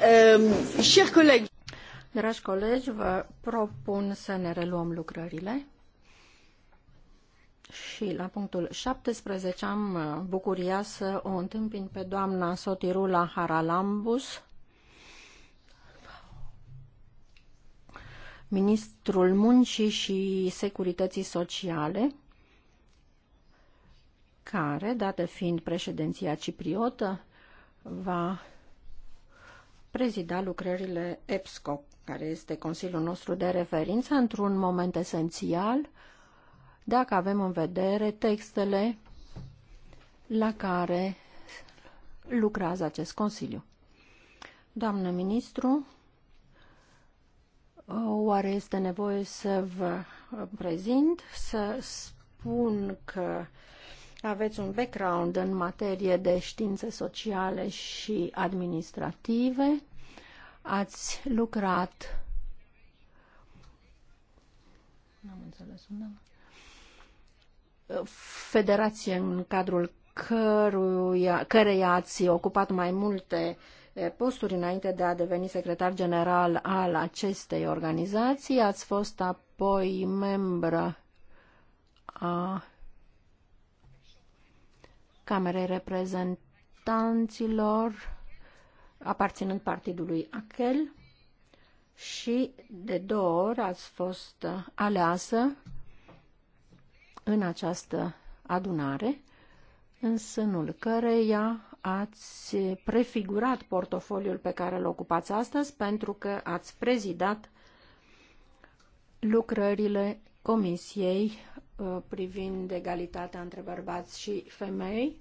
Ehm, colegi, Dragi colegi, vă propun să ne reluăm lucrările. Și la punctul 17 am uh, bucuria să o întâmpin pe doamna Sotirula Haralambus, ministrul muncii și securității sociale, care, dată fiind președinția cipriotă, va prezida lucrările EPSCO, care este Consiliul nostru de referință, într-un moment esențial, dacă avem în vedere textele la care lucrează acest Consiliu. Doamnă ministru, oare este nevoie să vă prezint, să spun că uh, aveți un background în materie de științe sociale și administrative, ați lucrat N-am înțeles unde. Federație în cadrul căruia, căreia ați ocupat mai multe posturi înainte de a deveni secretar general al acestei organizații. Ați fost apoi membră a Camerei Reprezentanților, aparținând partidului Achel, și de două ori ați fost aleasă în această adunare, în sânul căreia ați prefigurat portofoliul pe care îl ocupați astăzi pentru că ați prezidat lucrările Comisiei Uh, privind egalitatea între bărbați și femei,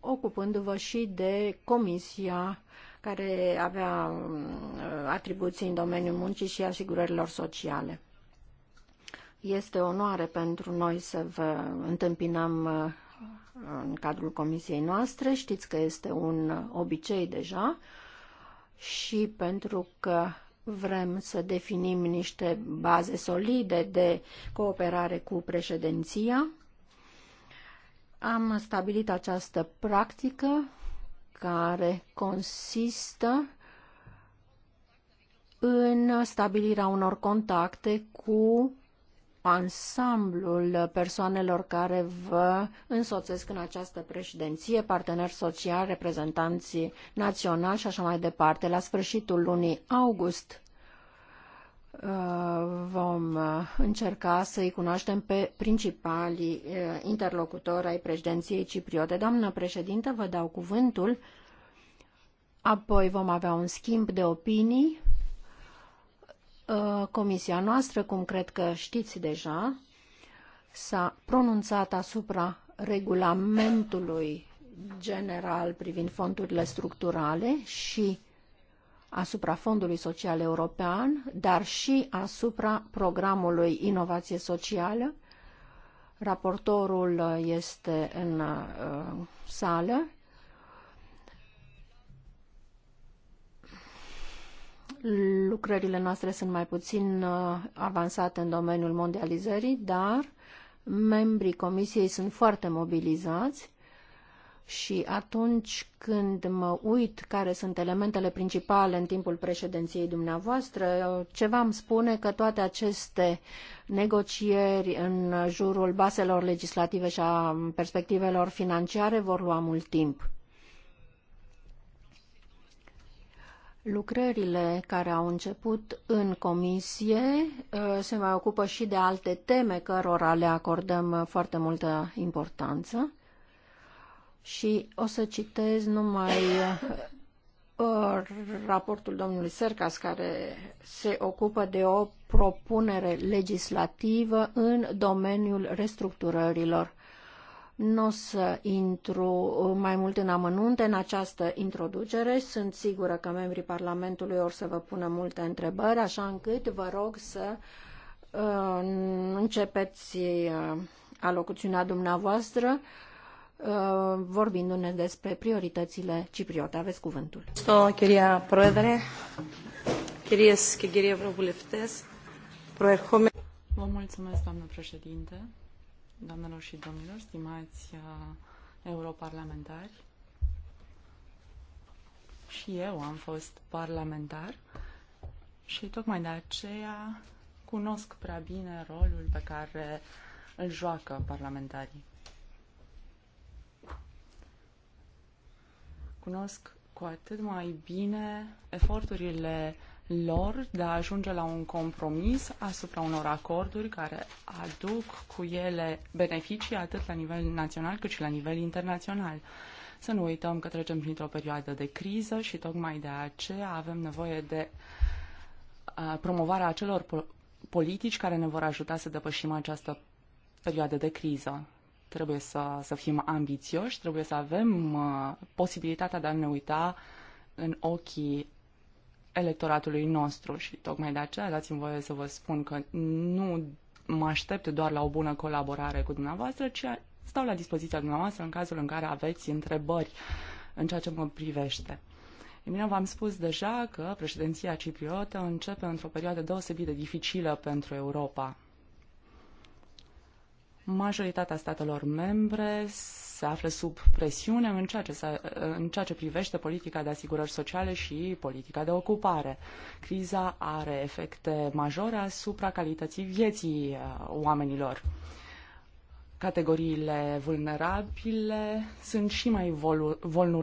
ocupându-vă și de comisia care avea um, atribuții în domeniul muncii și asigurărilor sociale. Este onoare pentru noi să vă întâmpinăm uh, în cadrul comisiei noastre. Știți că este un obicei deja și pentru că vrem să definim niște baze solide de cooperare cu președinția. Am stabilit această practică care consistă în stabilirea unor contacte cu ansamblul persoanelor care vă însoțesc în această președinție, parteneri sociali, reprezentanții naționali și așa mai departe. La sfârșitul lunii august uh, vom uh, încerca să-i cunoaștem pe principalii uh, interlocutori ai președinției cipriote. Doamnă președintă, vă dau cuvântul, apoi vom avea un schimb de opinii Uh, comisia noastră, cum cred că știți deja, s-a pronunțat asupra regulamentului general privind fondurile structurale și asupra Fondului Social European, dar și asupra programului Inovație Socială. Raportorul este în uh, sală Lucrările noastre sunt mai puțin uh, avansate în domeniul mondializării, dar membrii comisiei sunt foarte mobilizați și atunci când mă uit care sunt elementele principale în timpul președinției dumneavoastră, ceva îmi spune că toate aceste negocieri în jurul baselor legislative și a perspectivelor financiare vor lua mult timp. Lucrările care au început în comisie uh, se mai ocupă și de alte teme cărora le acordăm uh, foarte multă importanță și o să citez numai uh, raportul domnului Sercas care se ocupă de o propunere legislativă în domeniul restructurărilor nu o să intru uh, mai mult în amănunte în această introducere. Sunt sigură că membrii Parlamentului or să vă pună multe întrebări, așa încât vă rog să uh, începeți uh, alocuțiunea dumneavoastră uh, vorbindu-ne despre prioritățile cipriote. Aveți cuvântul. Chiria Proedere, Chiriesc, Chirie Vă mulțumesc, doamnă președinte doamnelor și domnilor, stimați uh, europarlamentari. Și eu am fost parlamentar și tocmai de aceea cunosc prea bine rolul pe care îl joacă parlamentarii. Cunosc cu atât mai bine eforturile lor de a ajunge la un compromis asupra unor acorduri care aduc cu ele beneficii atât la nivel național cât și la nivel internațional. Să nu uităm că trecem printr-o perioadă de criză și tocmai de aceea avem nevoie de promovarea acelor politici care ne vor ajuta să depășim această perioadă de criză. Trebuie să, să fim ambițioși, trebuie să avem uh, posibilitatea de a ne uita în ochii electoratului nostru și tocmai de aceea dați-mi voie să vă spun că nu mă aștept doar la o bună colaborare cu dumneavoastră, ci stau la dispoziția dumneavoastră în cazul în care aveți întrebări în ceea ce mă privește. E bine, v-am spus deja că președinția cipriotă începe într-o perioadă deosebit de dificilă pentru Europa. Majoritatea statelor membre se află sub presiune în ceea, ce se, în ceea ce privește politica de asigurări sociale și politica de ocupare. Criza are efecte majore asupra calității vieții uh, oamenilor. Categoriile vulnerabile sunt și mai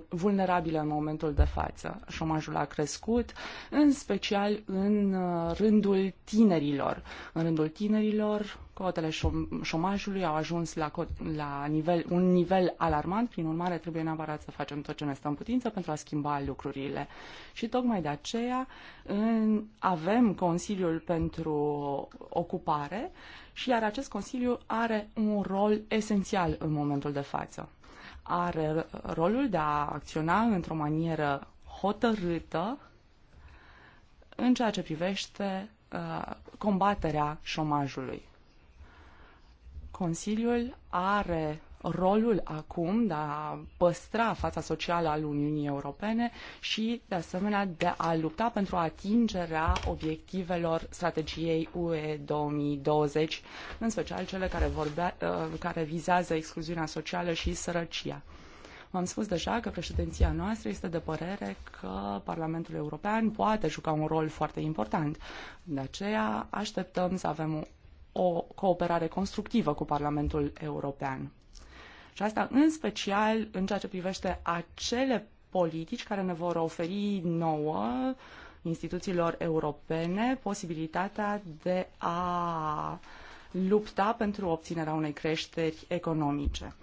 vulnerabile în momentul de față. Șomajul a crescut, în special în uh, rândul tinerilor. În rândul tinerilor, Cotele șomajului au ajuns la, la nivel, un nivel alarmant, prin urmare trebuie neapărat să facem tot ce ne stă în putință pentru a schimba lucrurile. Și tocmai de aceea în, avem Consiliul pentru Ocupare și iar acest Consiliu are un rol esențial în momentul de față. Are rolul de a acționa într-o manieră hotărâtă în ceea ce privește uh, combaterea șomajului. Consiliul are rolul acum de a păstra fața socială al Uniunii Europene și, de asemenea, de a lupta pentru atingerea obiectivelor strategiei UE 2020, în special cele care, vorbea, uh, care vizează excluziunea socială și sărăcia. V-am spus deja că președinția noastră este de părere că Parlamentul European poate juca un rol foarte important. De aceea așteptăm să avem o cooperare constructivă cu Parlamentul European. Și asta în special în ceea ce privește acele politici care ne vor oferi nouă instituțiilor europene posibilitatea de a lupta pentru obținerea unei creșteri economice.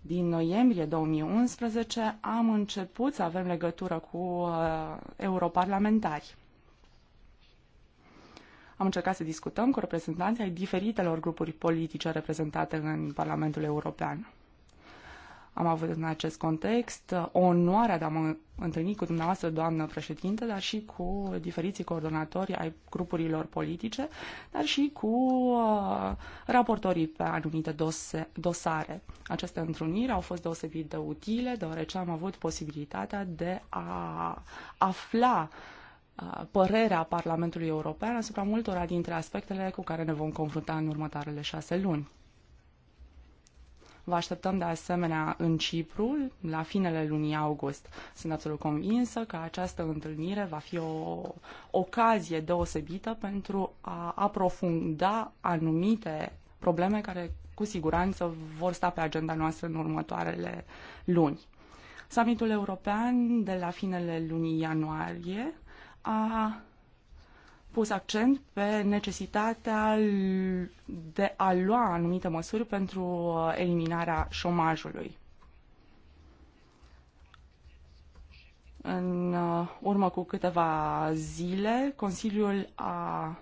Din noiembrie 2011 am început să avem legătură cu uh, europarlamentari. Am încercat să discutăm cu reprezentanții ai diferitelor grupuri politice reprezentate în Parlamentul European. Am avut în acest context uh, onoarea de a mă întâlni cu dumneavoastră, doamnă președinte, dar și cu diferiții coordonatori ai grupurilor politice, dar și cu uh, raportorii pe anumite dose, dosare. Aceste întruniri au fost deosebit de utile, deoarece am avut posibilitatea de a afla uh, părerea Parlamentului European asupra multora dintre aspectele cu care ne vom confrunta în următoarele șase luni. Vă așteptăm de asemenea în Cipru la finele lunii august. Sunt absolut convinsă că această întâlnire va fi o ocazie deosebită pentru a aprofunda anumite probleme care cu siguranță vor sta pe agenda noastră în următoarele luni. Summitul european de la finele lunii ianuarie a pus accent pe necesitatea de a lua anumite măsuri pentru uh, eliminarea șomajului. În uh, urmă cu câteva zile, Consiliul a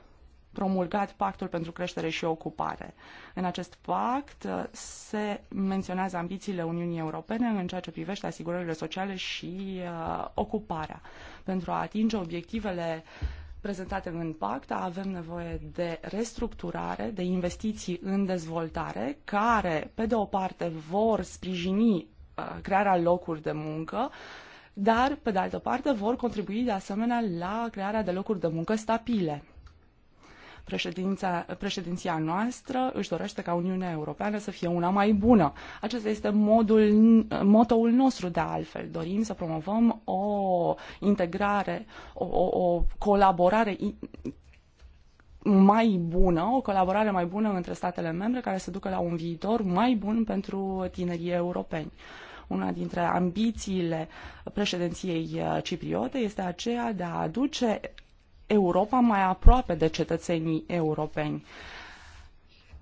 promulgat Pactul pentru Creștere și Ocupare. În acest pact uh, se menționează ambițiile Uniunii Europene în ceea ce privește asigurările sociale și uh, ocuparea. Pentru a atinge obiectivele prezentate în pact, avem nevoie de restructurare, de investiții în dezvoltare, care, pe de o parte, vor sprijini uh, crearea locuri de muncă, dar, pe de altă parte, vor contribui de asemenea la crearea de locuri de muncă stabile președinția noastră își dorește ca Uniunea Europeană să fie una mai bună. Acesta este modul, motoul nostru de altfel. Dorim să promovăm o integrare, o, o, o colaborare mai bună, o colaborare mai bună între statele membre care să ducă la un viitor mai bun pentru tinerii europeni. Una dintre ambițiile președinției uh, cipriote este aceea de a aduce Europa mai aproape de cetățenii europeni.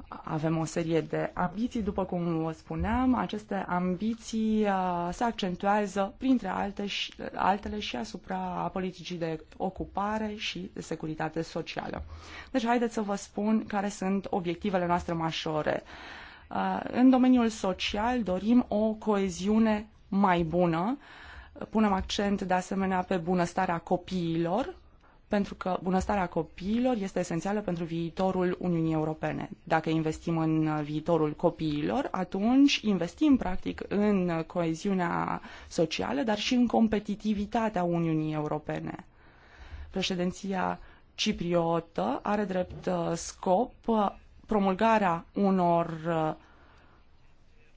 Avem o serie de ambiții, după cum vă spuneam. Aceste ambiții uh, se accentuează, printre alte și, uh, altele, și asupra politicii de ocupare și de securitate socială. Deci, haideți să vă spun care sunt obiectivele noastre majore. Uh, în domeniul social dorim o coeziune mai bună. Punem accent, de asemenea, pe bunăstarea copiilor, pentru că bunăstarea copiilor este esențială pentru viitorul Uniunii Europene. Dacă investim în viitorul copiilor, atunci investim practic în coeziunea socială, dar și în competitivitatea Uniunii Europene. Președinția cipriotă are drept uh, scop uh, promulgarea unor uh,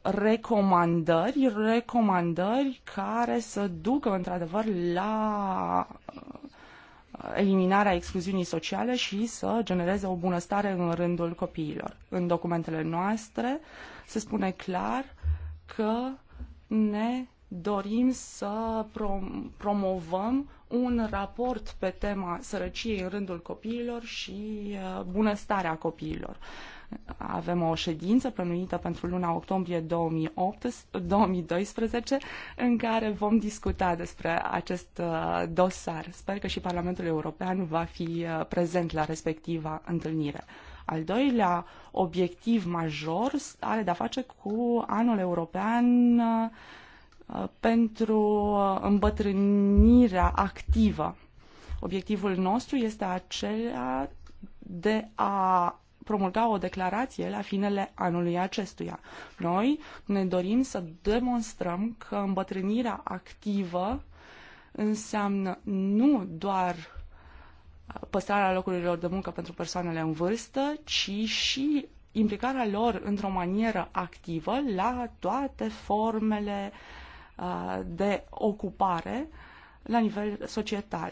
recomandări, recomandări care să ducă într-adevăr la eliminarea excluziunii sociale și să genereze o bunăstare în rândul copiilor. În documentele noastre se spune clar că ne dorim să prom promovăm un raport pe tema sărăciei în rândul copiilor și uh, bunăstarea copiilor. Avem o ședință plănuită pentru luna octombrie 2018, 2012 în care vom discuta despre acest uh, dosar. Sper că și Parlamentul European va fi uh, prezent la respectiva întâlnire. Al doilea obiectiv major are de-a face cu anul european uh, pentru îmbătrânirea activă. Obiectivul nostru este acela de a promulga o declarație la finele anului acestuia. Noi ne dorim să demonstrăm că îmbătrânirea activă înseamnă nu doar uh, păstrarea locurilor de muncă pentru persoanele în vârstă, ci și implicarea lor într-o manieră activă la toate formele uh, de ocupare la nivel societal.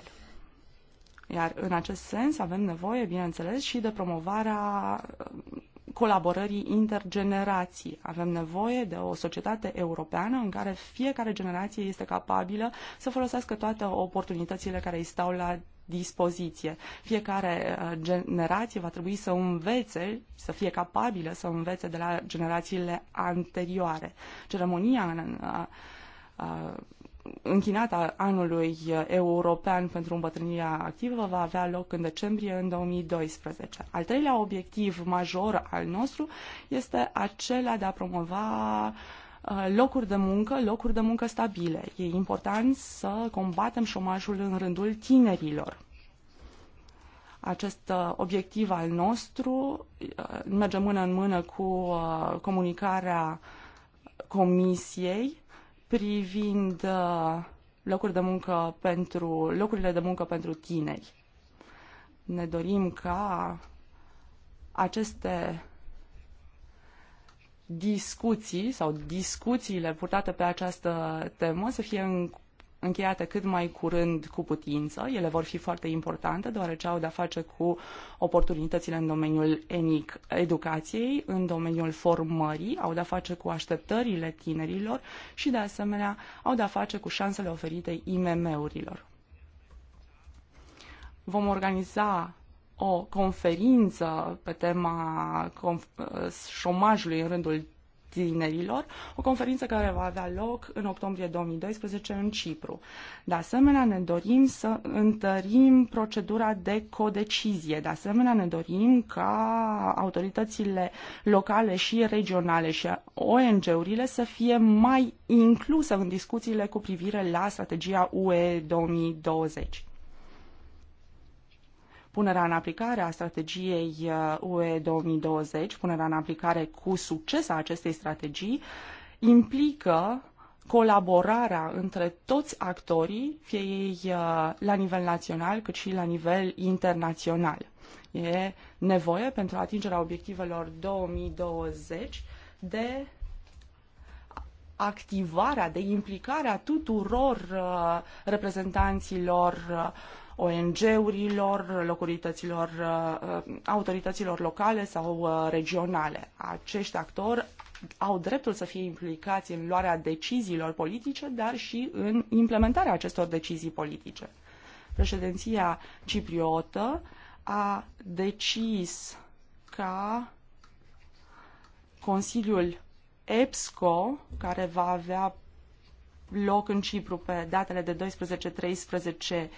Iar în acest sens avem nevoie, bineînțeles, și de promovarea um, colaborării intergenerații. Avem nevoie de o societate europeană în care fiecare generație este capabilă să folosească toate oportunitățile care îi stau la dispoziție. Fiecare uh, generație va trebui să învețe, să fie capabilă să învețe de la generațiile anterioare. Ceremonia în, în, uh, în uh, închinată anului european pentru îmbătrânirea activă va avea loc în decembrie în 2012. Al treilea obiectiv major al nostru este acela de a promova uh, locuri de muncă, locuri de muncă stabile. E important să combatem șomajul în rândul tinerilor acest uh, obiectiv al nostru uh, merge mână în mână cu comunicarea Comisiei privind uh, locuri de muncă pentru, locurile de muncă pentru tineri. Ne dorim ca aceste discuții sau discuțiile purtate pe această temă să fie în încheiate cât mai curând cu putință. Ele vor fi foarte importante, deoarece au de-a face cu oportunitățile în domeniul ENIC educației, în domeniul formării, au de-a face cu așteptările tinerilor și, de asemenea, au de-a face cu șansele oferite IMM-urilor. Vom organiza o conferință pe tema șomajului în rândul tinerilor, o conferință care va avea loc în octombrie 2012 în Cipru. De asemenea, ne dorim să întărim procedura de codecizie. De asemenea, ne dorim ca autoritățile locale și regionale și ONG-urile să fie mai incluse în discuțiile cu privire la strategia UE 2020 punerea în aplicare a strategiei uh, UE 2020, punerea în aplicare cu succes a acestei strategii, implică colaborarea între toți actorii, fie ei uh, la nivel național cât și la nivel internațional. E nevoie pentru atingerea obiectivelor 2020 de activarea, de implicarea tuturor uh, reprezentanților uh, ONG-urilor, locurităților, uh, autorităților locale sau uh, regionale. Acești actori au dreptul să fie implicați în luarea deciziilor politice, dar și în implementarea acestor decizii politice. Președinția cipriotă a decis ca Consiliul EPSCO, care va avea loc în Cipru pe datele de 12-13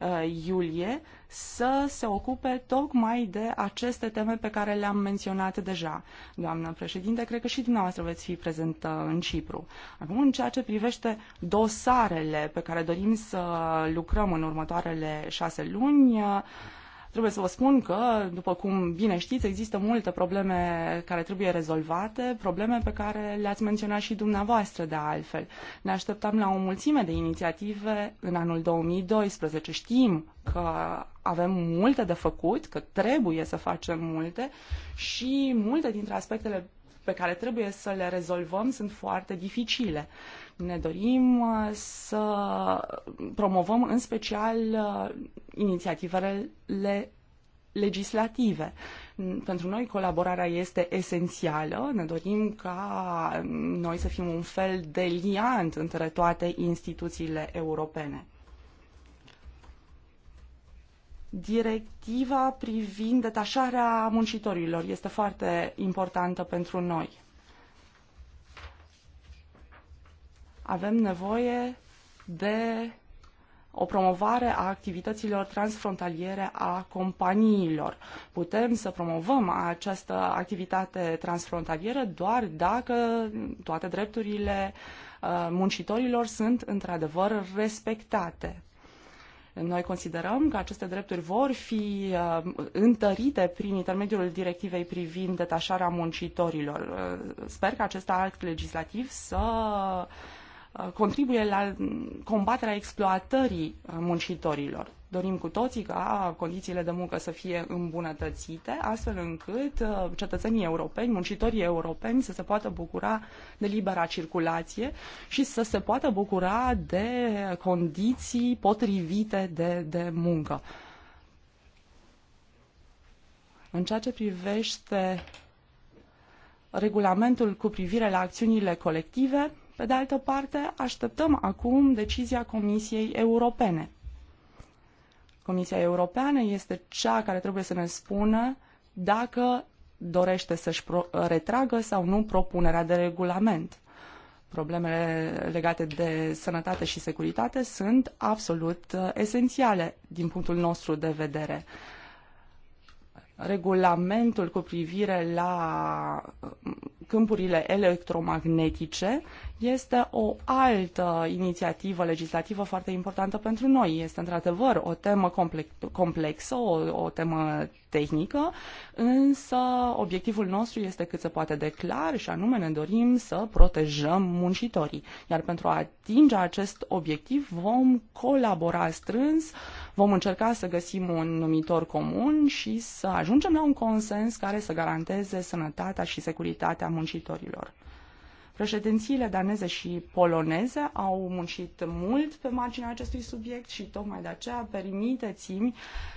Uh, iulie să se ocupe tocmai de aceste teme pe care le-am menționat deja. Doamnă președinte, cred că și dumneavoastră veți fi prezentă în Cipru. Acum, în ceea ce privește dosarele pe care dorim să lucrăm în următoarele șase luni, uh, Trebuie să vă spun că, după cum bine știți, există multe probleme care trebuie rezolvate, probleme pe care le-ați menționat și dumneavoastră de altfel. Ne așteptăm la o mulțime de inițiative în anul 2012. Știm că avem multe de făcut, că trebuie să facem multe și multe dintre aspectele pe care trebuie să le rezolvăm sunt foarte dificile. Ne dorim uh, să promovăm în special uh, inițiativele legislative. Pentru noi colaborarea este esențială. Ne dorim ca noi să fim un fel de liant între toate instituțiile europene. Directiva privind detașarea muncitorilor este foarte importantă pentru noi. Avem nevoie de o promovare a activităților transfrontaliere a companiilor. Putem să promovăm această activitate transfrontalieră doar dacă toate drepturile uh, muncitorilor sunt într-adevăr respectate. Noi considerăm că aceste drepturi vor fi uh, întărite prin intermediul directivei privind detașarea muncitorilor. Uh, sper că acest act legislativ să Uh, contribuie la combaterea exploatării uh, muncitorilor. Dorim cu toții ca condițiile de muncă să fie îmbunătățite, astfel încât uh, cetățenii europeni, muncitorii europeni să se poată bucura de libera circulație și să se poată bucura de condiții potrivite de, de muncă. În ceea ce privește regulamentul cu privire la acțiunile colective, pe de altă parte, așteptăm acum decizia Comisiei Europene. Comisia Europeană este cea care trebuie să ne spună dacă dorește să-și retragă sau nu propunerea de regulament. Problemele legate de sănătate și securitate sunt absolut uh, esențiale din punctul nostru de vedere. Regulamentul cu privire la uh, câmpurile electromagnetice este o altă inițiativă legislativă foarte importantă pentru noi. Este într-adevăr o temă complexă, o, o temă tehnică, însă obiectivul nostru este cât se poate de clar și anume ne dorim să protejăm muncitorii. Iar pentru a atinge acest obiectiv vom colabora strâns, vom încerca să găsim un numitor comun și să ajungem la un consens care să garanteze sănătatea și securitatea muncitorilor. Președințiile daneze și poloneze au muncit mult pe marginea acestui subiect și tocmai de aceea permiteți-mi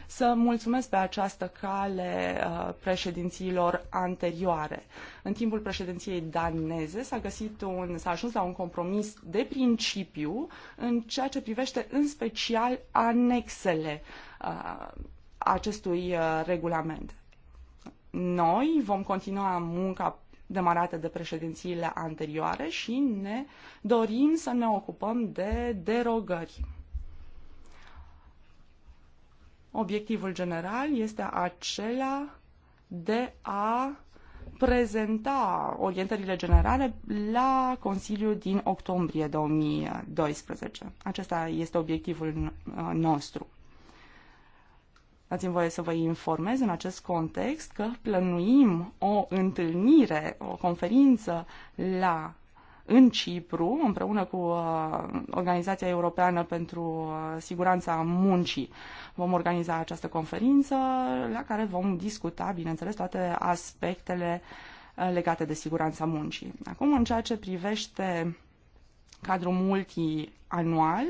să mulțumesc pe această cale uh, președințiilor anterioare. În timpul președinției daneze s-a găsit un, s-a ajuns la un compromis de principiu în ceea ce privește în special anexele uh, acestui uh, regulament. Noi vom continua munca demarate de președințiile anterioare și ne dorim să ne ocupăm de derogări. Obiectivul general este acela de a prezenta orientările generale la Consiliul din octombrie 2012. Acesta este obiectivul nostru. Dați-mi voie să vă informez în acest context că plănuim o întâlnire, o conferință la în Cipru, împreună cu uh, Organizația Europeană pentru uh, Siguranța Muncii. Vom organiza această conferință la care vom discuta, bineînțeles, toate aspectele uh, legate de siguranța muncii. Acum, în ceea ce privește cadrul multianual,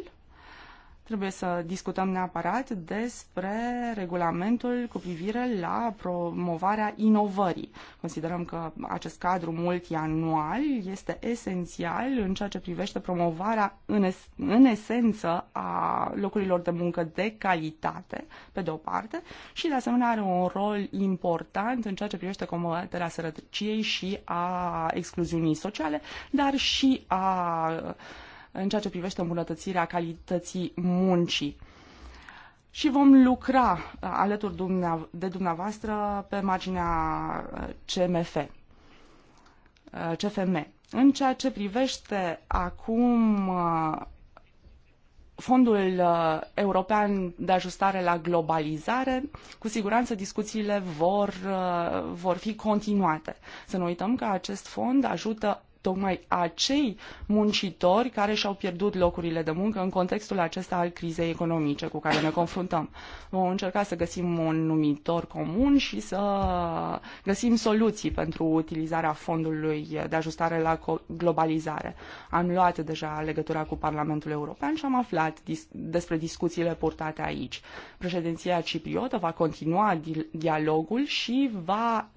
Trebuie să discutăm neapărat despre regulamentul cu privire la promovarea inovării. Considerăm că acest cadru multianual este esențial în ceea ce privește promovarea în, es- în esență a locurilor de muncă de calitate, pe de o parte, și de asemenea are un rol important în ceea ce privește combaterea sărăciei și a excluziunii sociale, dar și a în ceea ce privește îmbunătățirea calității muncii. Și vom lucra uh, alături de dumneavoastră pe marginea uh, CMF, uh, CFM. În ceea ce privește acum Fondul European de Ajustare la Globalizare, cu siguranță discuțiile vor, vor fi continuate. Să nu uităm că acest fond ajută tocmai acei muncitori care și-au pierdut locurile de muncă în contextul acesta al crizei economice cu care ne confruntăm. Vom încerca să găsim un numitor comun și să găsim soluții pentru utilizarea fondului de ajustare la globalizare. Am luat deja legătura cu Parlamentul European și am aflat dis- despre discuțiile purtate aici. Președinția cipriotă va continua dialogul și va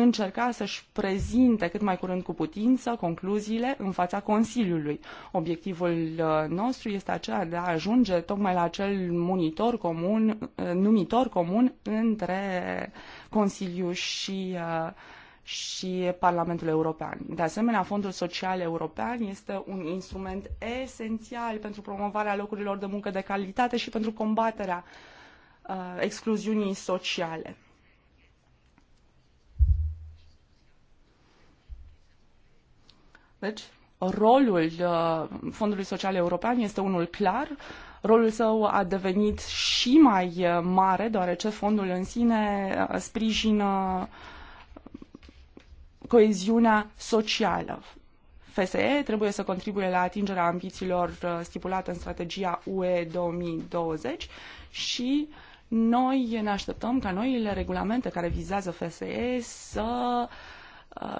încerca să-și prezinte cât mai curând cu putință concluziile în fața Consiliului. Obiectivul uh, nostru este acela de a ajunge tocmai la acel monitor comun, uh, numitor comun între Consiliu și uh, și Parlamentul European. De asemenea, Fondul Social European este un instrument esențial pentru promovarea locurilor de muncă de calitate și pentru combaterea uh, excluziunii sociale. Deci, rolul uh, Fondului Social European este unul clar. Rolul său a devenit și mai uh, mare, deoarece fondul în sine uh, sprijină coeziunea socială. FSE trebuie să contribuie la atingerea ambițiilor stipulate în strategia UE 2020 și noi ne așteptăm ca noile regulamente care vizează FSE să uh,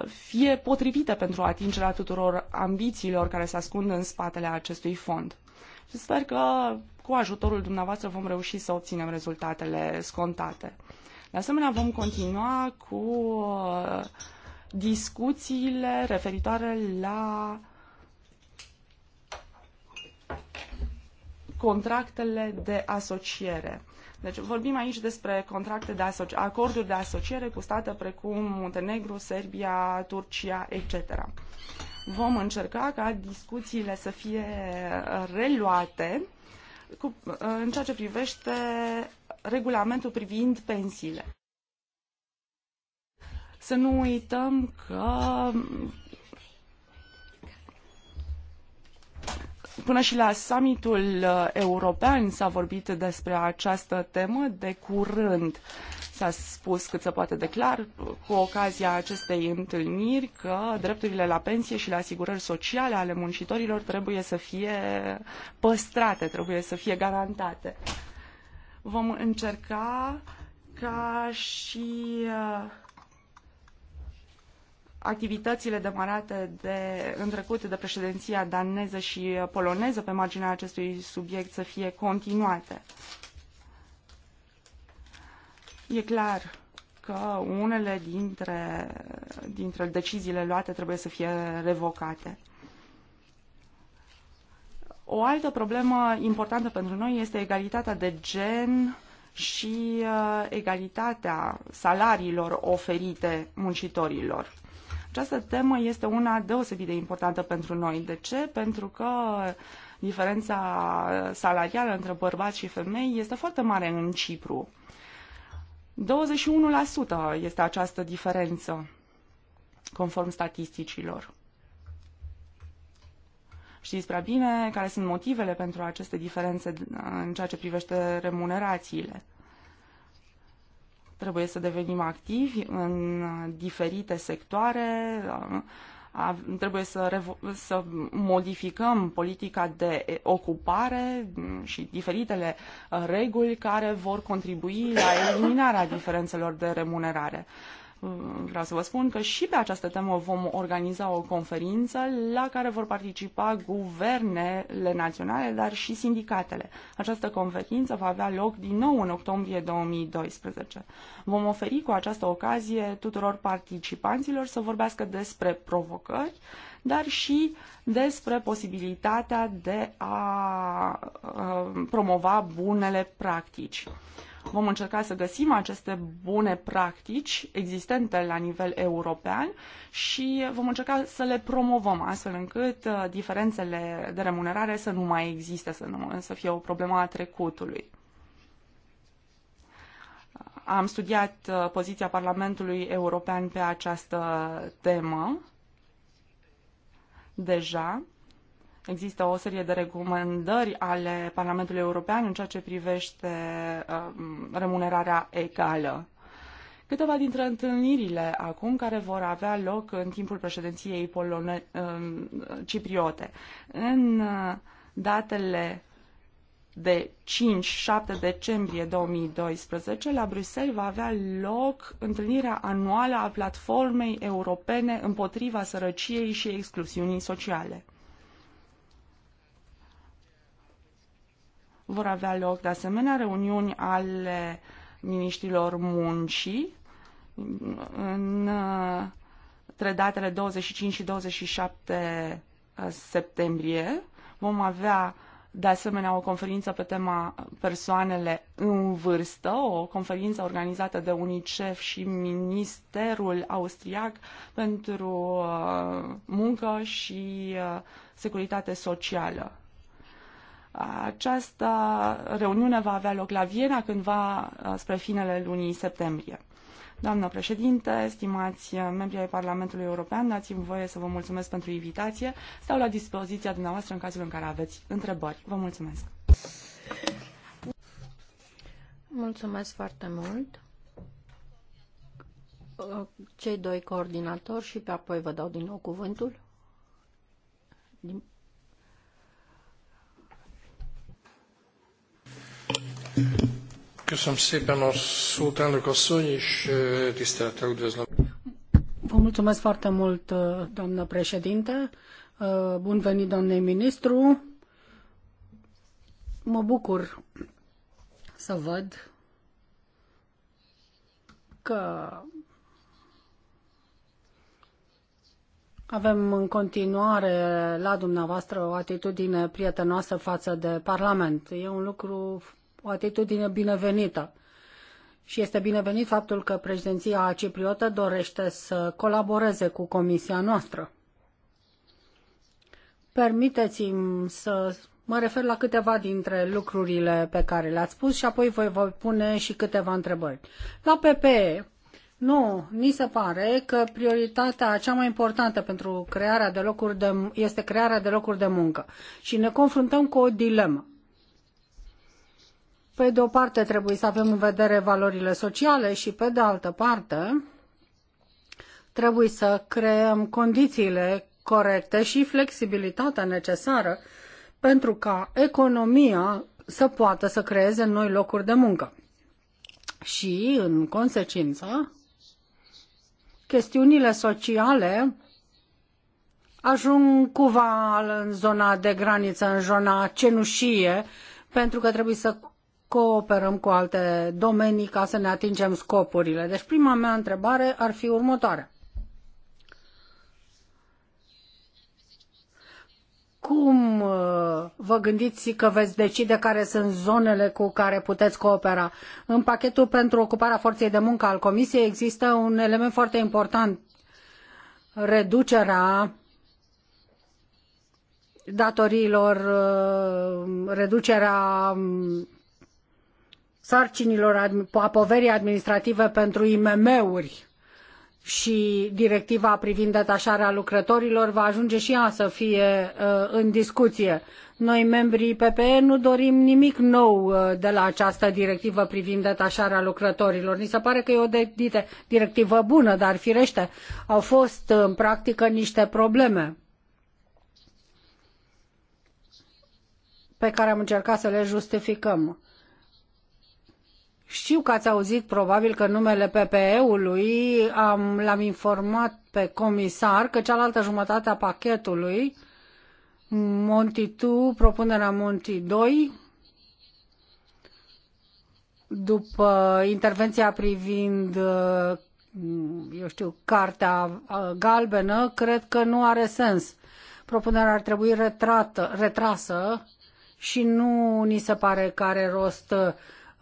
fie potrivită pentru atingerea tuturor ambițiilor care se ascund în spatele acestui fond. Și sper că cu ajutorul dumneavoastră vom reuși să obținem rezultatele scontate. De asemenea, vom continua cu uh, discuțiile referitoare la contractele de asociere. Deci vorbim aici despre contracte de asoci- acorduri de asociere cu state precum Muntenegru, Serbia, Turcia, etc. Vom încerca ca discuțiile să fie uh, reluate cu, uh, în ceea ce privește regulamentul privind pensiile. Să nu uităm că Până și la summitul uh, european s-a vorbit despre această temă de curând. S-a spus cât se poate de clar cu ocazia acestei întâlniri că drepturile la pensie și la asigurări sociale ale muncitorilor trebuie să fie păstrate, trebuie să fie garantate. Vom încerca ca și uh, activitățile demarate de, în trecut de președinția daneză și poloneză pe marginea acestui subiect să fie continuate. E clar că unele dintre, dintre deciziile luate trebuie să fie revocate. O altă problemă importantă pentru noi este egalitatea de gen și uh, egalitatea salariilor oferite muncitorilor. Această temă este una deosebit de importantă pentru noi. De ce? Pentru că diferența salarială între bărbați și femei este foarte mare în Cipru. 21% este această diferență, conform statisticilor. Știți prea bine care sunt motivele pentru aceste diferențe în ceea ce privește remunerațiile. Trebuie să devenim activi în diferite sectoare, trebuie să, să modificăm politica de ocupare și diferitele uh, reguli care vor contribui la eliminarea diferențelor de remunerare. Mm, vreau să vă spun că și pe această temă vom organiza o conferință la care vor participa guvernele naționale, dar și sindicatele. Această conferință va avea loc din nou în octombrie 2012. Vom oferi cu această ocazie tuturor participanților să vorbească despre provocări, dar și despre posibilitatea de a uh, promova bunele practici. Vom încerca să găsim aceste bune practici existente la nivel european și vom încerca să le promovăm astfel încât uh, diferențele de remunerare să nu mai existe, să, nu, să fie o problemă a trecutului uh, am studiat uh, poziția Parlamentului European pe această temă deja. Există o serie de recomandări ale Parlamentului European în ceea ce privește uh, remunerarea egală. Câteva dintre întâlnirile acum care vor avea loc în timpul președinției polone- uh, cipriote. În uh, datele de 5-7 decembrie 2012, la Bruxelles va avea loc întâlnirea anuală a platformei europene împotriva sărăciei și excluziunii sociale. Vor avea loc, de asemenea, reuniuni ale miniștrilor muncii în între datele 25 și 27 uh, septembrie. Vom avea de asemenea o conferință pe tema persoanele în vârstă, o conferință organizată de UNICEF și Ministerul Austriac pentru uh, muncă și uh, securitate socială. Această reuniune va avea loc la Viena cândva uh, spre finele lunii septembrie. Doamnă președinte, stimați membri ai Parlamentului European, dați-mi voie să vă mulțumesc pentru invitație. Stau la dispoziția dumneavoastră în cazul în care aveți întrebări. Vă mulțumesc! Mulțumesc foarte mult! Cei doi coordinatori și pe apoi vă dau din nou cuvântul. Din Köszönöm szépen a szót, elnök asszony, és tisztelettel üdvözlöm. Vă mulțumesc foarte mult, doamnă președinte. Bun venit, doamne ministru. Mă bucur să văd că avem în continuare la dumneavoastră o atitudine prietenoasă față de Parlament. E un lucru o atitudine binevenită. Și este binevenit faptul că președinția cipriotă dorește să colaboreze cu comisia noastră. Permiteți-mi să mă refer la câteva dintre lucrurile pe care le-ați spus și apoi voi voi pune și câteva întrebări. La PPE, nu, ni se pare că prioritatea cea mai importantă pentru crearea de locuri de, este crearea de locuri de muncă și ne confruntăm cu o dilemă. Pe de o parte trebuie să avem în vedere valorile sociale și pe de altă parte trebuie să creăm condițiile corecte și flexibilitatea necesară pentru ca economia să poată să creeze noi locuri de muncă. Și, în consecință, chestiunile sociale ajung cumva în zona de graniță, în zona cenușie, pentru că trebuie să cooperăm cu alte domenii ca să ne atingem scopurile. Deci prima mea întrebare ar fi următoarea. cum uh, vă gândiți că veți decide care sunt zonele cu care puteți coopera? În pachetul pentru ocuparea forței de muncă al Comisiei există un element foarte important, reducerea datoriilor, uh, reducerea um, sarcinilor, a poverii administrative pentru IMM-uri și directiva privind detașarea lucrătorilor va ajunge și ea să fie uh, în discuție. Noi, membrii PPE, nu dorim nimic nou uh, de la această directivă privind detașarea lucrătorilor. Ni se pare că e o de- directivă bună, dar firește, au fost uh, în practică niște probleme pe care am încercat să le justificăm. Știu că ați auzit probabil că numele PPE-ului am, l-am informat pe comisar că cealaltă jumătate a pachetului, Monti 2, propunerea Monti 2, după intervenția privind, uh, eu știu, cartea uh, galbenă, cred că nu are sens. Propunerea ar trebui retrată, retrasă și nu ni se pare că are rost uh,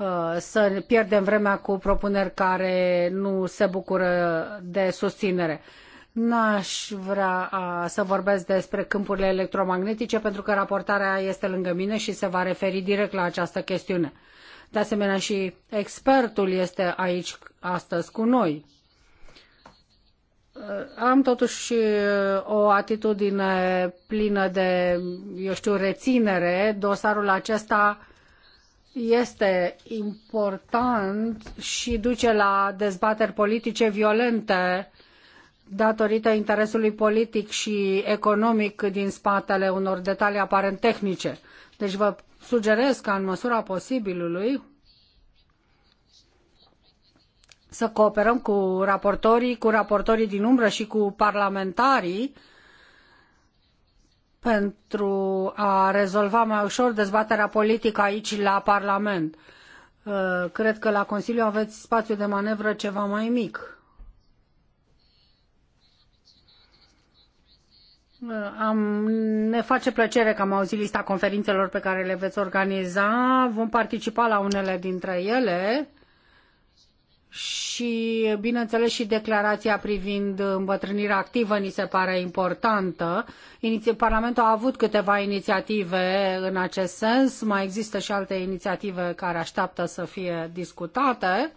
Uh, să pierdem vremea cu propuneri care nu se bucură de susținere. N-aș vrea a, uh, să vorbesc despre câmpurile electromagnetice pentru că raportarea este lângă mine și se va referi direct la această chestiune. De asemenea și expertul este aici astăzi cu noi. Uh, am totuși o atitudine plină de, eu știu, reținere. Dosarul acesta este important și duce la dezbateri politice violente datorită interesului politic și economic din spatele unor detalii aparent tehnice. Deci vă sugerez ca în măsura posibilului să cooperăm cu raportorii, cu raportorii din umbră și cu parlamentarii pentru a rezolva mai ușor dezbaterea politică aici la Parlament. Uh, cred că la Consiliu aveți spațiu de manevră ceva mai mic. Uh, am, ne face plăcere că am auzit lista conferințelor pe care le veți organiza. Vom participa la unele dintre ele și, bineînțeles, și declarația privind îmbătrânirea activă ni se pare importantă. Parlamentul a avut câteva inițiative în acest sens, mai există și alte inițiative care așteaptă să fie discutate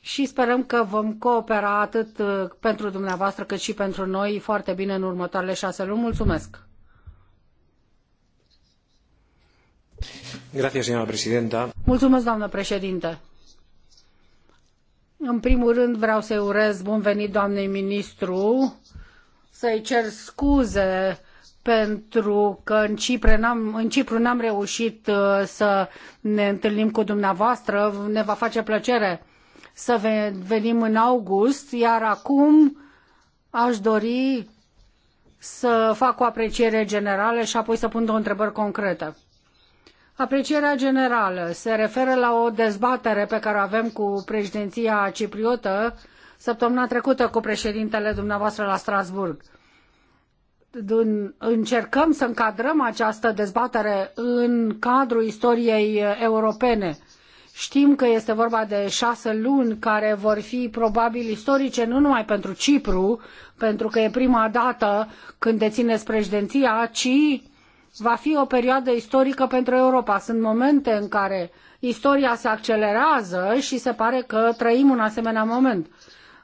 și sperăm că vom coopera atât uh, pentru dumneavoastră cât și pentru noi foarte bine în următoarele șase luni. Mulțumesc! Mulțumesc, doamnă președinte! În primul rând vreau să-i urez bun venit doamnei ministru, să-i cer scuze pentru că în, Cipre n-am, în Cipru n-am reușit uh, să ne întâlnim cu dumneavoastră. Ne va face plăcere să venim în august, iar acum aș dori să fac o apreciere generală și apoi să pun două întrebări concrete. Aprecierea generală se referă la o dezbatere pe care o avem cu președinția cipriotă săptămâna trecută cu președintele dumneavoastră la Strasbourg. Încercăm să încadrăm această dezbatere în cadrul istoriei europene. Știm că este vorba de șase luni care vor fi probabil istorice nu numai pentru Cipru, pentru că e prima dată când dețineți președinția, ci va fi o perioadă istorică pentru Europa. Sunt momente în care istoria se accelerează și se pare că trăim un asemenea moment.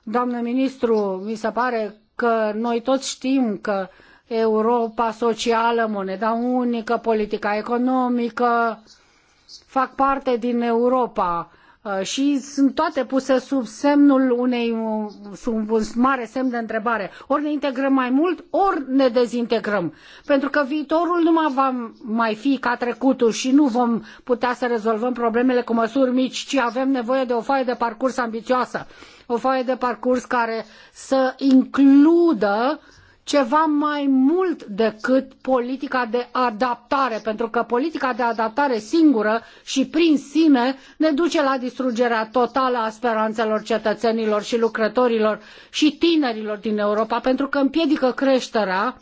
Doamne ministru, mi se pare că noi toți știm că Europa socială, moneda unică, politica economică fac parte din Europa Uh, și sunt toate puse sub semnul unei, sub un mare semn de întrebare. Ori ne integrăm mai mult, ori ne dezintegrăm. Pentru că viitorul nu mai va mai fi ca trecutul și nu vom putea să rezolvăm problemele cu măsuri mici, ci avem nevoie de o foaie de parcurs ambițioasă. O foaie de parcurs care să includă uh, ceva mai mult decât politica de adaptare, pentru că politica de adaptare singură și prin sine ne duce la distrugerea totală a speranțelor cetățenilor și lucrătorilor și tinerilor din Europa, pentru că împiedică creșterea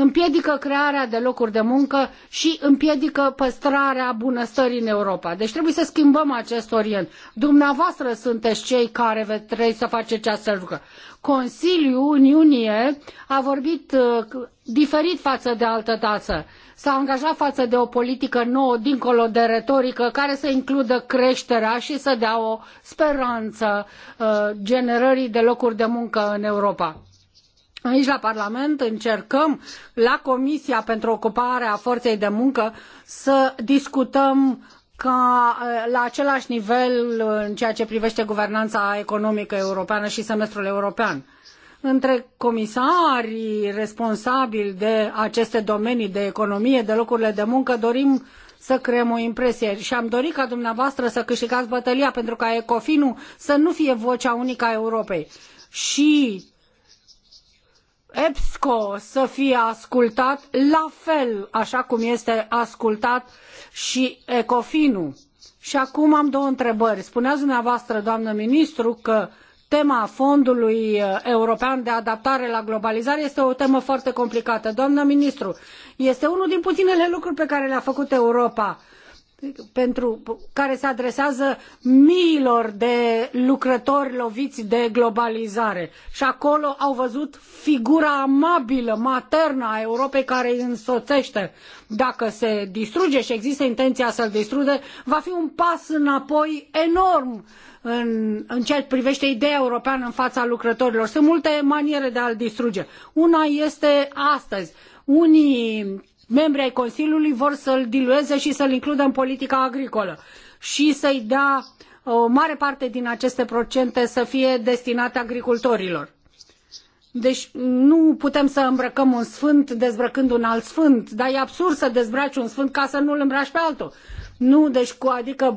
împiedică crearea de locuri de muncă și împiedică păstrarea bunăstării în Europa. Deci trebuie să schimbăm acest orient. Dumneavoastră sunteți cei care trebuie să faceți această lucră. Consiliul iunie a vorbit uh, diferit față de altă dată. S-a angajat față de o politică nouă, dincolo de retorică, care să includă creșterea și să dea o speranță uh, generării de locuri de muncă în Europa Aici la Parlament încercăm la Comisia pentru Ocuparea Forței de Muncă să discutăm ca eh, la același nivel eh, în ceea ce privește guvernanța economică europeană și semestrul european. Între comisarii responsabili de aceste domenii de economie, de locurile de muncă, dorim să creăm o impresie și am dorit ca dumneavoastră să câștigați bătălia pentru ca Ecofinul să nu fie vocea unică a Europei. Și EPSCO să fie ascultat la fel, așa cum este ascultat și ECOFIN-ul. Și acum am două întrebări. Spuneați dumneavoastră, doamnă ministru, că tema Fondului European de Adaptare la Globalizare este o temă foarte complicată. Doamnă ministru, este unul din puținele lucruri pe care le-a făcut Europa pentru, care se adresează miilor de lucrători loviți de globalizare. Și acolo au văzut figura amabilă, maternă a Europei care îi însoțește. Dacă se distruge și există intenția să-l distrude va fi un pas înapoi enorm în, în ceea ce privește ideea europeană în fața lucrătorilor. Sunt multe maniere de a-l distruge. Una este astăzi. Unii membri ai Consiliului vor să-l dilueze și să-l includă în politica agricolă și să-i dea o uh, mare parte din aceste procente să fie destinate agricultorilor. Deci nu putem să îmbrăcăm un sfânt dezbrăcând un alt sfânt, dar e absurd să dezbraci un sfânt ca să nu îl îmbraci pe altul. Nu, deci cu, adică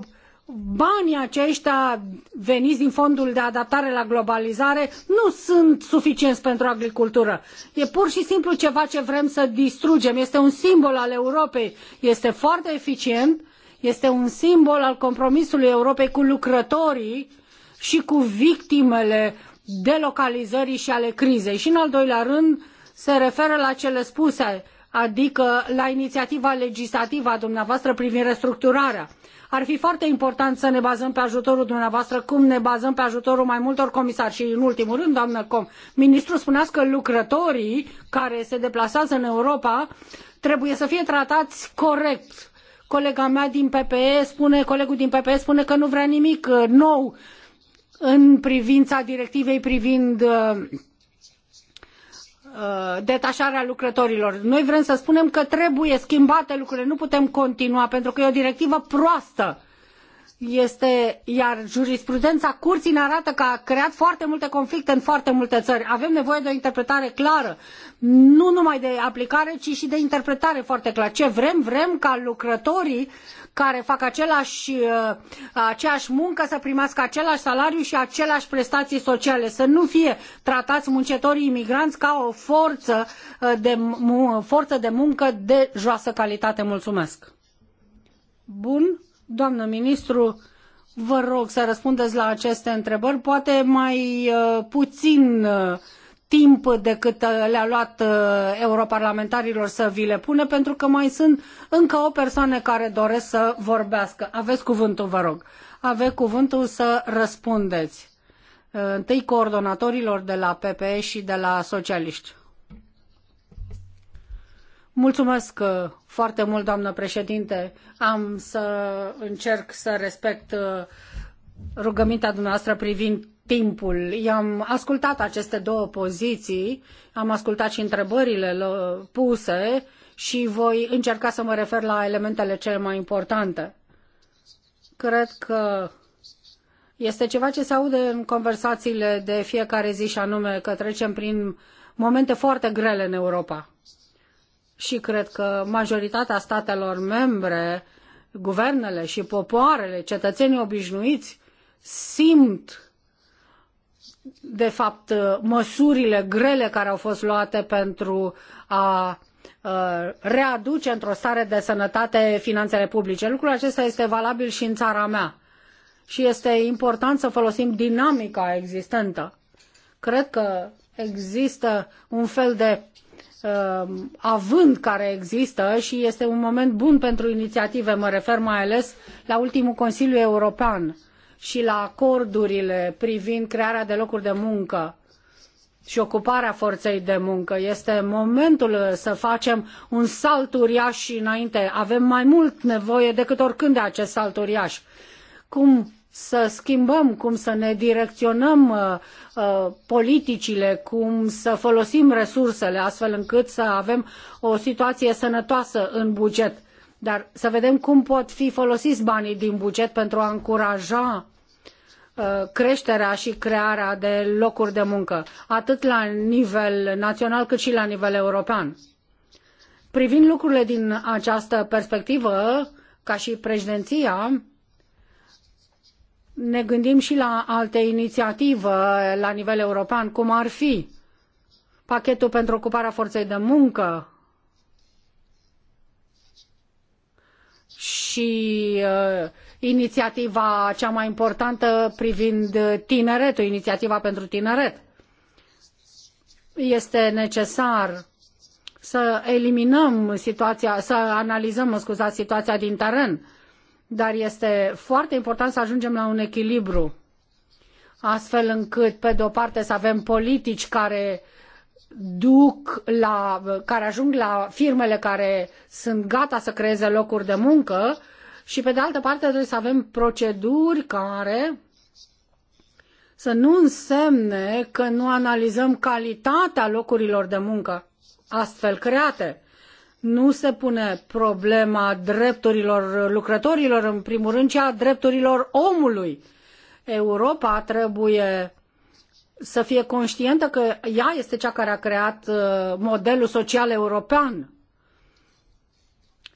banii aceștia veniți din fondul de adaptare la globalizare nu sunt suficienți pentru agricultură. E pur și simplu ceva ce vrem să distrugem. Este un simbol al Europei. Este foarte eficient, este un simbol al compromisului Europei cu lucrătorii și cu victimele delocalizării și ale crizei. Și în al doilea rând se referă la cele spuse, adică la inițiativa legislativă a dumneavoastră privind restructurarea ar fi foarte important să ne bazăm pe ajutorul dumneavoastră, cum ne bazăm pe ajutorul mai multor comisari. Și în ultimul rând, doamnă Com, ministrul spunea că lucrătorii care se deplasează în Europa trebuie să fie tratați corect. Colega mea din PPE spune, colegul din PPE spune că nu vrea nimic uh, nou în privința directivei privind uh, Uh, detașarea lucrătorilor. Noi vrem să spunem că trebuie schimbate lucrurile, nu putem continua, pentru că e o directivă proastă este, iar jurisprudența curții ne arată că a creat foarte multe conflicte în foarte multe țări. Avem nevoie de o interpretare clară, nu numai de aplicare, ci și de interpretare foarte clară. Ce vrem? Vrem ca lucrătorii care fac același, uh, aceeași muncă să primească același salariu și aceleași prestații sociale, să nu fie tratați muncitorii imigranți ca o forță uh, de, forță de muncă de joasă calitate. Mulțumesc! Bun, Doamnă ministru, vă rog să răspundeți la aceste întrebări, poate mai uh, puțin uh, timp decât uh, le-a luat europarlamentarilor să vi le pună, pentru că mai sunt încă o persoană care doresc să vorbească. Aveți cuvântul, vă rog. Aveți cuvântul să răspundeți. întâi coordonatorilor de la PPE și de la socialiști. Mulțumesc uh, foarte mult, doamnă președinte. Am să încerc să respect uh, rugămintea dumneavoastră privind timpul. I-am ascultat aceste două poziții, am ascultat și întrebările uh, puse și voi încerca să mă refer la elementele cele mai importante. Cred că este ceva ce se aude în conversațiile de fiecare zi și anume că trecem prin momente foarte grele în Europa și cred că majoritatea statelor membre, guvernele și popoarele, cetățenii obișnuiți, simt de fapt măsurile grele care au fost luate pentru a readuce într-o stare de sănătate finanțele publice. Lucrul acesta este valabil și în țara mea și este important să folosim dinamica existentă. Cred că există un fel de Um, având care există și este un moment bun pentru inițiative. Mă refer mai ales la ultimul Consiliu European și la acordurile privind crearea de locuri de muncă și ocuparea forței de muncă. Este momentul să facem un salt uriaș înainte. Avem mai mult nevoie decât oricând de acest salt uriaș. Cum să schimbăm, cum să ne direcționăm uh, uh, politicile, cum să folosim resursele, astfel încât să avem o situație sănătoasă în buget. Dar să vedem cum pot fi folosiți banii din buget pentru a încuraja uh, creșterea și crearea de locuri de muncă, atât la nivel național cât și la nivel european. Privind lucrurile din această perspectivă, ca și președinția, ne gândim și la alte inițiative la nivel european, cum ar fi pachetul pentru ocuparea forței de muncă și uh, inițiativa cea mai importantă privind tineretul, inițiativa pentru tineret. Este necesar să eliminăm situația, să analizăm, mă scuzați, situația din teren dar este foarte important să ajungem la un echilibru, astfel încât, pe de o parte, să avem politici care duc la, care ajung la firmele care sunt gata să creeze locuri de muncă și pe de altă parte trebuie să avem proceduri care să nu însemne că nu analizăm calitatea locurilor de muncă astfel create nu se pune problema drepturilor lucrătorilor, în primul rând, ci a drepturilor omului. Europa trebuie să fie conștientă că ea este cea care a creat uh, modelul social european.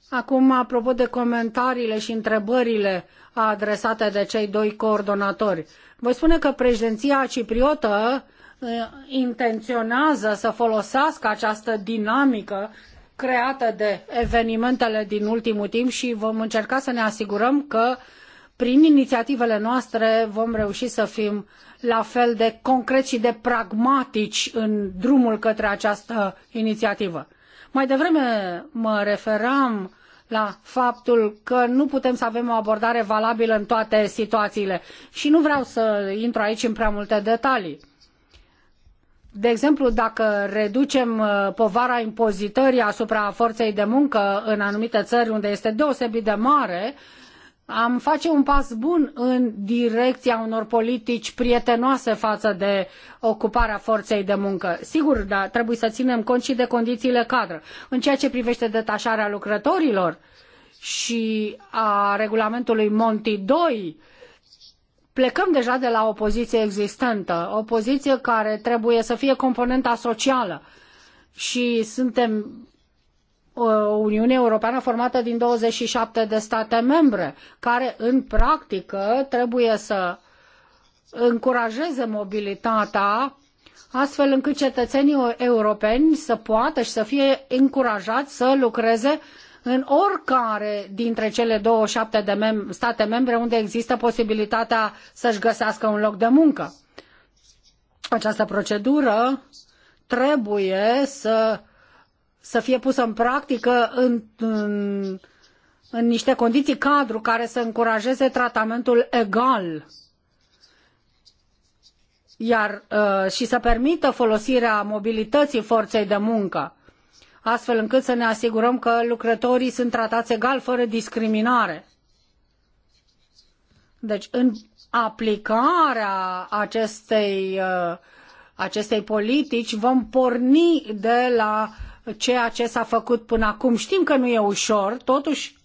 Acum, apropo de comentariile și întrebările adresate de cei doi coordonatori, voi spune că președinția cipriotă uh, intenționează să folosească această dinamică creată de evenimentele din ultimul timp și vom încerca să ne asigurăm că prin inițiativele noastre vom reuși să fim la fel de concreți și de pragmatici în drumul către această inițiativă. Mai devreme mă referam la faptul că nu putem să avem o abordare valabilă în toate situațiile și nu vreau să intru aici în prea multe detalii de exemplu, dacă reducem uh, povara impozitării asupra forței de muncă în anumite țări unde este deosebit de mare, am face un pas bun în direcția unor politici prietenoase față de ocuparea forței de muncă. Sigur, dar trebuie să ținem cont și de condițiile cadră. În ceea ce privește detașarea lucrătorilor și a regulamentului Monti II, plecăm deja de la o poziție existentă, o poziție care trebuie să fie componenta socială și suntem o Uniune Europeană formată din 27 de state membre, care în practică trebuie să încurajeze mobilitatea astfel încât cetățenii europeni să poată și să fie încurajați să lucreze uh, în oricare dintre cele 27 de mem- state membre unde există posibilitatea să-și găsească un loc de muncă. Această procedură trebuie să, să fie pusă în practică în, în, în niște condiții cadru care să încurajeze tratamentul egal iar uh, și să permită folosirea mobilității forței de muncă astfel încât să ne asigurăm că lucrătorii sunt tratați egal, fără discriminare. Deci, în aplicarea acestei, uh, acestei politici vom porni de la ceea ce s-a făcut până acum. Știm că nu e ușor, totuși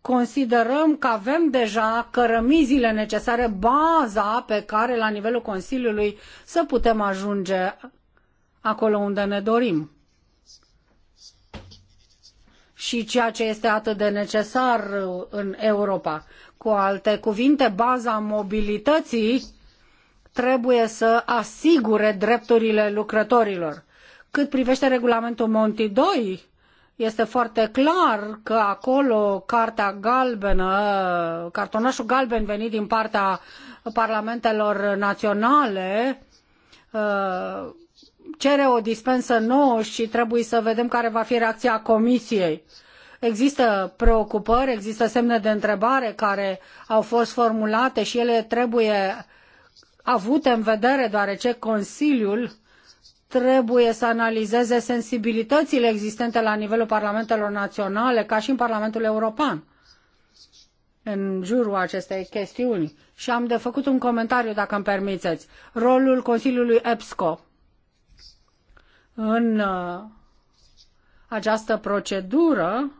considerăm că avem deja cărămizile necesare, baza pe care la nivelul Consiliului să putem ajunge acolo unde ne dorim și ceea ce este atât de necesar în Europa. Cu alte cuvinte, baza mobilității trebuie să asigure drepturile lucrătorilor. Cât privește regulamentul Monti 2, este foarte clar că acolo cartea galbenă, cartonașul galben venit din partea parlamentelor naționale, uh, cere o dispensă nouă și trebuie să vedem care va fi reacția Comisiei. Există preocupări, există semne de întrebare care au fost formulate și ele trebuie avute în vedere, deoarece Consiliul trebuie să analizeze sensibilitățile existente la nivelul parlamentelor naționale, ca și în Parlamentul European, în jurul acestei chestiuni. Și am de făcut un comentariu, dacă îmi permiteți. Rolul Consiliului EPSCO în uh, această procedură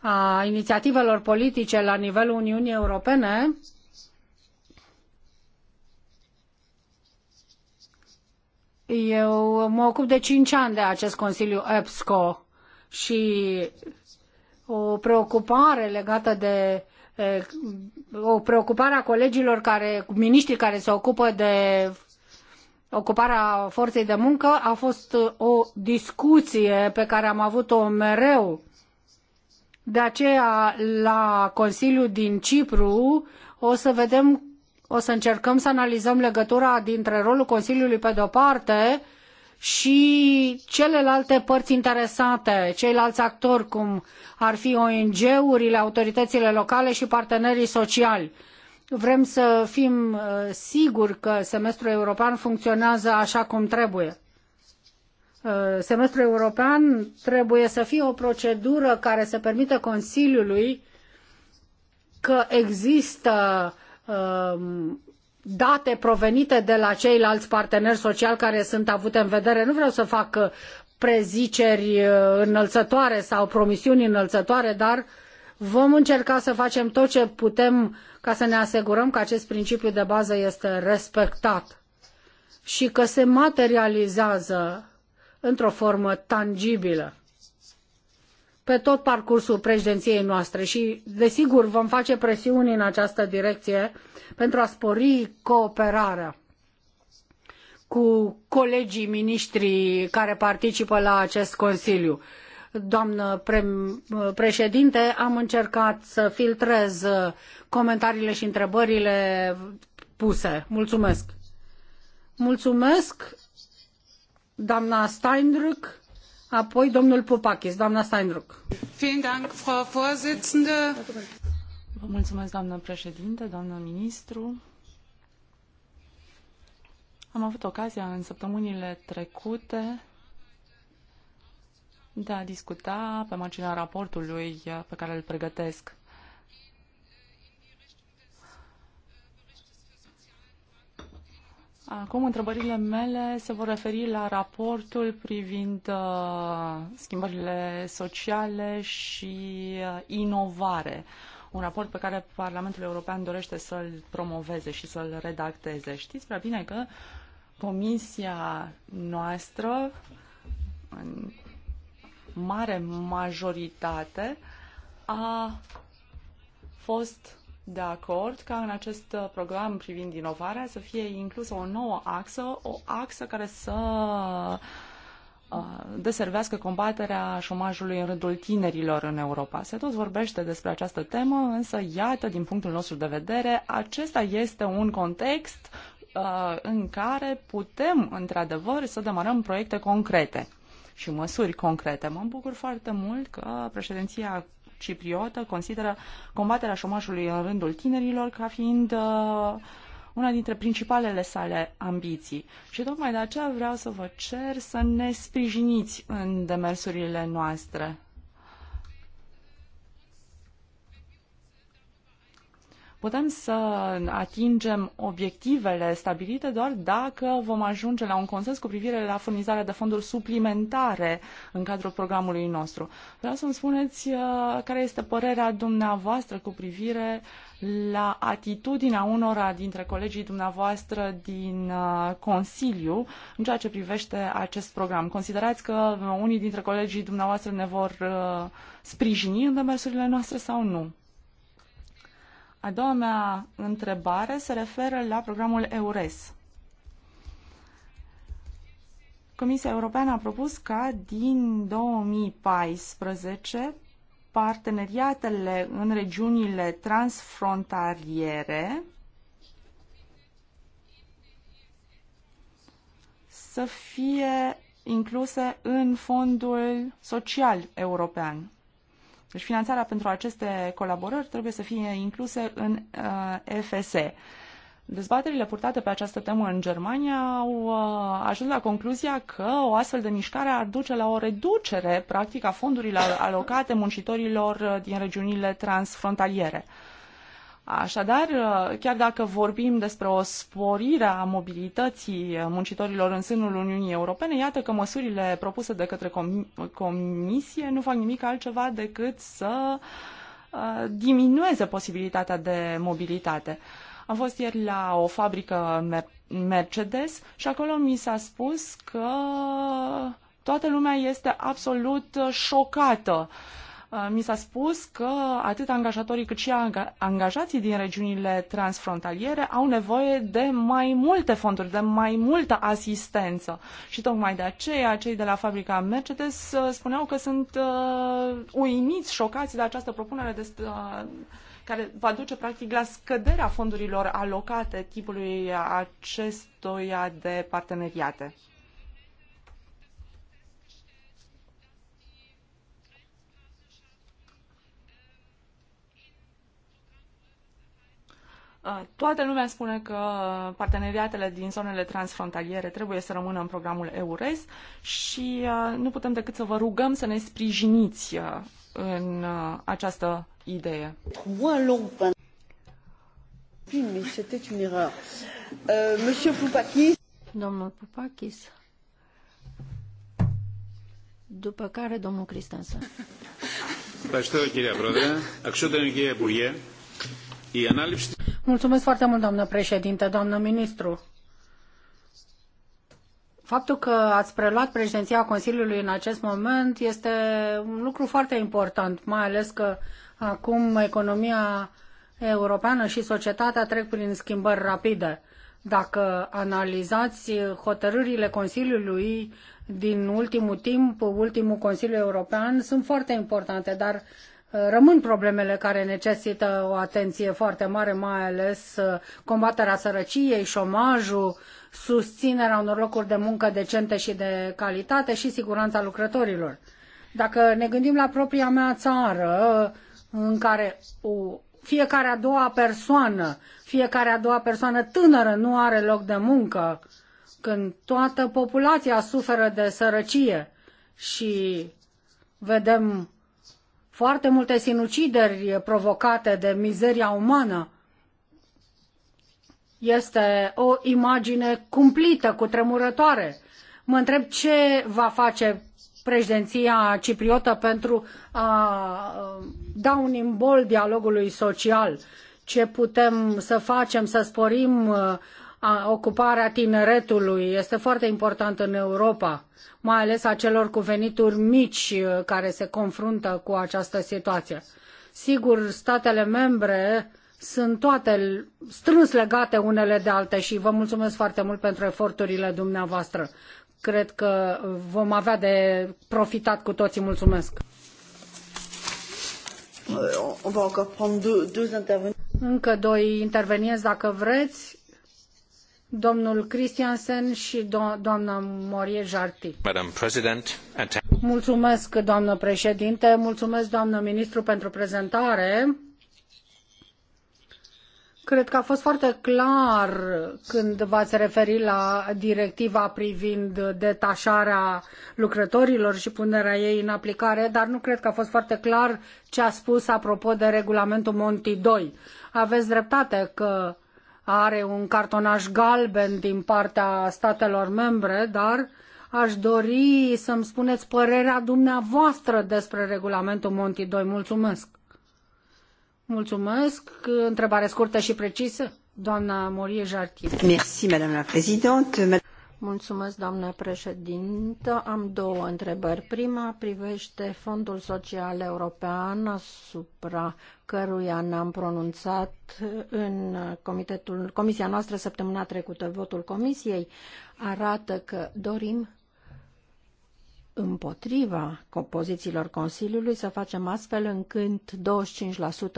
a inițiativelor politice la nivelul Uniunii Europene Eu mă ocup de cinci ani de acest Consiliu EPSCO și o preocupare legată de o preocupare a colegilor care, miniștrii care se ocupă de ocuparea forței de muncă a fost uh, o discuție pe care am avut-o mereu. De aceea, la Consiliul din Cipru, o să vedem, o să încercăm să analizăm legătura dintre rolul Consiliului pe de-o parte și celelalte părți interesate, ceilalți actori, cum ar fi ONG-urile, autoritățile locale și partenerii sociali Vrem să fim uh, siguri că semestrul european funcționează așa cum trebuie. Uh, semestrul european trebuie să fie o procedură care să permită Consiliului că există um, date provenite de la ceilalți parteneri sociali care sunt avute în vedere. Nu vreau să fac uh, preziceri înălțătoare sau promisiuni înălțătoare, dar vom încerca să facem tot ce putem ca să ne asigurăm că acest principiu de bază este respectat și că se materializează într-o formă tangibilă pe tot parcursul președinției noastre și, desigur, vom face presiuni în această direcție pentru a spori cooperarea cu colegii miniștri care participă la acest Consiliu doamnă pre- președinte, am încercat să filtrez comentariile și întrebările puse. Mulțumesc. Mulțumesc, doamna Steinruck. apoi domnul Popakis. Doamna Steinruck. Vă mulțumesc, doamnă președinte, doamnă ministru. Am avut ocazia în săptămânile trecute de a discuta pe marginea raportului eh, pe care îl pregătesc. Acum, întrebările mele se vor referi la raportul privind uh, schimbările sociale și uh, inovare. Un raport pe care Parlamentul European dorește să-l promoveze și să-l redacteze. Știți prea bine că comisia noastră, în mare majoritate a fost de acord ca în acest program privind inovarea să fie inclusă o nouă axă, o axă care să deservească combaterea șomajului în rândul tinerilor în Europa. Se tot vorbește despre această temă, însă, iată, din punctul nostru de vedere, acesta este un context în care putem, într-adevăr, să demarăm proiecte concrete și măsuri concrete. Mă bucur foarte mult că președinția cipriotă consideră combaterea șomajului în rândul tinerilor ca fiind uh, una dintre principalele sale ambiții. Și tocmai de aceea vreau să vă cer să ne sprijiniți în demersurile noastre. Putem să atingem obiectivele stabilite doar dacă vom ajunge la un consens cu privire la furnizarea de fonduri suplimentare în cadrul programului nostru. Vreau să-mi spuneți uh, care este părerea dumneavoastră cu privire la atitudinea unora dintre colegii dumneavoastră din uh, Consiliu în ceea ce privește acest program. Considerați că unii dintre colegii dumneavoastră ne vor uh, sprijini în demersurile noastre sau nu? A doua mea întrebare se referă la programul EURES. Comisia Europeană a propus ca din 2014 parteneriatele în regiunile transfrontaliere să fie incluse în fondul social european. Deci finanțarea pentru aceste colaborări trebuie să fie incluse în uh, FSE. Dezbaterile purtate pe această temă în Germania au uh, ajuns la concluzia că o astfel de mișcare ar duce la o reducere, practic, a fondurilor alocate muncitorilor uh, din regiunile transfrontaliere. Așadar, chiar dacă vorbim despre o sporire a mobilității muncitorilor în sânul Uniunii Europene, iată că măsurile propuse de către com Comisie nu fac nimic altceva decât să uh, diminueze posibilitatea de mobilitate. Am fost ieri la o fabrică Mercedes și acolo mi s-a spus că toată lumea este absolut șocată uh, Uh, mi s-a spus că atât angajatorii cât și angajații din regiunile transfrontaliere au nevoie de mai multe fonduri, de mai multă asistență. Și tocmai de aceea cei de la fabrica Mercedes uh, spuneau că sunt uh, uimiți, șocați de această propunere de, uh, care va duce practic la scăderea fondurilor alocate tipului acestuia de parteneriate. Uh, toată lumea spune că parteneriatele din zonele transfrontaliere trebuie să rămână în programul EURES și uh, nu putem decât să vă rugăm să ne sprijiniți uh, în această idee. Euh, domnul Poupakis. După care domnul Cristensen. Ευχαριστώ κύριε Πρόεδρε. Αξιότιμη κύριε Υπουργέ, η ανάληψη Mulțumesc foarte mult, doamnă președinte, doamnă ministru. Faptul că ați preluat președinția Consiliului în acest moment este un lucru foarte important, mai ales că acum economia europeană și societatea trec prin schimbări rapide. Dacă analizați hotărârile Consiliului din ultimul timp, ultimul Consiliu European, sunt foarte importante, dar rămân problemele care necesită o atenție foarte mare, mai ales uh, combaterea sărăciei, șomajul, susținerea unor locuri de muncă decente și de calitate și siguranța lucrătorilor. Dacă ne gândim la propria mea țară, uh, în care o, uh, fiecare a doua persoană, fiecare a doua persoană tânără nu are loc de muncă, când toată populația suferă de sărăcie și vedem foarte multe sinucideri provocate de mizeria umană. Este o imagine cumplită, tremurătoare. Mă întreb ce va face președinția cipriotă pentru a da un imbol dialogului social. Ce putem să facem să sporim ocuparea tineretului este foarte importantă în Europa, mai ales a celor cu venituri mici uh, care se confruntă cu această situație. Sigur, statele membre sunt toate strâns legate unele de altele și vă mulțumesc foarte mult pentru eforturile dumneavoastră. Cred că vom avea de profitat cu toții. Mulțumesc! Încă doi intervenienți dacă vreți domnul Christiansen și do- doamna Morie Jarti. Mulțumesc, doamnă președinte, mulțumesc, doamnă ministru, pentru prezentare. Cred că a fost foarte clar când v-ați referit la directiva privind detașarea lucrătorilor și punerea ei în aplicare, dar nu cred că a fost foarte clar ce a spus apropo de regulamentul Monti 2. Aveți dreptate că are un cartonaș galben din partea statelor membre, dar aș dori să-mi spuneți părerea dumneavoastră despre regulamentul Monti 2. Mulțumesc! Mulțumesc! Întrebare scurtă și precisă, doamna Morie Jartier. Merci, madame la présidente. Mulțumesc, doamnă președintă. Am două întrebări. Prima privește Fondul Social European asupra căruia n am pronunțat în comitetul, comisia noastră săptămâna trecută. Votul comisiei arată că dorim împotriva compozițiilor Consiliului să facem astfel încât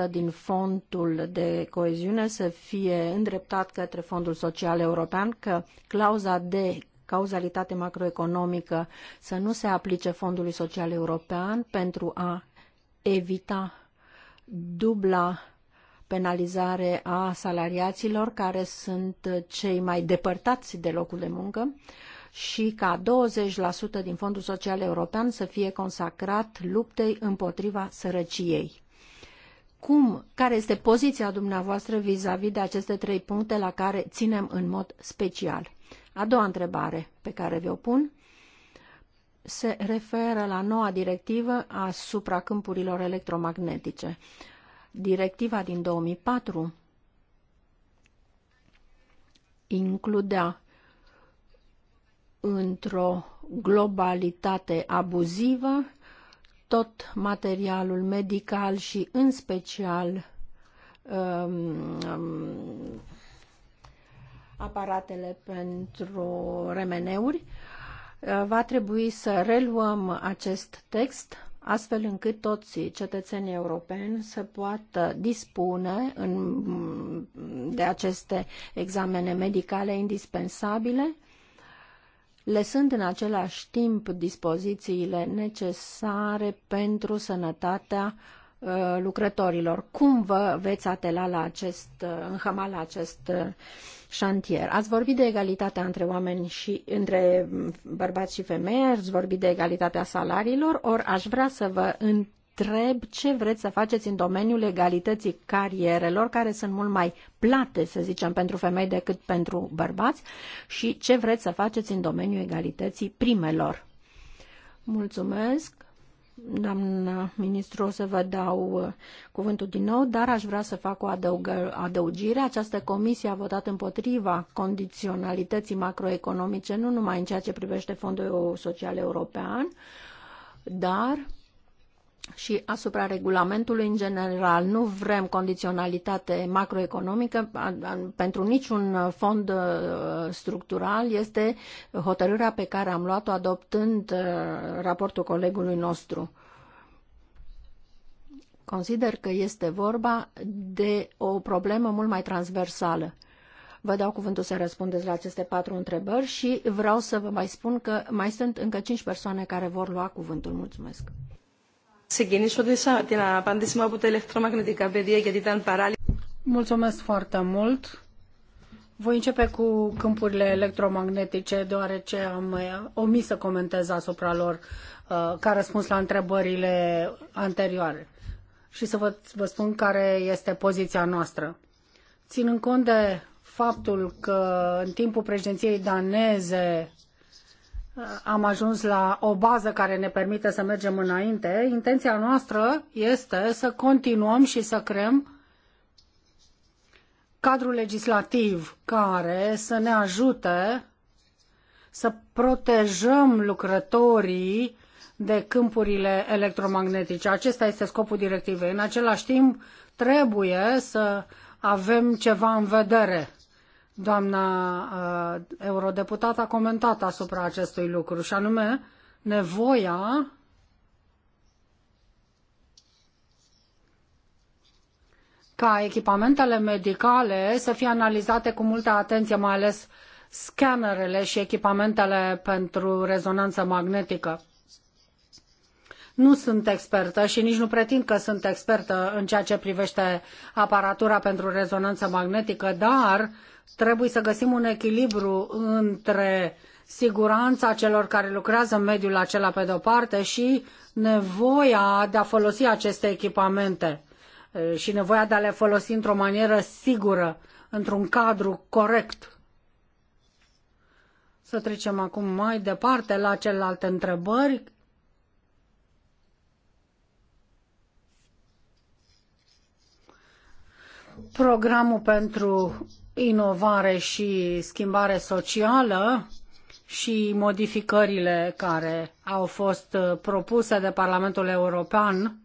25% din fondul de coeziune să fie îndreptat către Fondul Social European, că clauza de cauzalitate macroeconomică să nu se aplice Fondului Social European pentru a evita dubla penalizare a salariaților care sunt cei mai depărtați de locul de muncă și ca 20% din Fondul Social European să fie consacrat luptei împotriva sărăciei. Cum, care este poziția dumneavoastră vis-a-vis -vis de aceste trei puncte la care ținem în mod special? A doua întrebare pe care vi-o pun se referă la noua directivă asupra câmpurilor electromagnetice. Directiva din 2004 includea într-o globalitate abuzivă tot materialul medical și în special um, um, aparatele pentru remeneuri uh, Uh, va trebui să reluăm acest text astfel încât toți cetățenii europeni să poată dispune în, de aceste examene medicale indispensabile, lăsând în același timp dispozițiile necesare pentru sănătatea Uh, lucrătorilor. Cum vă veți atela la acest, uh, înhăma la acest uh, șantier? Ați vorbit de egalitatea între oameni și între bărbați și femei, ați vorbit de egalitatea salariilor, ori aș vrea să vă întreb ce vreți să faceți în domeniul egalității carierelor, care sunt mult mai plate, să zicem, pentru femei decât pentru bărbați, și ce vreți să faceți în domeniul egalității primelor. Mulțumesc! Doamna ministru, o să vă dau uh, cuvântul din nou, dar aș vrea să fac o adăugire. Această comisie a votat împotriva condiționalității macroeconomice, nu numai în ceea ce privește Fondul Social European, dar și asupra regulamentului în general. Nu vrem condiționalitate macroeconomică pentru niciun fond uh, structural. Este hotărârea pe care am luat-o adoptând uh, raportul colegului nostru. Consider că este vorba de o problemă mult mai transversală. Vă dau cuvântul să răspundeți la aceste patru întrebări și vreau să vă mai spun că mai sunt încă cinci persoane care vor lua cuvântul. Mulțumesc! ξεκινήσω την απάντηση μου από τα ηλεκτρομαγνητικά πεδία γιατί ήταν παράλληλα. Mulțumesc foarte mult. Voi începe cu câmpurile electromagnetice, deoarece am eh, omis să comentez asupra lor eh, ca răspuns la întrebările anterioare. Și să vă, vă spun care este poziția noastră. Ținând cont de faptul că în timpul președinției daneze am ajuns la o bază care ne permite să mergem înainte. Intenția noastră este să continuăm și să creăm cadrul legislativ care să ne ajute să protejăm lucrătorii de câmpurile electromagnetice. Acesta este scopul directivei. În același timp, trebuie să avem ceva în vedere Doamna uh, eurodeputat a comentat asupra acestui lucru și anume nevoia ca echipamentele medicale să fie analizate cu multă atenție, mai ales scanerele și echipamentele pentru rezonanță magnetică. Nu sunt expertă și nici nu pretind că sunt expertă în ceea ce privește aparatura pentru rezonanță magnetică, dar Trebuie să găsim un echilibru între siguranța celor care lucrează în mediul acela pe de-o parte și nevoia de a folosi aceste echipamente eh, și nevoia de a le folosi într-o manieră sigură, într-un cadru corect. Să trecem acum mai departe la celelalte întrebări. Programul pentru inovare și schimbare socială și modificările care au fost uh, propuse de Parlamentul European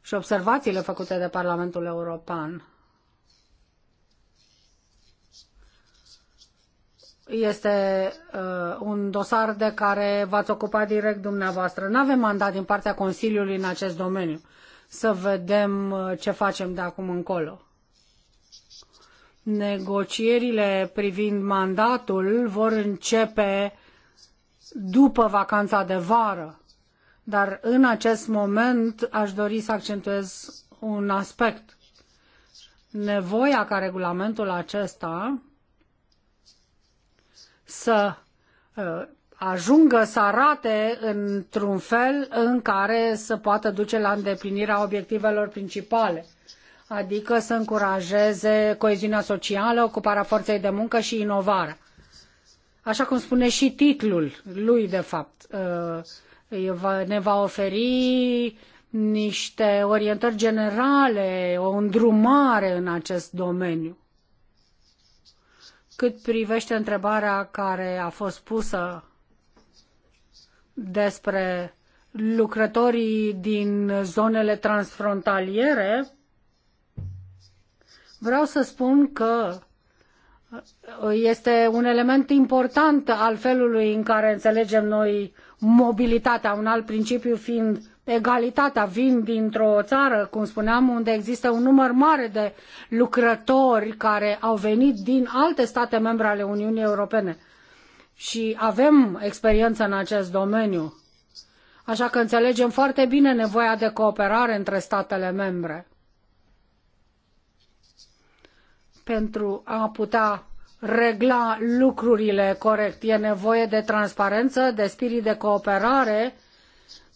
și observațiile făcute de Parlamentul European. Este uh, un dosar de care v-ați ocupat direct dumneavoastră. Nu avem mandat din partea Consiliului în acest domeniu. Să vedem uh, ce facem de acum încolo. Negocierile privind mandatul vor începe după vacanța de vară, dar în acest moment aș dori să accentuez un aspect. Nevoia ca regulamentul acesta să uh, ajungă să arate într-un fel în care să poată duce la îndeplinirea obiectivelor principale – adică să încurajeze coeziunea socială, ocuparea forței de muncă și inovarea. Așa cum spune și titlul lui, de fapt, uh, ne va oferi niște orientări generale, o îndrumare în acest domeniu. Cât privește întrebarea care a fost pusă despre lucrătorii din zonele transfrontaliere, Vreau să spun că uh, este un element important al felului în care înțelegem noi mobilitatea, un alt principiu fiind egalitatea. Vin dintr-o țară, cum spuneam, unde există un număr mare de lucrători care au venit din alte state membre ale Uniunii Europene. Și avem experiență în acest domeniu. Așa că înțelegem foarte bine nevoia de cooperare între statele membre. pentru a putea regla lucrurile corect. E nevoie de transparență, de spirit de cooperare,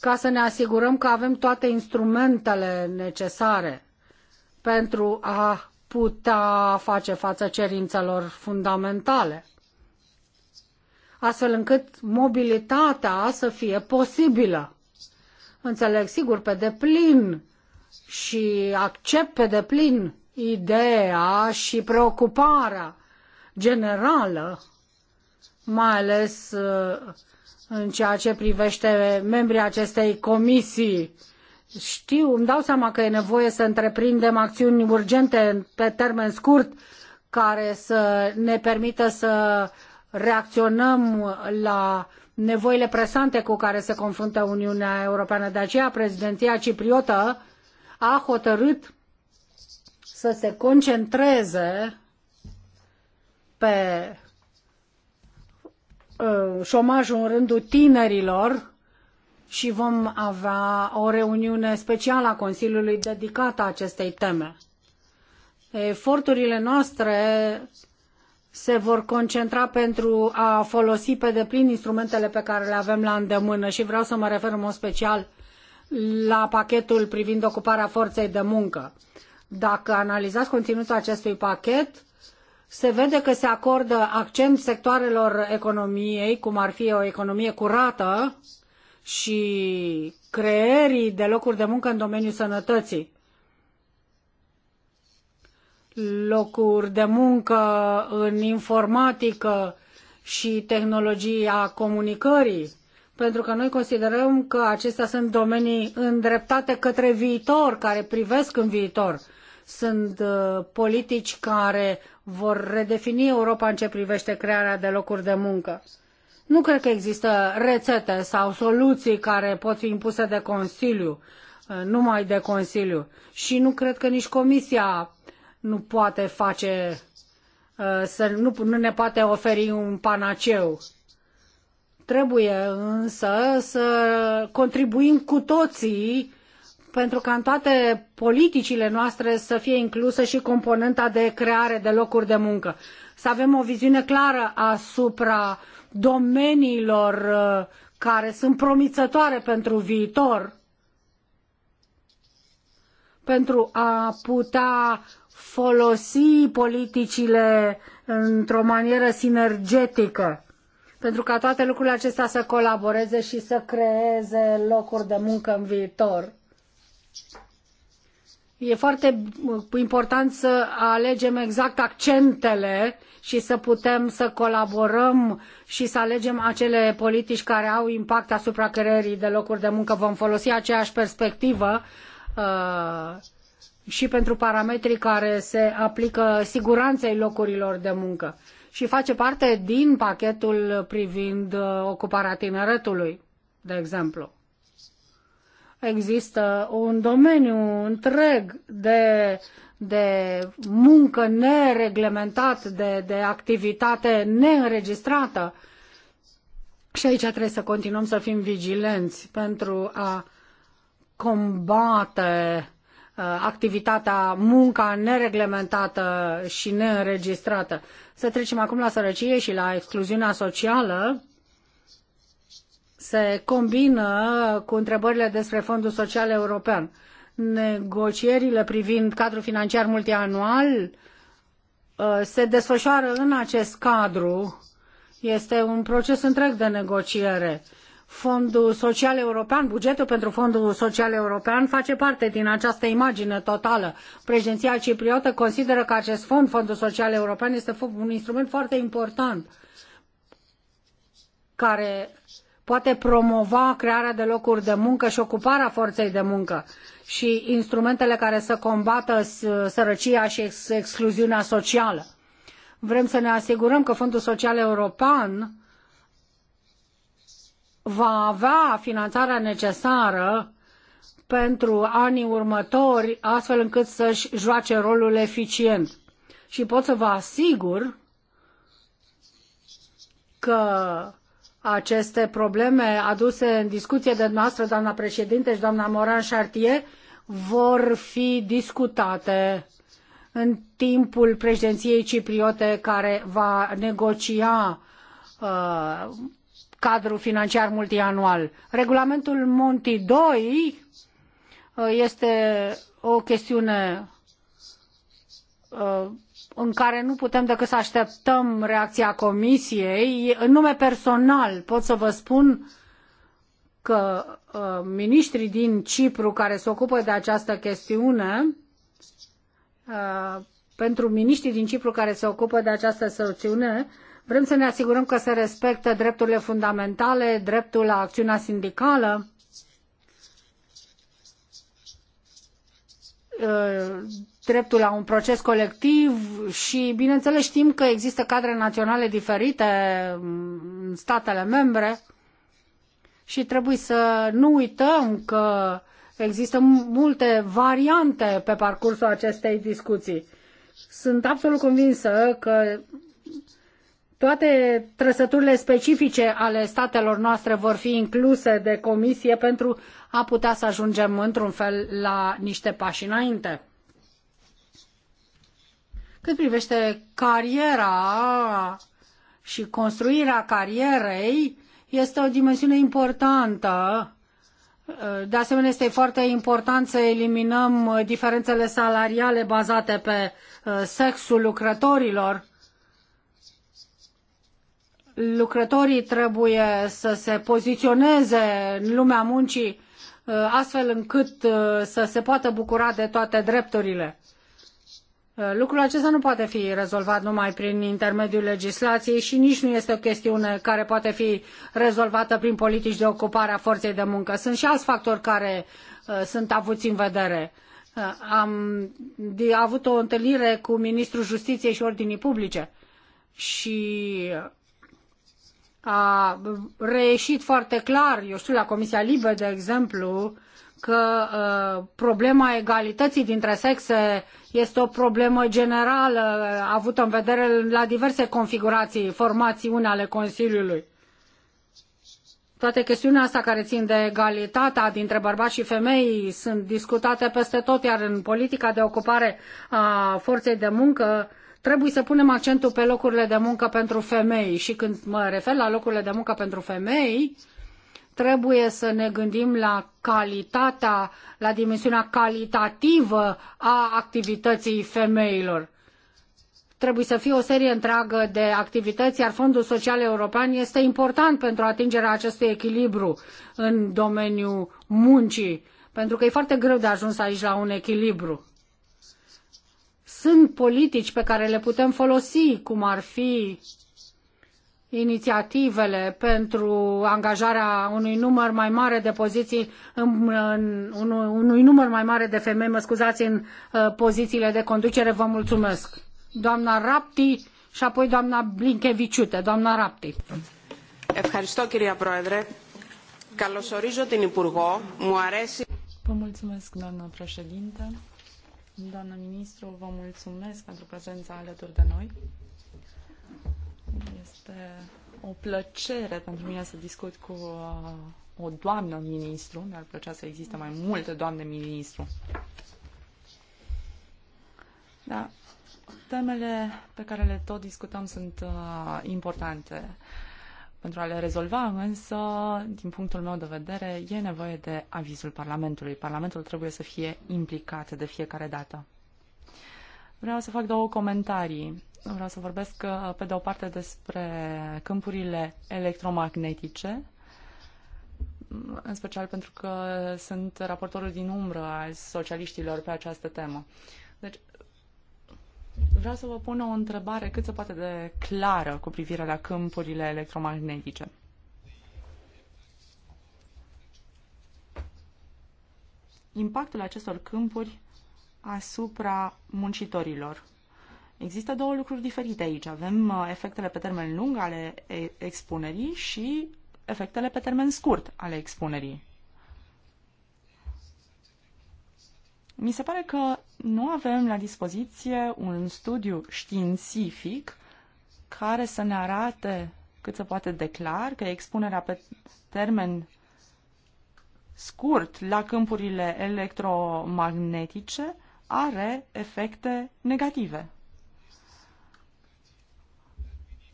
ca să ne asigurăm că avem toate instrumentele necesare pentru a putea face față cerințelor fundamentale, astfel încât mobilitatea să fie posibilă. Înțeleg sigur pe deplin și accept pe deplin ideea și preocuparea generală, mai ales uh, în ceea ce privește membrii acestei comisii. Știu, îmi dau seama că e nevoie să întreprindem acțiuni urgente pe termen scurt care să ne permită să reacționăm la nevoile presante cu care se confruntă Uniunea Europeană. De aceea, prezidenția cipriotă a hotărât să se concentreze pe uh, șomajul în rândul tinerilor și vom avea o reuniune specială a Consiliului dedicată acestei teme. Eforturile noastre se vor concentra pentru a folosi pe deplin instrumentele pe care le avem la îndemână și vreau să mă refer în mod special la pachetul privind ocuparea forței de muncă. Dacă analizați conținutul acestui pachet, se vede că se acordă accent sectoarelor economiei, cum ar fi o economie curată și creierii de locuri de muncă în domeniul sănătății. Locuri de muncă în informatică și tehnologia comunicării, pentru că noi considerăm că acestea sunt domenii îndreptate către viitor, care privesc în viitor sunt uh, politici care vor redefini Europa în ce privește crearea de locuri de muncă. Nu cred că există rețete sau soluții care pot fi impuse de Consiliu, uh, numai de Consiliu. Și nu cred că nici Comisia nu poate face, uh, să, nu, nu ne poate oferi un panaceu. Trebuie însă să contribuim cu toții pentru ca în toate politicile noastre să fie inclusă și componenta de creare de locuri de muncă. Să avem o viziune clară asupra domeniilor uh, care sunt promițătoare pentru viitor, pentru a putea folosi politicile într-o manieră sinergetică, pentru ca toate lucrurile acestea să colaboreze și să creeze locuri de muncă în viitor. E foarte important să alegem exact accentele și să putem să colaborăm și să alegem acele politici care au impact asupra creării de locuri de muncă. Vom folosi aceeași perspectivă uh, și pentru parametrii care se aplică siguranței locurilor de muncă și face parte din pachetul privind uh, ocuparea tineretului, de exemplu. Există un domeniu întreg de, de muncă nereglementat, de, de activitate neînregistrată. Și aici trebuie să continuăm să fim vigilenți pentru a combate uh, activitatea, munca nereglementată și neînregistrată. Să trecem acum la sărăcie și la excluziunea socială se combină cu întrebările despre Fondul Social European. Negocierile privind cadrul financiar multianual uh, se desfășoară în acest cadru. Este un proces întreg de negociere. Fondul Social European, bugetul pentru Fondul Social European face parte din această imagine totală. Președinția cipriotă consideră că acest fond, Fondul Social European, este un instrument foarte important care poate promova crearea de locuri de muncă și ocuparea forței de muncă și instrumentele care să combată sărăcia și ex excluziunea socială. Vrem să ne asigurăm că Fondul Social European va avea finanțarea necesară pentru anii următori, astfel încât să-și joace rolul eficient. Și pot să vă asigur că aceste probleme aduse în discuție de noastră, doamna președinte și doamna Moran Chartier, vor fi discutate în timpul președinției cipriote care va negocia uh, cadrul financiar multianual. Regulamentul Monti 2 uh, este o chestiune uh, în care nu putem decât să așteptăm reacția comisiei. În nume personal pot să vă spun că uh, miniștrii din Cipru care se ocupă de această chestiune, uh, pentru miniștrii din Cipru care se ocupă de această soluțiune, vrem să ne asigurăm că se respectă drepturile fundamentale, dreptul la acțiunea sindicală, uh, dreptul la un proces colectiv și, bineînțeles, știm că există cadre naționale diferite în statele membre și trebuie să nu uităm că există multe variante pe parcursul acestei discuții. Sunt absolut convinsă că toate trăsăturile specifice ale statelor noastre vor fi incluse de comisie pentru a putea să ajungem într-un fel la niște pași înainte. Cât privește cariera și construirea carierei, este o dimensiune importantă. De asemenea, este foarte important să eliminăm diferențele salariale bazate pe uh, sexul lucrătorilor. Lucrătorii trebuie să se poziționeze în lumea muncii uh, astfel încât uh, să se poată bucura de toate drepturile. Uh, lucrul acesta nu poate fi rezolvat numai prin intermediul legislației și nici nu este o chestiune care poate fi rezolvată prin politici de ocupare a forței de muncă. Sunt și alți factori care uh, sunt avuți în vedere. Uh, am avut o întâlnire cu Ministrul Justiției și Ordinii Publice și a reieșit foarte clar, eu știu, la Comisia Libe, de exemplu, că uh, problema egalității dintre sexe este o problemă generală uh, avută în vedere la diverse configurații, formațiuni ale Consiliului. Toate chestiunile astea care țin de egalitatea dintre bărbați și femei sunt discutate peste tot, iar în politica de ocupare a forței de muncă trebuie să punem accentul pe locurile de muncă pentru femei. Și când mă refer la locurile de muncă pentru femei, uh, trebuie să ne gândim la calitatea, la dimensiunea calitativă a activității femeilor. Trebuie să fie o serie întreagă de activități, iar Fondul Social European este important pentru atingerea acestui echilibru în domeniul muncii, pentru că e foarte greu de ajuns aici la un echilibru. Sunt politici pe care le putem folosi, cum ar fi inițiativele pentru angajarea unui număr mai mare de poziții, în, în, unui, unui număr mai mare de femei, mă scuzați, în uh, pozițiile de conducere. Vă mulțumesc. Doamna Rapti și apoi doamna Blinkeviciute. Doamna Rapti. Ευχαριστώ κυρία Πρόεδρε. Καλωσορίζω την Υπουργό. Vă mulțumesc, doamna președinte. Doamnă ministru, vă mulțumesc pentru prezența alături de noi. Este o plăcere pentru mine să discut cu uh, o doamnă ministru. Mi-ar plăcea să existe mai multe doamne ministru. Da. Temele pe care le tot discutăm sunt uh, importante. Pentru a le rezolva, însă, din punctul meu de vedere, e nevoie de avizul Parlamentului. Parlamentul trebuie să fie implicat de fiecare dată. Vreau să fac două comentarii vreau să vorbesc uh, pe de o parte despre câmpurile electromagnetice, în special pentru că sunt raportorul din umbră al socialiștilor pe această temă. Deci, vreau să vă pun o întrebare cât se poate de clară cu privire la câmpurile electromagnetice. Impactul acestor câmpuri asupra muncitorilor Există două lucruri diferite aici. Avem uh, efectele pe termen lung ale expunerii și efectele pe termen scurt ale expunerii. Mi se pare că nu avem la dispoziție un studiu științific care să ne arate cât se poate declar că expunerea pe termen scurt la câmpurile electromagnetice are efecte negative.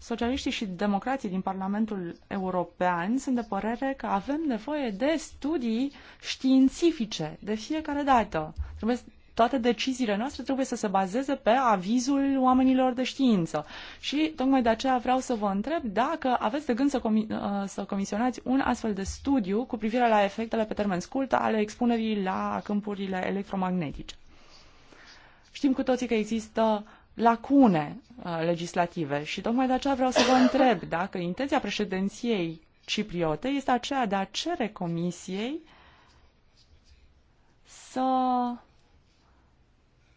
Socialiștii și democrații din Parlamentul European sunt de părere că avem nevoie de studii științifice de fiecare dată. Trebuie toate deciziile noastre trebuie să se bazeze pe avizul oamenilor de știință. Și tocmai de aceea vreau să vă întreb dacă aveți de gând să, comi- uh, să comisionați un astfel de studiu cu privire la efectele pe termen scurt ale expunerii la câmpurile electromagnetice. Știm cu toții că există lacune uh, legislative și tocmai de aceea vreau să vă întreb dacă intenția președinției cipriote este aceea de a cere comisiei să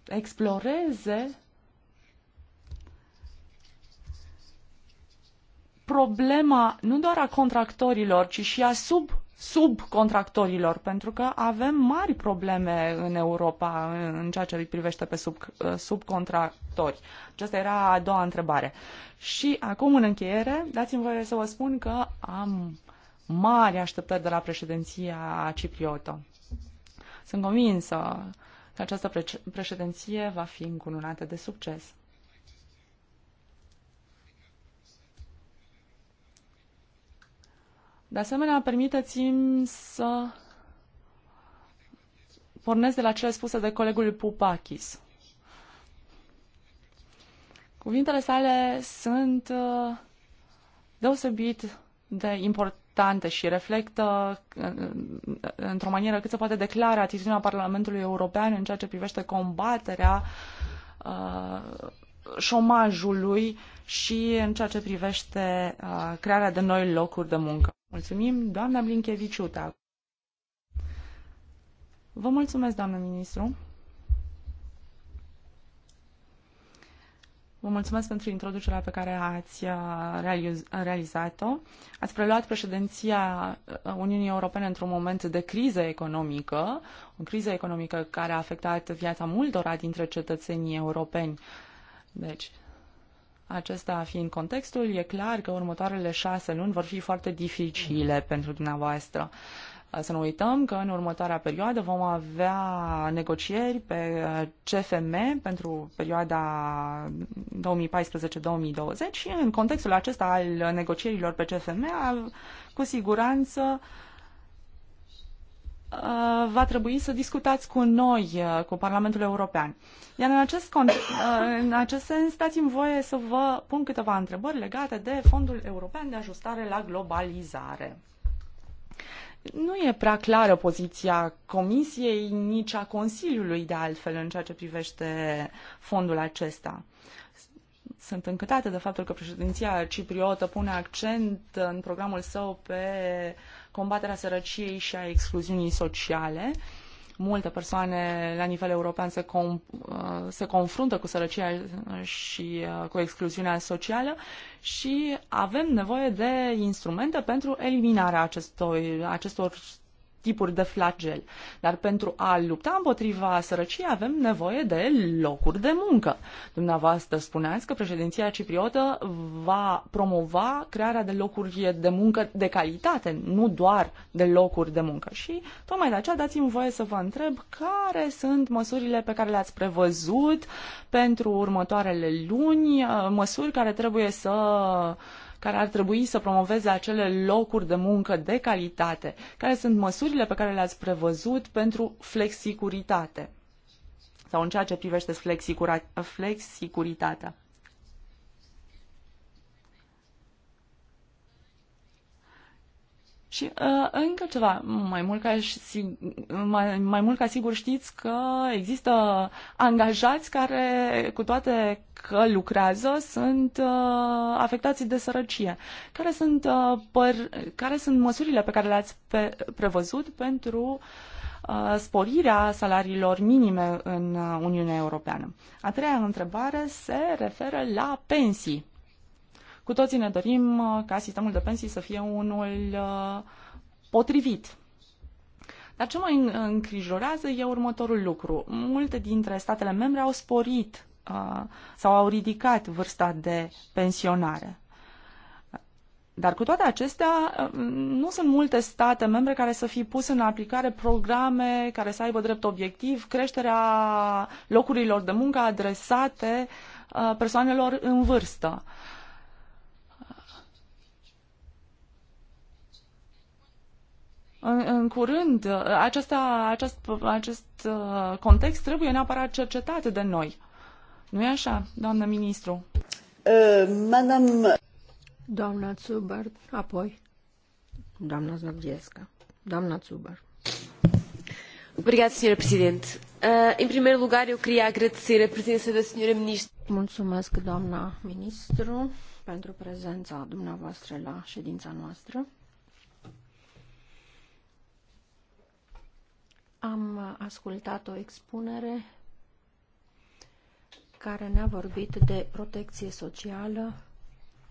exploreze problema nu doar a contractorilor, ci și a sub subcontractorilor, pentru că avem mari probleme în Europa în ceea ce îi privește pe sub, eh, subcontractori. Aceasta era a doua întrebare. Și acum, în încheiere, dați-mi voie să vă spun că am mari așteptări de la președinția cipriotă. Sunt convinsă că această președinție va fi încununată de succes. De asemenea, permiteți-mi să pornesc de la cele spuse de colegul Pupakis. Cuvintele sale sunt uh, deosebit de importante și reflectă uh, într-o manieră cât se poate declara, atitudinea Parlamentului European în ceea ce privește combaterea uh, șomajului și în ceea ce privește uh, crearea de noi locuri de muncă. Mulțumim, doamna Blinkeviciuta. Vă mulțumesc, doamnă ministru. Vă mulțumesc pentru introducerea pe care ați uh, realizat-o. Ați preluat președinția uh, Uniunii Europene într-un moment de criză economică, o criză economică care a afectat viața multora dintre cetățenii europeni. Deci, acesta fiind contextul, e clar că următoarele șase luni vor fi foarte dificile mm. pentru dumneavoastră. Uh, să nu uităm că în următoarea perioadă vom avea negocieri pe uh, CFM pentru perioada 2014-2020 și în contextul acesta al negocierilor pe CFM, cu siguranță Uh, va trebui să discutați cu noi, uh, cu Parlamentul European. Iar în acest, context, uh, în acest sens, dați-mi voie să vă pun câteva întrebări legate de Fondul European de Ajustare la Globalizare. Nu e prea clară poziția Comisiei, nici a Consiliului, de altfel, în ceea ce privește fondul acesta. Sunt încântată de faptul că președinția cipriotă pune accent în programul său pe uh, combaterea sărăciei și a excluziunii sociale. Multe persoane la nivel european se, com- uh, se confruntă cu sărăcia și uh, cu excluziunea socială și avem nevoie de instrumente pentru eliminarea acestor, acestor tipuri de flagel. Dar pentru a lupta împotriva sărăciei avem nevoie de locuri de muncă. Dumneavoastră spuneați că președinția cipriotă va promova crearea de locuri de muncă de calitate, nu doar de locuri de muncă. Și tocmai de aceea dați-mi voie să vă întreb care sunt măsurile pe care le-ați prevăzut pentru următoarele luni, măsuri care trebuie să care ar trebui să promoveze acele locuri de muncă de calitate? Care sunt măsurile pe care le-ați prevăzut pentru flexicuritate? Sau în ceea ce privește flexicuritatea? Și uh, încă ceva, mai mult, ca, mai, mai mult ca sigur știți că există angajați care, cu toate că lucrează, sunt uh, afectați de sărăcie. Care sunt, uh, păr, care sunt măsurile pe care le-ați pe, prevăzut pentru uh, sporirea salariilor minime în uh, Uniunea Europeană? A treia întrebare se referă la pensii. Cu toții ne dorim uh, ca sistemul de pensii să fie unul uh, potrivit. Dar ce mă îngrijorează e următorul lucru. Multe dintre statele membre au sporit uh, sau au ridicat vârsta de pensionare. Dar cu toate acestea, nu sunt multe state membre care să fi pus în aplicare programe care să aibă drept obiectiv creșterea locurilor de muncă adresate persoanelor în vârstă. în, în curând, aceasta, acest, acest uh, context trebuie neapărat cercetat de noi. Nu e așa, doamnă ministru? Uh, Madame... Doamna Zuber, apoi. Doamna Znobdiescă. Doamna Zuber. Obrigada, Sra. Presidente. Uh, em primeiro lugar, eu queria agradecer a presença da Sra. Ministra. Muito obrigada, Mulțumesc, doamna ministru, pentru prezența dumneavoastră la ședința noastră. Am ascultat o expunere care ne-a vorbit de protecție socială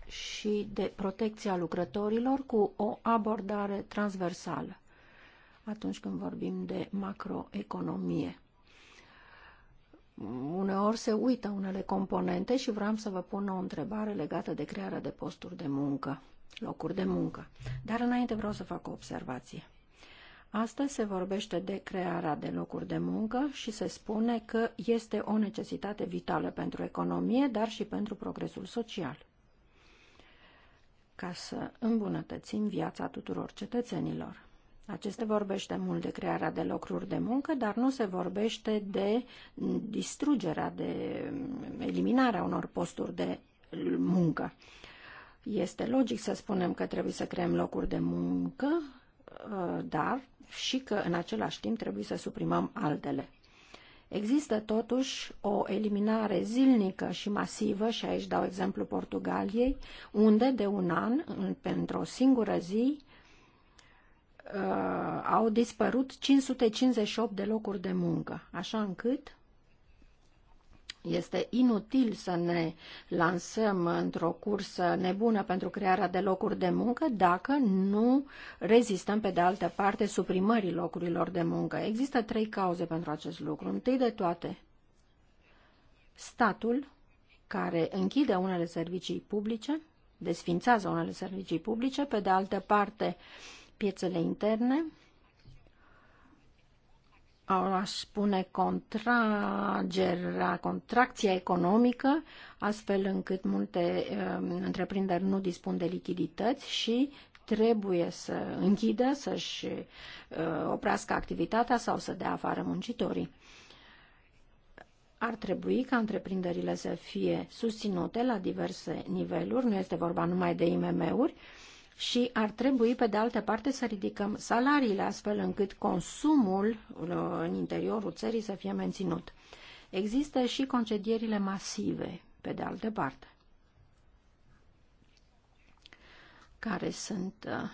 și de protecția lucrătorilor cu o abordare transversală atunci când vorbim de macroeconomie. Uneori se uită unele componente și vreau să vă pun o întrebare legată de crearea de posturi de muncă, locuri de muncă. Dar înainte vreau să fac o observație. Astăzi se vorbește de crearea de locuri de muncă și se spune că este o necesitate vitală pentru economie, dar și pentru progresul social. Ca să îmbunătățim viața tuturor cetățenilor. Aceste vorbește mult de crearea de locuri de muncă, dar nu se vorbește de distrugerea, de eliminarea unor posturi de muncă. Este logic să spunem că trebuie să creăm locuri de muncă, uh, dar și că în același timp trebuie să suprimăm altele. Există totuși o eliminare zilnică și masivă, și aici dau exemplu Portugaliei, unde de un an, pentru o singură zi, uh, au dispărut 558 de locuri de muncă, așa încât este inutil să ne lansăm într-o cursă nebună pentru crearea de locuri de muncă dacă nu rezistăm, pe de altă parte, suprimării locurilor de muncă. Există trei cauze pentru acest lucru. Întâi de toate, statul care închide unele servicii publice, desfințează unele servicii publice, pe de altă parte, piețele interne, aș spune, contragerea, contracția economică, astfel încât multe uh, întreprinderi nu dispun de lichidități și trebuie să închidă, să-și uh, oprească activitatea sau să dea afară muncitorii. Ar trebui ca întreprinderile să fie susținute la diverse niveluri, nu este vorba numai de IMM-uri, uh, și ar trebui, pe de altă parte, să ridicăm salariile astfel încât consumul uh, în interiorul țării să fie menținut. Există și concedierile masive, pe de altă parte, care sunt uh,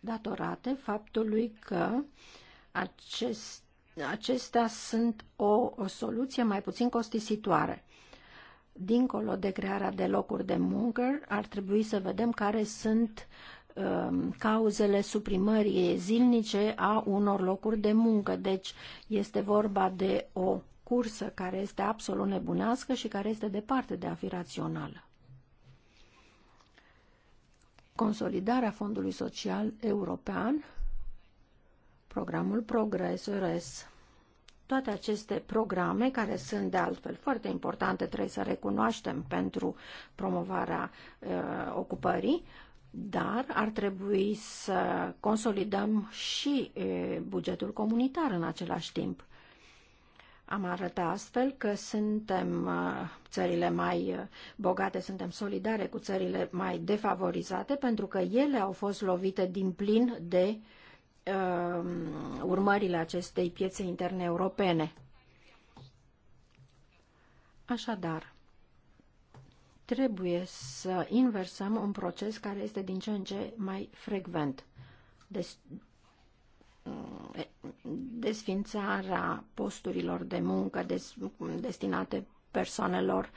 datorate faptului că acest, acestea sunt o, o soluție mai puțin costisitoare dincolo de crearea de locuri de muncă, ar trebui să vedem care sunt um, cauzele suprimării zilnice a unor locuri de muncă. Deci este vorba de o cursă care este absolut nebunească și care este departe de a fi rațională. Consolidarea Fondului Social European, programul Progres, RES, toate aceste programe, care sunt de altfel foarte importante, trebuie să recunoaștem pentru promovarea uh, ocupării, dar ar trebui să consolidăm și uh, bugetul comunitar în același timp. Am arătat astfel că suntem uh, țările mai uh, bogate, suntem solidare cu țările mai defavorizate, pentru că ele au fost lovite din plin de uh, uh, urmările acestei piețe interne europene. Așadar, trebuie să inversăm un proces care este din ce în ce mai frecvent. Des, desfințarea posturilor de muncă des, destinate persoanelor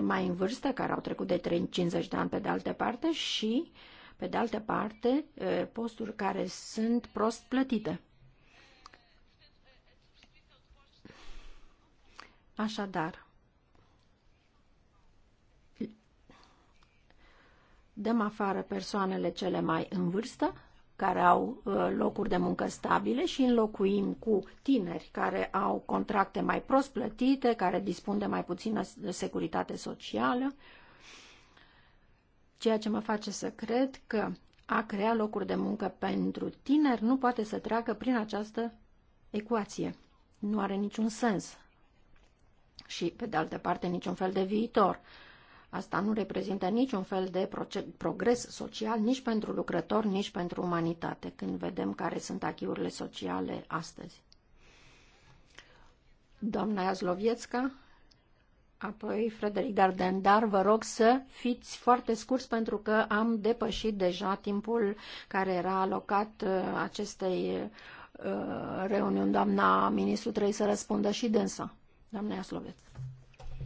mai în vârstă, care au trecut de 50 de ani pe de altă parte și uh, pe de altă parte, posturi care sunt prost plătite. Așadar, dăm afară persoanele cele mai în vârstă, care au locuri de muncă stabile și înlocuim cu tineri care au contracte mai prost plătite, care dispun de mai puțină securitate socială, ceea ce mă face să cred că a crea locuri de muncă pentru tineri nu poate să treacă prin această ecuație. Nu are niciun sens. Și, pe de altă parte, niciun fel de viitor. Asta nu reprezintă niciun fel de progres social nici pentru lucrători, nici pentru umanitate, când vedem care sunt achiurile sociale astăzi. Doamna Iazloviețca Apoi, Frederic Darden, dar vă rog să fiți foarte scurs pentru că am depășit deja timpul care era alocat uh, acestei uh, reuniuni. Doamna ministru trebuie să răspundă și dânsa. Doamna Jaslovet.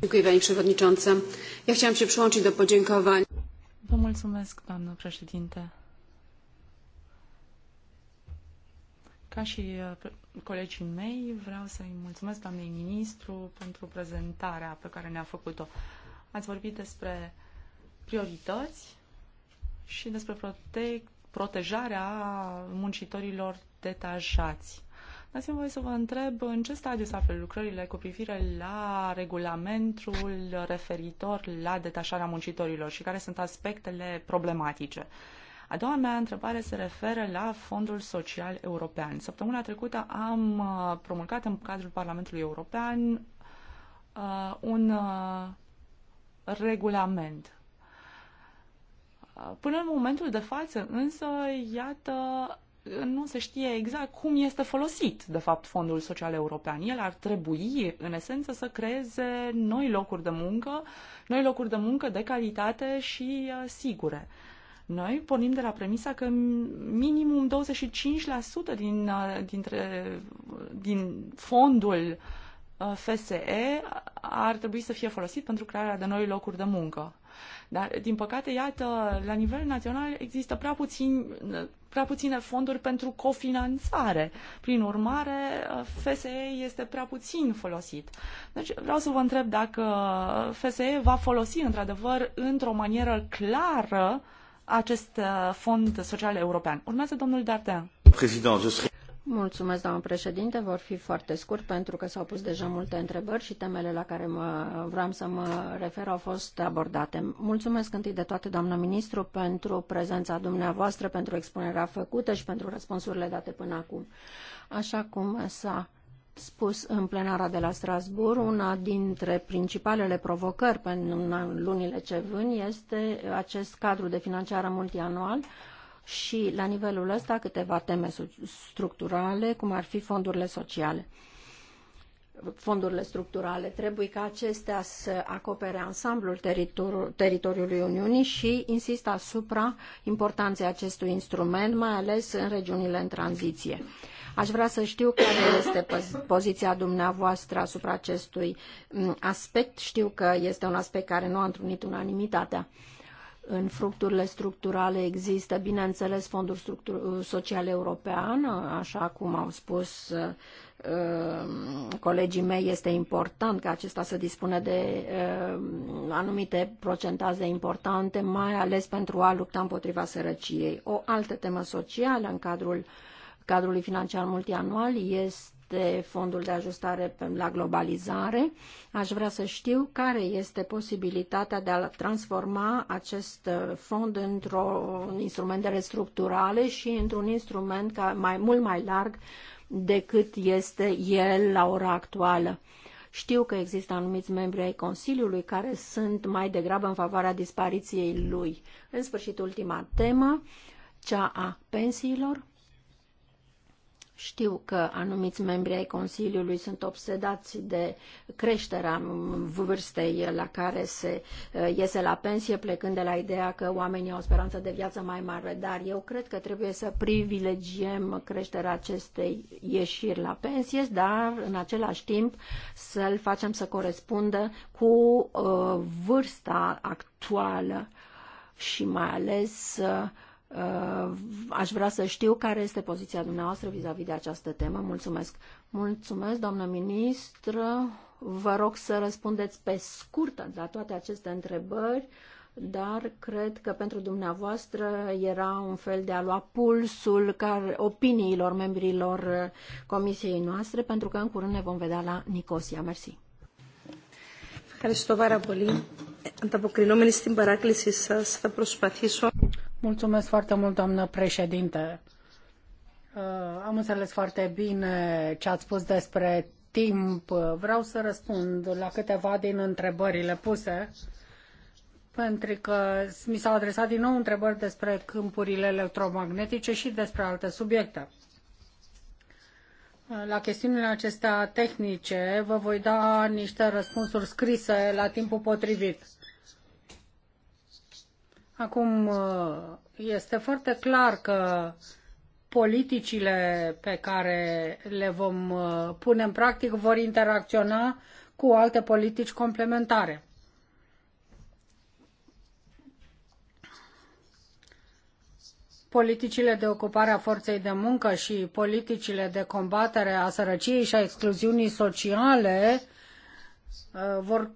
Dziękuję Pani Przewodnicząca. Ja chciałam się przyłączyć do podziękowań. Vă mulțumesc, doamnă președinte. Ca și uh, colegii mei. Vreau să-i mulțumesc doamnei ministru pentru prezentarea pe care ne-a făcut-o. Ați vorbit despre priorități și despre prote- protejarea muncitorilor detașați. Dați-mi voie să vă întreb în ce stadiu se află lucrările cu privire la regulamentul referitor la detașarea muncitorilor și care sunt aspectele problematice. A doua mea întrebare se referă la Fondul Social European. Săptămâna trecută am uh, promulgat în cadrul Parlamentului European uh, un uh, regulament. Până în momentul de față, însă, iată, nu se știe exact cum este folosit, de fapt, Fondul Social European. El ar trebui, în esență, să creeze noi locuri de muncă, noi locuri de muncă de calitate și sigure. Uh, noi pornim de la premisa că minimum 25% din, uh, dintre, din fondul uh, FSE ar trebui să fie folosit pentru crearea de noi locuri de muncă. Dar, din păcate, iată, la nivel național există prea, puțin, uh, prea puține fonduri pentru cofinanțare. Prin urmare, FSE este prea puțin folosit. Deci, vreau să vă întreb dacă FSE va folosi, într-adevăr, într-o manieră clară, acest uh, fond social european. Urmează domnul Dardean. Mulțumesc, doamnă președinte. Vor fi foarte scurt pentru că s-au pus deja multe întrebări și temele la care mă, vreau să mă refer au fost abordate. Mulțumesc întâi de toate, doamnă ministru, pentru prezența dumneavoastră, pentru expunerea făcută și pentru răspunsurile date până acum. Așa cum s-a spus în plenara de la Strasbourg, una dintre principalele provocări pentru lunile ce vin este acest cadru de financiară multianual și la nivelul ăsta câteva teme structurale, cum ar fi fondurile sociale fondurile structurale. Trebuie ca acestea să acopere ansamblul teritor teritoriului Uniunii și insist asupra importanței acestui instrument, mai ales în regiunile în tranziție. Aș vrea să știu care este poziția dumneavoastră asupra acestui mm, aspect. Știu că este un aspect care nu a întrunit unanimitatea în fructurile structurale există, bineînțeles, Fondul Structur- Social European, așa cum au spus uh, colegii mei, este important ca acesta să dispună de uh, anumite procentaje importante, mai ales pentru a lupta împotriva sărăciei. O altă temă socială în cadrul uh, cadrului financiar multianual este fondul de ajustare la globalizare. Aș vrea să știu care este posibilitatea de a transforma acest uh, fond într-un instrument de restructurare și într-un instrument mai mult mai larg decât este el la ora actuală. Știu că există anumiți membri ai Consiliului care sunt mai degrabă în favoarea dispariției lui. În sfârșit, ultima temă, cea a pensiilor. Știu că anumiți membri ai Consiliului sunt obsedați de creșterea vârstei la care se uh, iese la pensie, plecând de la ideea că oamenii au o speranță de viață mai mare, dar eu cred că trebuie să privilegiem creșterea acestei ieșiri la pensie, dar în același timp să-l facem să corespundă cu uh, vârsta actuală și mai ales uh, Uh, aș vrea să știu care este poziția dumneavoastră vis-a-vis de această temă. Mulțumesc. Mulțumesc, doamnă ministră. Vă rog să răspundeți pe scurt la toate aceste întrebări, dar cred că pentru dumneavoastră era un fel de a lua pulsul care, opiniilor membrilor comisiei noastre, pentru că în curând ne vom vedea la Nicosia. Mersi. Ευχαριστώ πάρα πολύ. Ανταποκρινόμενη στην παράκλησή σας, θα προσπαθήσω Mulțumesc foarte mult, președinte. Uh, am înțeles foarte bine ce ați spus despre timp. Vreau să răspund la câteva din întrebările puse, pentru că mi s-au adresat din nou întrebări despre câmpurile electromagnetice și despre alte subiecte. Uh, la chestiunile acestea tehnice vă voi da niște răspunsuri scrise la timpul potrivit. Acum, uh, este foarte clar că politicile pe care le vom uh, pune în practic vor interacționa cu alte politici complementare. Politicile de ocupare a forței de muncă și politicile de combatere a sărăciei și a excluziunii sociale uh, vor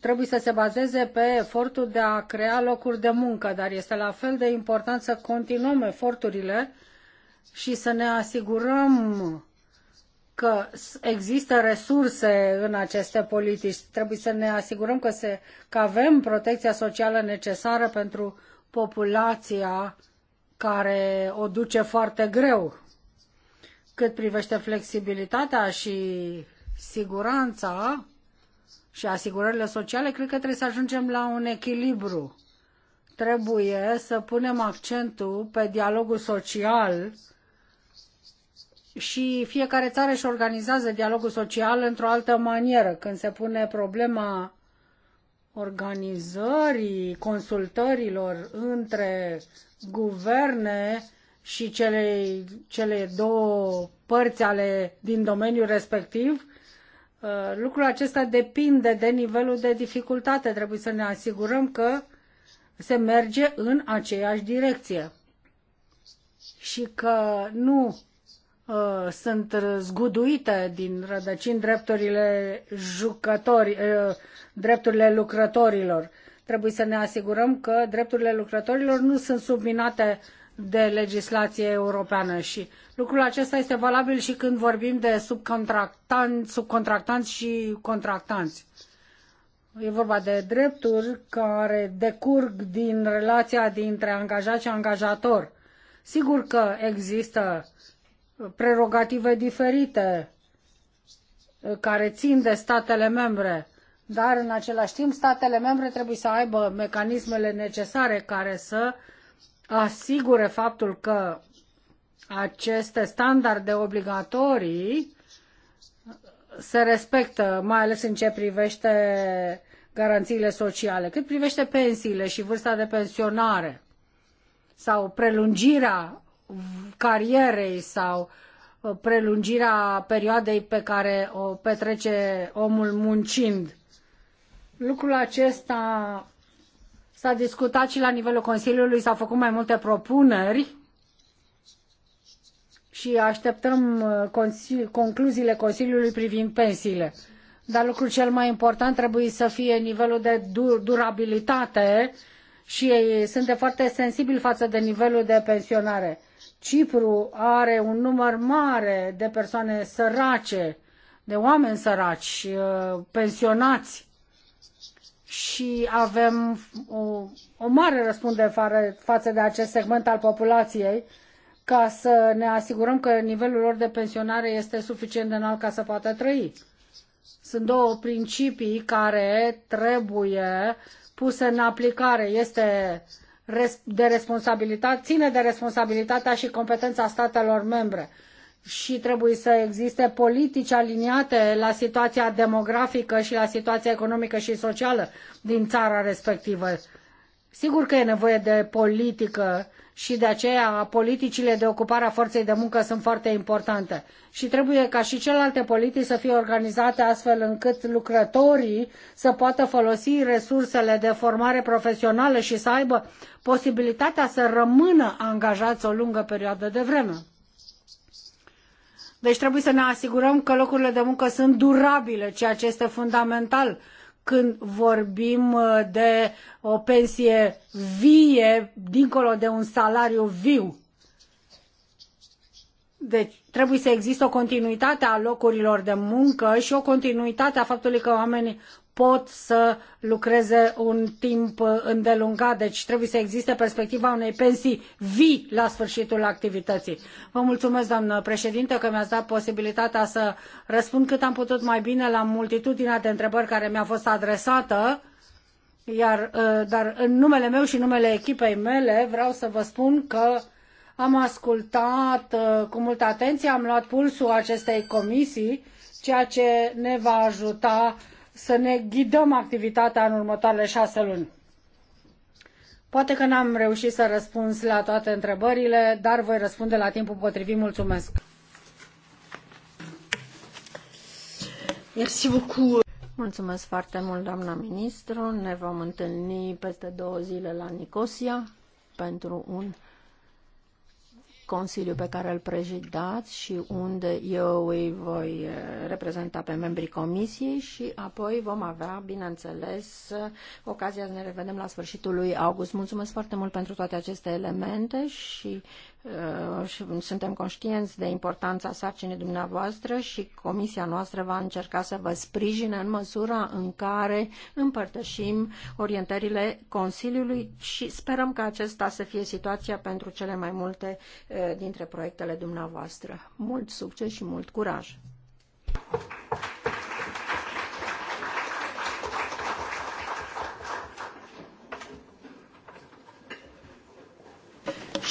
trebuie să se bazeze pe efortul de a crea locuri de muncă, dar este la fel de important să continuăm eforturile și să ne asigurăm că există resurse în aceste politici. Trebuie să ne asigurăm că, se, că avem protecția socială necesară pentru populația care o duce foarte greu. Cât privește flexibilitatea și siguranța, și asigurările sociale, cred că trebuie să ajungem la un echilibru. Trebuie să punem accentul pe dialogul social și fiecare țară își organizează dialogul social într-o altă manieră. Când se pune problema organizării consultărilor între guverne și cele, cele două părți ale, din domeniul respectiv, Uh, lucrul acesta depinde de nivelul de dificultate. Trebuie să ne asigurăm că se merge în aceeași direcție și că nu uh, sunt zguduite din rădăcini drepturile jucători, uh, drepturile lucrătorilor. Trebuie să ne asigurăm că drepturile lucrătorilor nu sunt subminate de legislație europeană și lucrul acesta este valabil și când vorbim de subcontractanți, subcontractanți și contractanți. E vorba de drepturi care decurg din relația dintre angajat și angajator. Sigur că există prerogative diferite care țin de statele membre, dar în același timp statele membre trebuie să aibă mecanismele necesare care să uh, asigure faptul că aceste standarde obligatorii se respectă, mai ales în ce privește garanțiile sociale, cât privește pensiile și vârsta de pensionare sau prelungirea carierei sau uh, prelungirea perioadei pe care o petrece omul muncind. Lucrul acesta S-a discutat și la nivelul Consiliului, s-au făcut mai multe propuneri și așteptăm uh, concluziile Consiliului privind pensiile. Dar lucrul cel mai important trebuie să fie nivelul de durabilitate și sunt de foarte sensibil față de nivelul de pensionare. Cipru are un număr mare de persoane sărace, de oameni săraci, uh, pensionați și avem o, o mare răspundere fa- față de acest segment al populației ca să ne asigurăm că nivelul lor de pensionare este suficient de înalt ca să poată trăi. Sunt două principii care trebuie puse în aplicare. Este de responsabilitate, ține de responsabilitatea și competența statelor membre și trebuie să existe politici aliniate la situația demografică și la situația economică și socială din țara respectivă. Sigur că e nevoie de politică și de aceea politicile de ocupare a forței de muncă sunt foarte importante. Și trebuie ca și celelalte politici să fie organizate astfel încât lucrătorii să poată folosi resursele de formare profesională și să aibă posibilitatea să rămână angajați o lungă perioadă de vreme. Deci trebuie să ne asigurăm că locurile de muncă sunt durabile, ceea ce este fundamental când vorbim uh, de o pensie vie, dincolo de un salariu viu. Deci trebuie să existe o continuitate a locurilor de muncă și o continuitate a faptului că oamenii pot să lucreze un timp îndelungat, deci trebuie să existe perspectiva unei pensii vii la sfârșitul activității. Vă mulțumesc, doamnă președinte, că mi-ați dat posibilitatea să răspund cât am putut mai bine la multitudinea de întrebări care mi-a fost adresată, iar, ă, dar în numele meu și numele echipei mele vreau să vă spun că am ascultat ă, cu multă atenție, am luat pulsul acestei comisii, ceea ce ne va ajuta să ne ghidăm activitatea în următoarele șase luni. Poate că n-am reușit să răspuns la toate întrebările, dar voi răspunde la timpul potrivit. Mulțumesc! Mulțumesc foarte mult, doamna ministru. Ne vom întâlni peste două zile la Nicosia pentru un Consiliu pe care îl prezidați și unde eu îi voi eh, reprezenta pe membrii comisiei și apoi vom avea, bineînțeles, ocazia să ne revedem la sfârșitul lui august. Mulțumesc foarte mult pentru toate aceste elemente și Uh, și suntem conștienți de importanța sarcinii dumneavoastră și comisia noastră va încerca să vă sprijine în măsura în care împărtășim orientările Consiliului și sperăm că acesta să fie situația pentru cele mai multe uh, dintre proiectele dumneavoastră. Mult succes și mult curaj!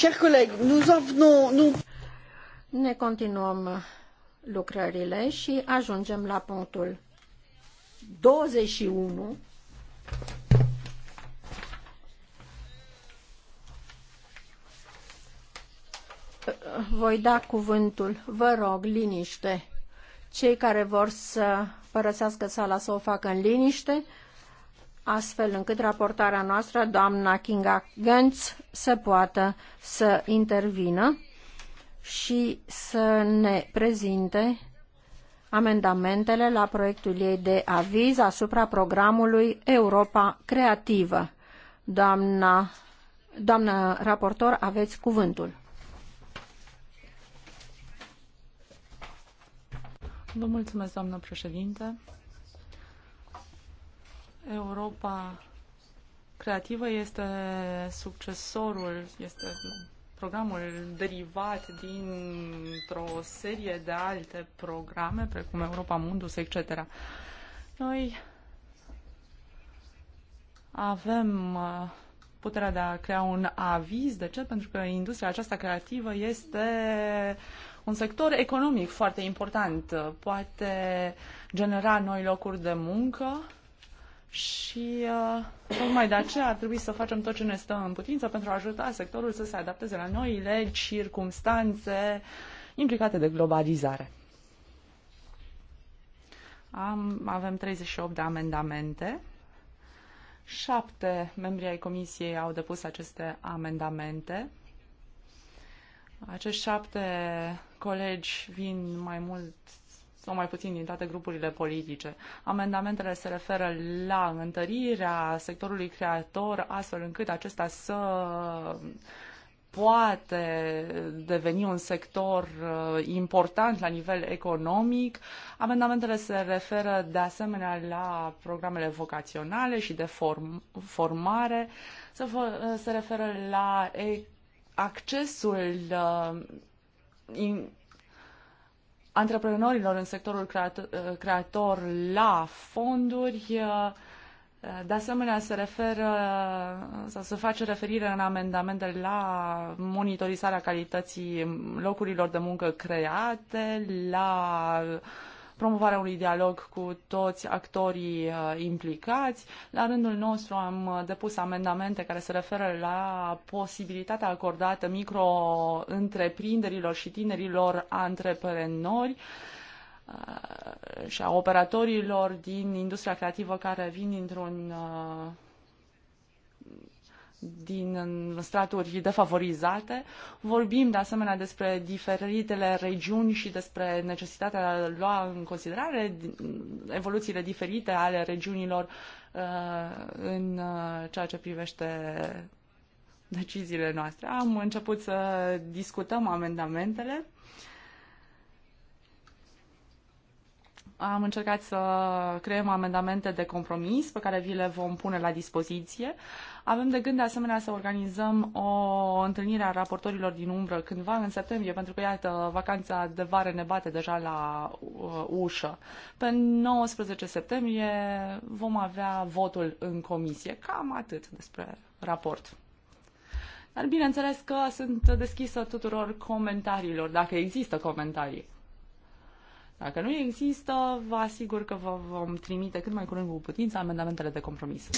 Chers collègues, nous en venons, nous... Ne continuăm lucrările și ajungem la punctul 21. Voi da cuvântul, vă rog, liniște. Cei care vor să părăsească sala să o facă în liniște, astfel încât raportarea noastră, doamna Kinga Gantz, să poată să intervină și să ne prezinte amendamentele la proiectul ei de aviz asupra programului Europa Creativă. Doamna, doamna raportor, aveți cuvântul. Vă mulțumesc, doamnă președinte. Europa Creativă este succesorul, este programul derivat dintr-o serie de alte programe, precum Europa Mundus, etc. Noi avem uh, puterea de a crea un aviz. De ce? Pentru că industria aceasta creativă este un sector economic foarte important. Poate genera noi locuri de muncă, și uh, tocmai de aceea ar trebui să facem tot ce ne stă în putință pentru a ajuta sectorul să se adapteze la noi legi, circumstanțe implicate de globalizare. Am, avem 38 de amendamente. Șapte membri ai comisiei au depus aceste amendamente. Acești șapte colegi vin mai mult sau mai puțin din toate grupurile politice. Amendamentele se referă la întărirea sectorului creator, astfel încât acesta să poate deveni un sector uh, important la nivel economic. Amendamentele se referă de asemenea la programele vocaționale și de form- formare, se, uh, se referă la accesul uh, in, antreprenorilor în sectorul creator, uh, creator la fonduri. Uh, de asemenea, se referă sau se face referire în amendamente la monitorizarea calității locurilor de muncă create, la uh, promovarea unui dialog cu toți actorii uh, implicați. La rândul nostru am uh, depus amendamente care se referă la posibilitatea acordată micro-întreprinderilor și tinerilor antreprenori uh, și a operatorilor din industria creativă care vin dintr-un din straturi defavorizate. Vorbim de asemenea despre diferitele regiuni și despre necesitatea de a lua în considerare evoluțiile diferite ale regiunilor uh, în uh, ceea ce privește deciziile noastre. Am început să discutăm amendamentele. Am încercat să creăm amendamente de compromis pe care vi le vom pune la dispoziție. Uh, avem de gând de asemenea să organizăm o întâlnire a raportorilor din umbră cândva în septembrie, pentru că, iată, vacanța de vară ne bate deja la uh, ușă. Pe 19 septembrie vom avea votul în comisie. Cam atât despre raport. Dar bineînțeles că sunt deschisă tuturor comentariilor, dacă există comentarii. Dacă nu există, vă asigur că vă vom trimite cât mai curând cu putință amendamentele de compromis.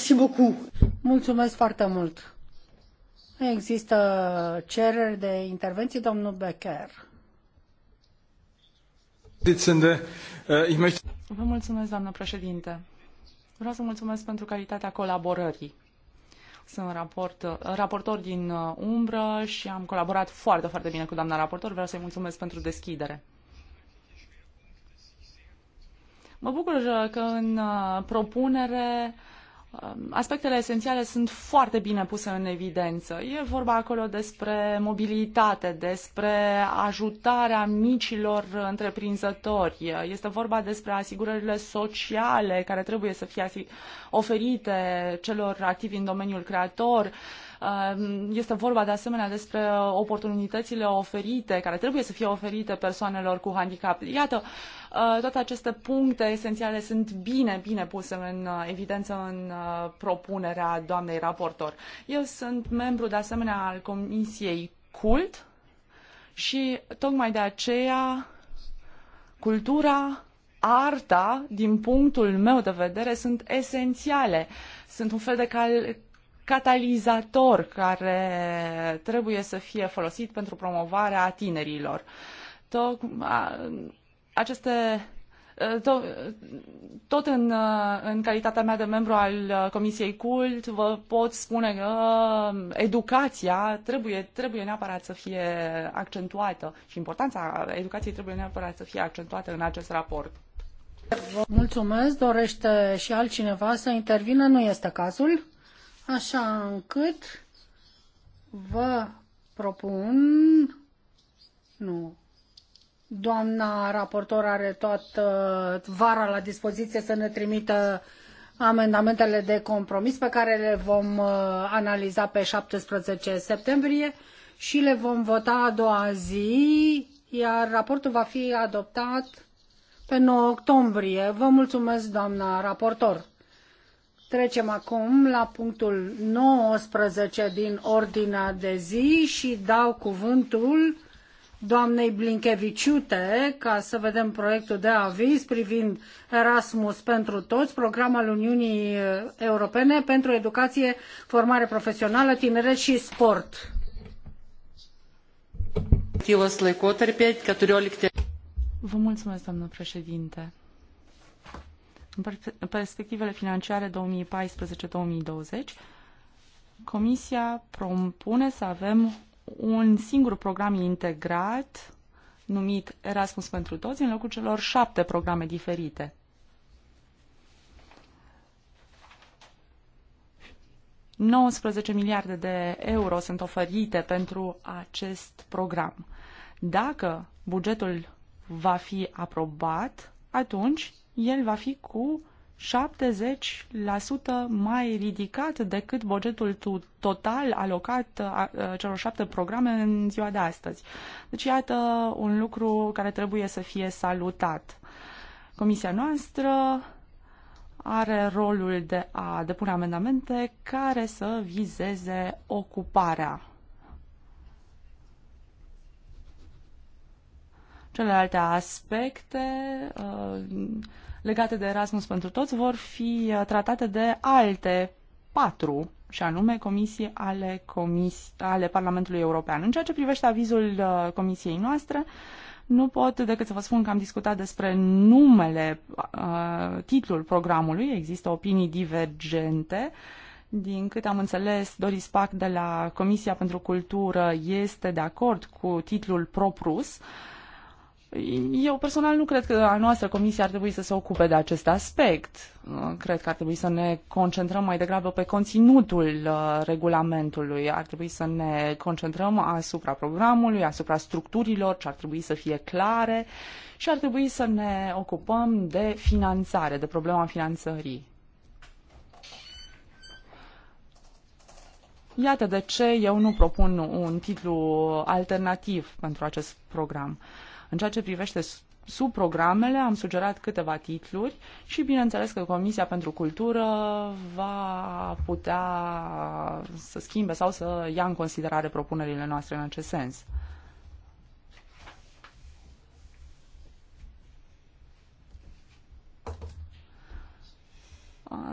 Mulțumesc foarte mult! Există cereri de intervenție, domnul Becker. Eh, vă mulțumesc, doamnă președinte. Vreau să mulțumesc pentru calitatea colaborării. Sunt raport, eh, raportor din eh, umbră și am colaborat foarte, foarte bine cu doamna raportor. Vreau să-i mulțumesc pentru deschidere. Mă bucur uh, că în uh, propunere uh, aspectele esențiale sunt foarte bine puse în evidență. E vorba acolo despre mobilitate, despre ajutarea micilor întreprinzători. Este vorba despre asigurările sociale care trebuie să fie oferite celor activi în domeniul creator. Este vorba de asemenea despre oportunitățile oferite, care trebuie să fie oferite persoanelor cu handicap. Iată, Uh, toate aceste puncte esențiale sunt bine, bine puse în uh, evidență în uh, propunerea doamnei raportor. Eu sunt membru de asemenea al Comisiei Cult și tocmai de aceea cultura, arta, din punctul meu de vedere, sunt esențiale. Sunt un fel de cal- catalizator care trebuie să fie folosit pentru promovarea tinerilor. Tocmai aceste uh, tot, tot în, uh, în calitatea mea de membru al uh, Comisiei Cult vă pot spune că educația trebuie, trebuie neapărat să fie accentuată și importanța educației trebuie neapărat să fie accentuată în acest raport. Mulțumesc, dorește și altcineva să intervină, nu este cazul, așa încât vă propun, nu, Doamna raportor are toată vara la dispoziție să ne trimită amendamentele de compromis pe care le vom uh, analiza pe 17 septembrie și le vom vota a doua zi, iar raportul va fi adoptat pe 9 octombrie. Vă mulțumesc, doamna raportor. Trecem acum la punctul 19 din ordinea de zi și dau cuvântul doamnei Blinkeviciute ca să vedem proiectul de aviz privind Erasmus pentru toți, program al Uniunii Europene pentru educație, formare profesională, tineret și sport. Vă mulțumesc, doamnă președinte. În perspectivele financiare 2014-2020, Comisia propune să avem un singur program integrat numit Erasmus pentru toți în locul celor șapte programe diferite. Nouăsprezece miliarde de euro sunt oferite pentru acest program. Dacă bugetul va fi aprobat, atunci el va fi cu 70% mai ridicat decât bugetul total alocat celor șapte programe în ziua de astăzi. Deci, iată un lucru care trebuie să fie salutat. Comisia noastră are rolul de a depune amendamente care să vizeze ocuparea. Celelalte aspecte uh, legate de Erasmus pentru toți vor fi uh, tratate de alte patru și anume comisii ale, comis, ale Parlamentului European. În ceea ce privește avizul uh, comisiei noastre, nu pot decât să vă spun că am discutat despre numele, uh, titlul programului, există opinii divergente. Din cât am înțeles, Doris Pac de la Comisia pentru Cultură este de acord cu titlul propus. Uh, eu personal nu cred că a noastră comisie ar trebui să se ocupe de acest aspect. Uh, cred că ar trebui să ne concentrăm mai degrabă pe conținutul uh, regulamentului. Ar trebui să ne concentrăm asupra programului, asupra structurilor, ce ar trebui să fie clare și ar trebui să ne ocupăm de finanțare, de problema finanțării. Iată de ce eu nu propun un titlu alternativ pentru acest program. Uh, în ceea ce privește subprogramele, am sugerat câteva titluri și bineînțeles că Comisia pentru Cultură va putea să schimbe sau să ia în considerare propunerile noastre în acest sens.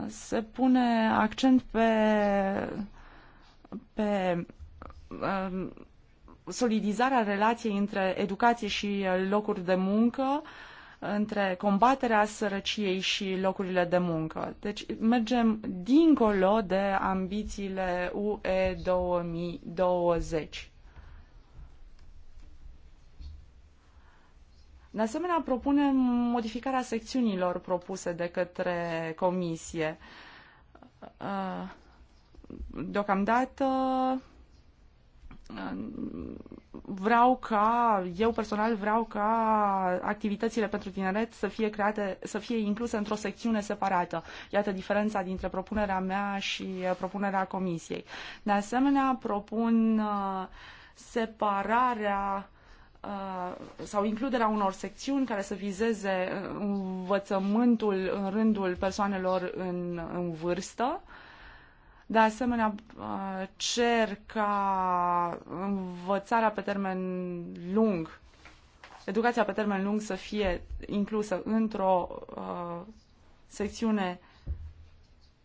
Se pune accent pe, pe solidizarea relației între educație și uh, locuri de muncă, între combaterea sărăciei și locurile de muncă. Deci mergem dincolo de ambițiile UE 2020. De asemenea, propunem modificarea secțiunilor propuse de către comisie. Uh, deocamdată, vreau ca, eu personal vreau ca activitățile pentru tineret să fie create, să fie incluse într-o secțiune separată. Iată diferența dintre propunerea mea și propunerea comisiei. De asemenea, propun uh, separarea uh, sau includerea unor secțiuni care să vizeze uh, învățământul în rândul persoanelor în, în vârstă, uh, de asemenea, uh, cer ca învățarea pe termen lung, educația pe termen lung să fie inclusă într-o uh, secțiune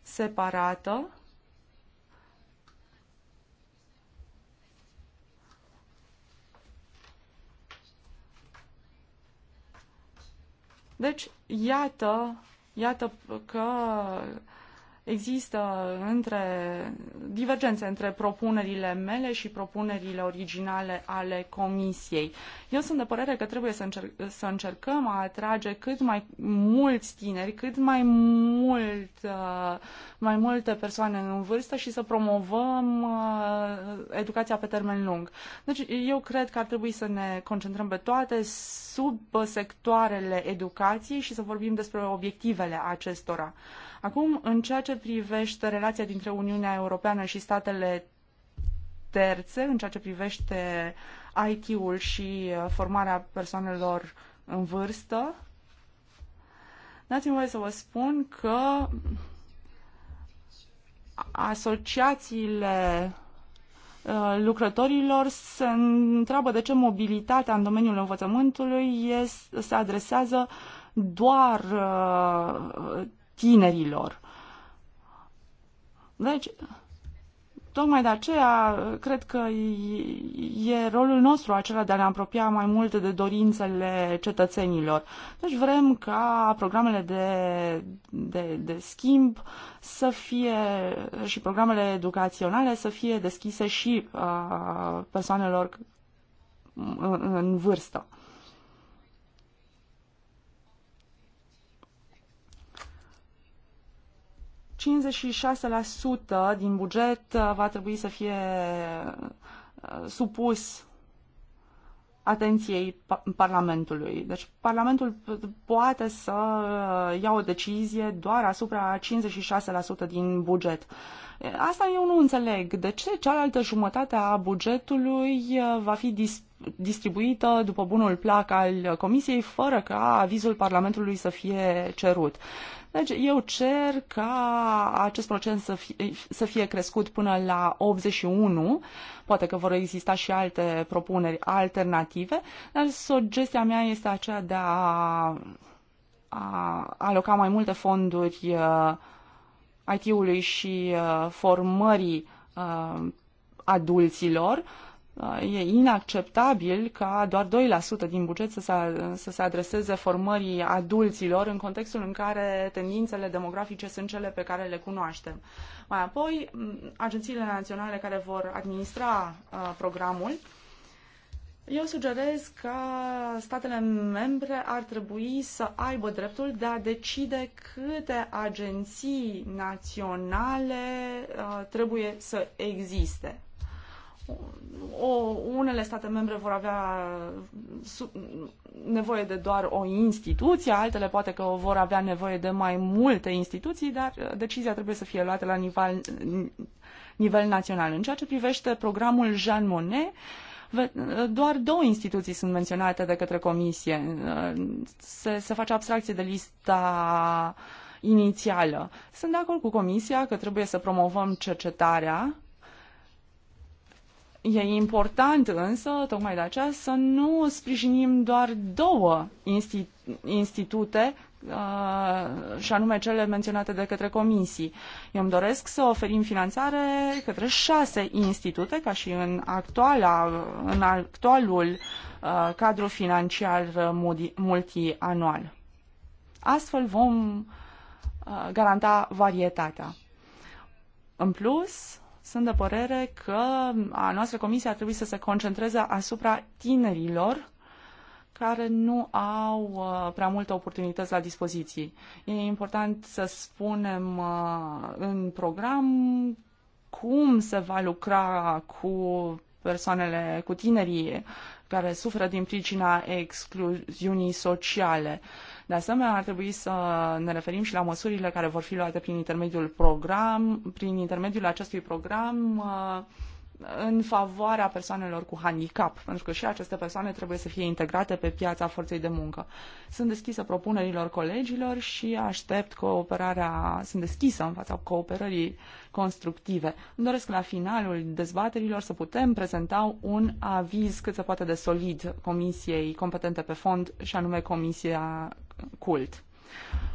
separată. Deci, iată, iată că Există între, divergențe între propunerile mele și propunerile originale ale Comisiei. Eu sunt de părere că trebuie să, încerc, să încercăm a atrage cât mai mulți tineri, cât mai, mult, uh, mai multe persoane în vârstă și să promovăm uh, educația pe termen lung. Deci eu cred că ar trebui să ne concentrăm pe toate subsectoarele educației și să vorbim despre obiectivele acestora. Acum, în ceea ce privește relația dintre Uniunea Europeană și statele terțe, în ceea ce privește IT-ul și uh, formarea persoanelor în vârstă, dați-mi voie să vă spun că asociațiile uh, lucrătorilor se întreabă de ce mobilitatea în domeniul învățământului este, se adresează doar uh, tinerilor. Deci, tocmai de aceea cred că e rolul nostru acela de a ne apropia mai mult de dorințele cetățenilor. Deci vrem ca programele de, de, de schimb să fie și programele educaționale să fie deschise și uh, persoanelor în, în vârstă. 56% din buget uh, va trebui să fie uh, supus atenției Parlamentului. Deci Parlamentul poate să uh, ia o decizie doar asupra 56% din buget. Asta eu nu înțeleg. De ce cealaltă jumătate a bugetului va fi dis- distribuită după bunul plac al Comisiei fără ca avizul Parlamentului să fie cerut? Deci eu cer ca acest procent să fie, să fie crescut până la 81, poate că vor exista și alte propuneri alternative, dar sugestia mea este aceea de a, a aloca mai multe fonduri uh, IT-ului și uh, formării uh, adulților, uh, Uh, e inacceptabil ca doar 2% din buget să se, să se adreseze formării adulților în contextul în care tendințele demografice sunt cele pe care le cunoaștem. Mai apoi, agențiile naționale care vor administra uh, programul eu sugerez că statele membre ar trebui să aibă dreptul de a decide câte agenții naționale uh, trebuie să existe o, unele state membre vor avea sub, nevoie de doar o instituție, altele poate că vor avea nevoie de mai multe instituții, dar uh, decizia trebuie să fie luată la nivel, nivel național. În ceea ce privește programul Jean Monnet, uh, doar două instituții sunt menționate de către comisie. Uh, se, se face abstracție de lista inițială. Sunt de acord cu comisia că trebuie să promovăm cercetarea E important însă, tocmai de aceea, să nu sprijinim doar două institute, uh, și anume cele menționate de către comisii. Eu îmi doresc să oferim finanțare către șase institute, ca și în, actuala, în actualul uh, cadru financiar multianual. Astfel vom uh, garanta varietatea. În plus, sunt de părere că a noastră comisie ar trebui să se concentreze asupra tinerilor care nu au uh, prea multe oportunități la dispoziție. E important să spunem uh, în program cum se va lucra cu persoanele, cu tinerii care suferă din pricina excluziunii sociale. Uh, de asemenea, ar trebui să ne referim și la măsurile care vor fi luate prin intermediul program, prin intermediul acestui program uh, în favoarea persoanelor cu handicap, pentru că și aceste persoane trebuie să fie integrate pe piața forței de muncă. Sunt deschisă propunerilor colegilor și aștept cooperarea, sunt deschisă în fața cooperării constructive. Îmi doresc la finalul dezbaterilor să putem prezenta un aviz cât se poate de solid comisiei competente pe fond, și anume Comisia cult.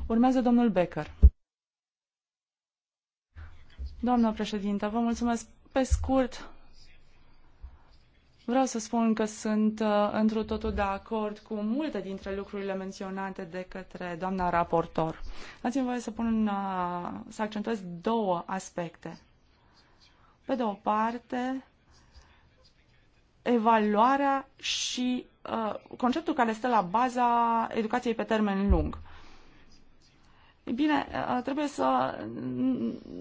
Urmează domnul Becker. Doamna președintă, vă mulțumesc pe scurt. Vreau să spun că sunt uh, întru totul de acord cu multe dintre lucrurile menționate de către doamna raportor. Dați-mi voie să pun, uh, să accentuez două aspecte. Pe de o parte, evaluarea și uh, conceptul care stă la baza educației pe termen lung. E bine, uh, trebuie să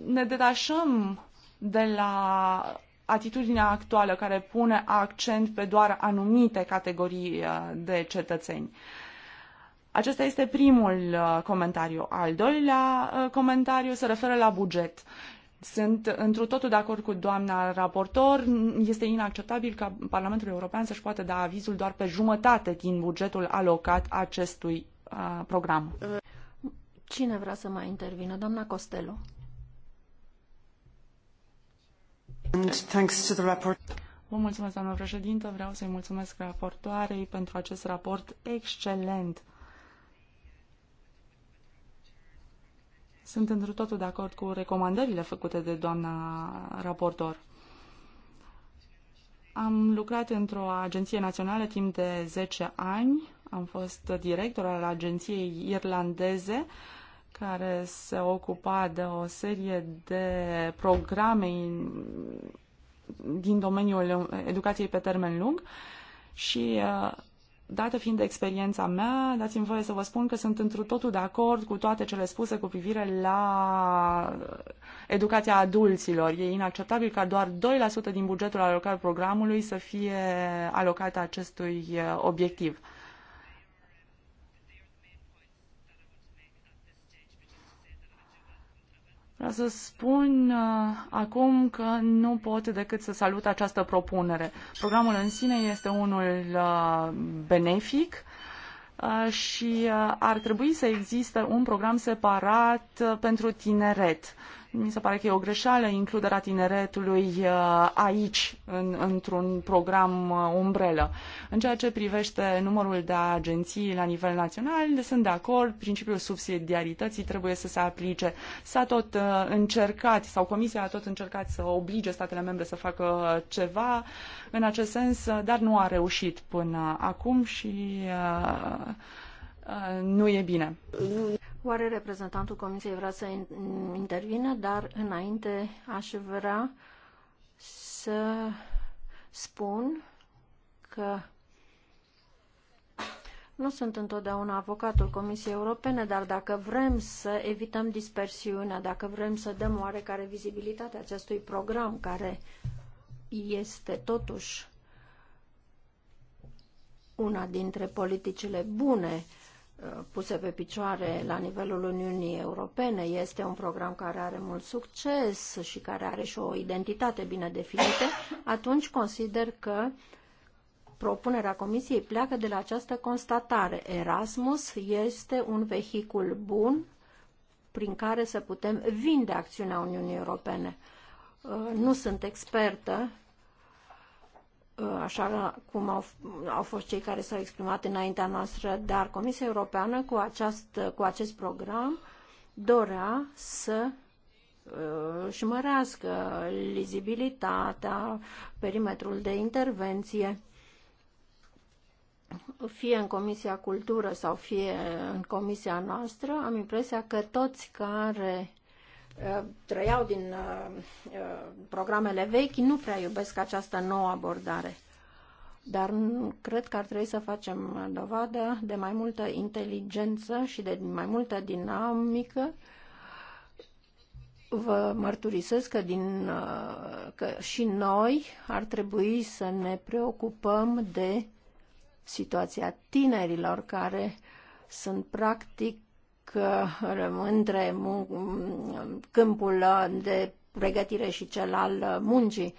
ne detașăm de la atitudinea actuală care pune accent pe doar anumite categorii uh, de cetățeni. Acesta este primul uh, comentariu. Al doilea uh, comentariu se referă la buget. Sunt întru totul de acord cu doamna raportor. Este inacceptabil ca Parlamentul European să-și poată da avizul doar pe jumătate din bugetul alocat acestui uh, program. Cine vrea să mai intervină? Doamna Costello. And thanks to the report. Vă mulțumesc, doamnă președintă. Vreau să-i mulțumesc raportoarei pentru acest raport excelent. Sunt într totul de acord cu recomandările făcute de doamna raportor. Am lucrat într-o agenție națională timp de 10 ani. Am fost director al agenției irlandeze care se ocupa de o serie de programe din domeniul educației pe termen lung și uh, Dată fiind experiența mea, dați-mi voie să vă spun că sunt într totul de acord cu toate cele spuse cu privire la uh, educația adulților. E inacceptabil ca doar 2% din bugetul alocat programului să fie alocat acestui uh, obiectiv. Vreau să spun uh, acum că nu pot decât să salut această propunere. Programul în sine este unul uh, benefic uh, și uh, ar trebui să existe un program separat uh, pentru tineret. Uh, mi se pare că e o greșeală includerea tineretului uh, aici, în, într-un program uh, umbrelă. În ceea ce privește numărul de agenții la nivel național, sunt de acord, principiul subsidiarității trebuie să se aplice. S-a tot uh, încercat, sau Comisia a tot încercat să oblige statele membre să facă ceva în acest sens, dar nu a reușit până acum și uh, Uh, nu e bine. Oare reprezentantul Comisiei vrea să intervină, dar înainte aș vrea să spun că nu sunt întotdeauna avocatul Comisiei Europene, dar dacă vrem să evităm dispersiunea, dacă vrem să dăm oarecare vizibilitate acestui program care este totuși una dintre politicile bune puse pe picioare la nivelul Uniunii Europene. Este un program care are mult succes și care are și o identitate bine definită, atunci consider că propunerea Comisiei pleacă de la această constatare. Erasmus este un vehicul bun prin care să putem vinde acțiunea Uniunii Europene. Uh, nu sunt expertă Uh, așa cum au, au fost cei care s-au exprimat înaintea noastră, dar Comisia Europeană cu, aceast, cu acest program dorea să uh, își mărească lizibilitatea, perimetrul de intervenție, fie în Comisia Cultură sau fie în Comisia noastră, am impresia că toți care Uh, trăiau din uh, uh, programele vechi, nu prea iubesc această nouă abordare. Dar cred că ar trebui să facem dovadă de mai multă inteligență și de mai multă dinamică vă mărturisesc că, din, că și noi ar trebui să ne preocupăm de situația tinerilor care sunt practic între câmpul de pregătire și cel al muncii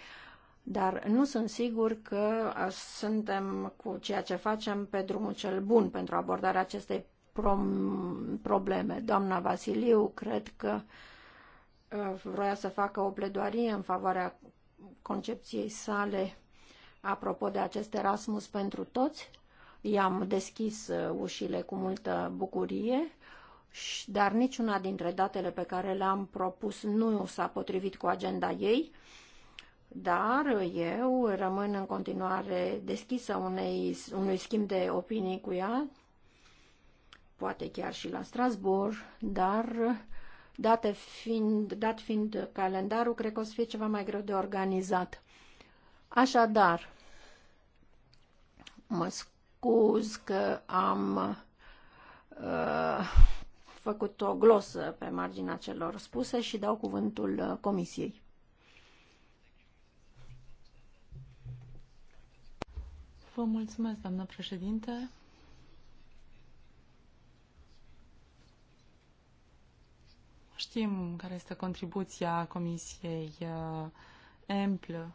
dar nu sunt sigur că suntem cu ceea ce facem pe drumul cel bun pentru abordarea acestei probleme. Doamna Vasiliu, cred că uh, vroia să facă o pledoarie în favoarea concepției sale apropo de acest Erasmus pentru toți. I-am deschis uh, ușile cu multă bucurie dar niciuna dintre datele pe care le-am propus nu s-a potrivit cu agenda ei, dar eu rămân în continuare deschisă unei, unui schimb de opinii cu ea, poate chiar și la Strasbourg, dar date fiind, dat fiind calendarul, cred că o să fie ceva mai greu de organizat. Așadar, mă scuz că am uh, făcut o glosă pe marginea celor spuse și dau cuvântul uh, Comisiei. Vă mulțumesc, doamnă președinte. Știm care este contribuția Comisiei uh, amplă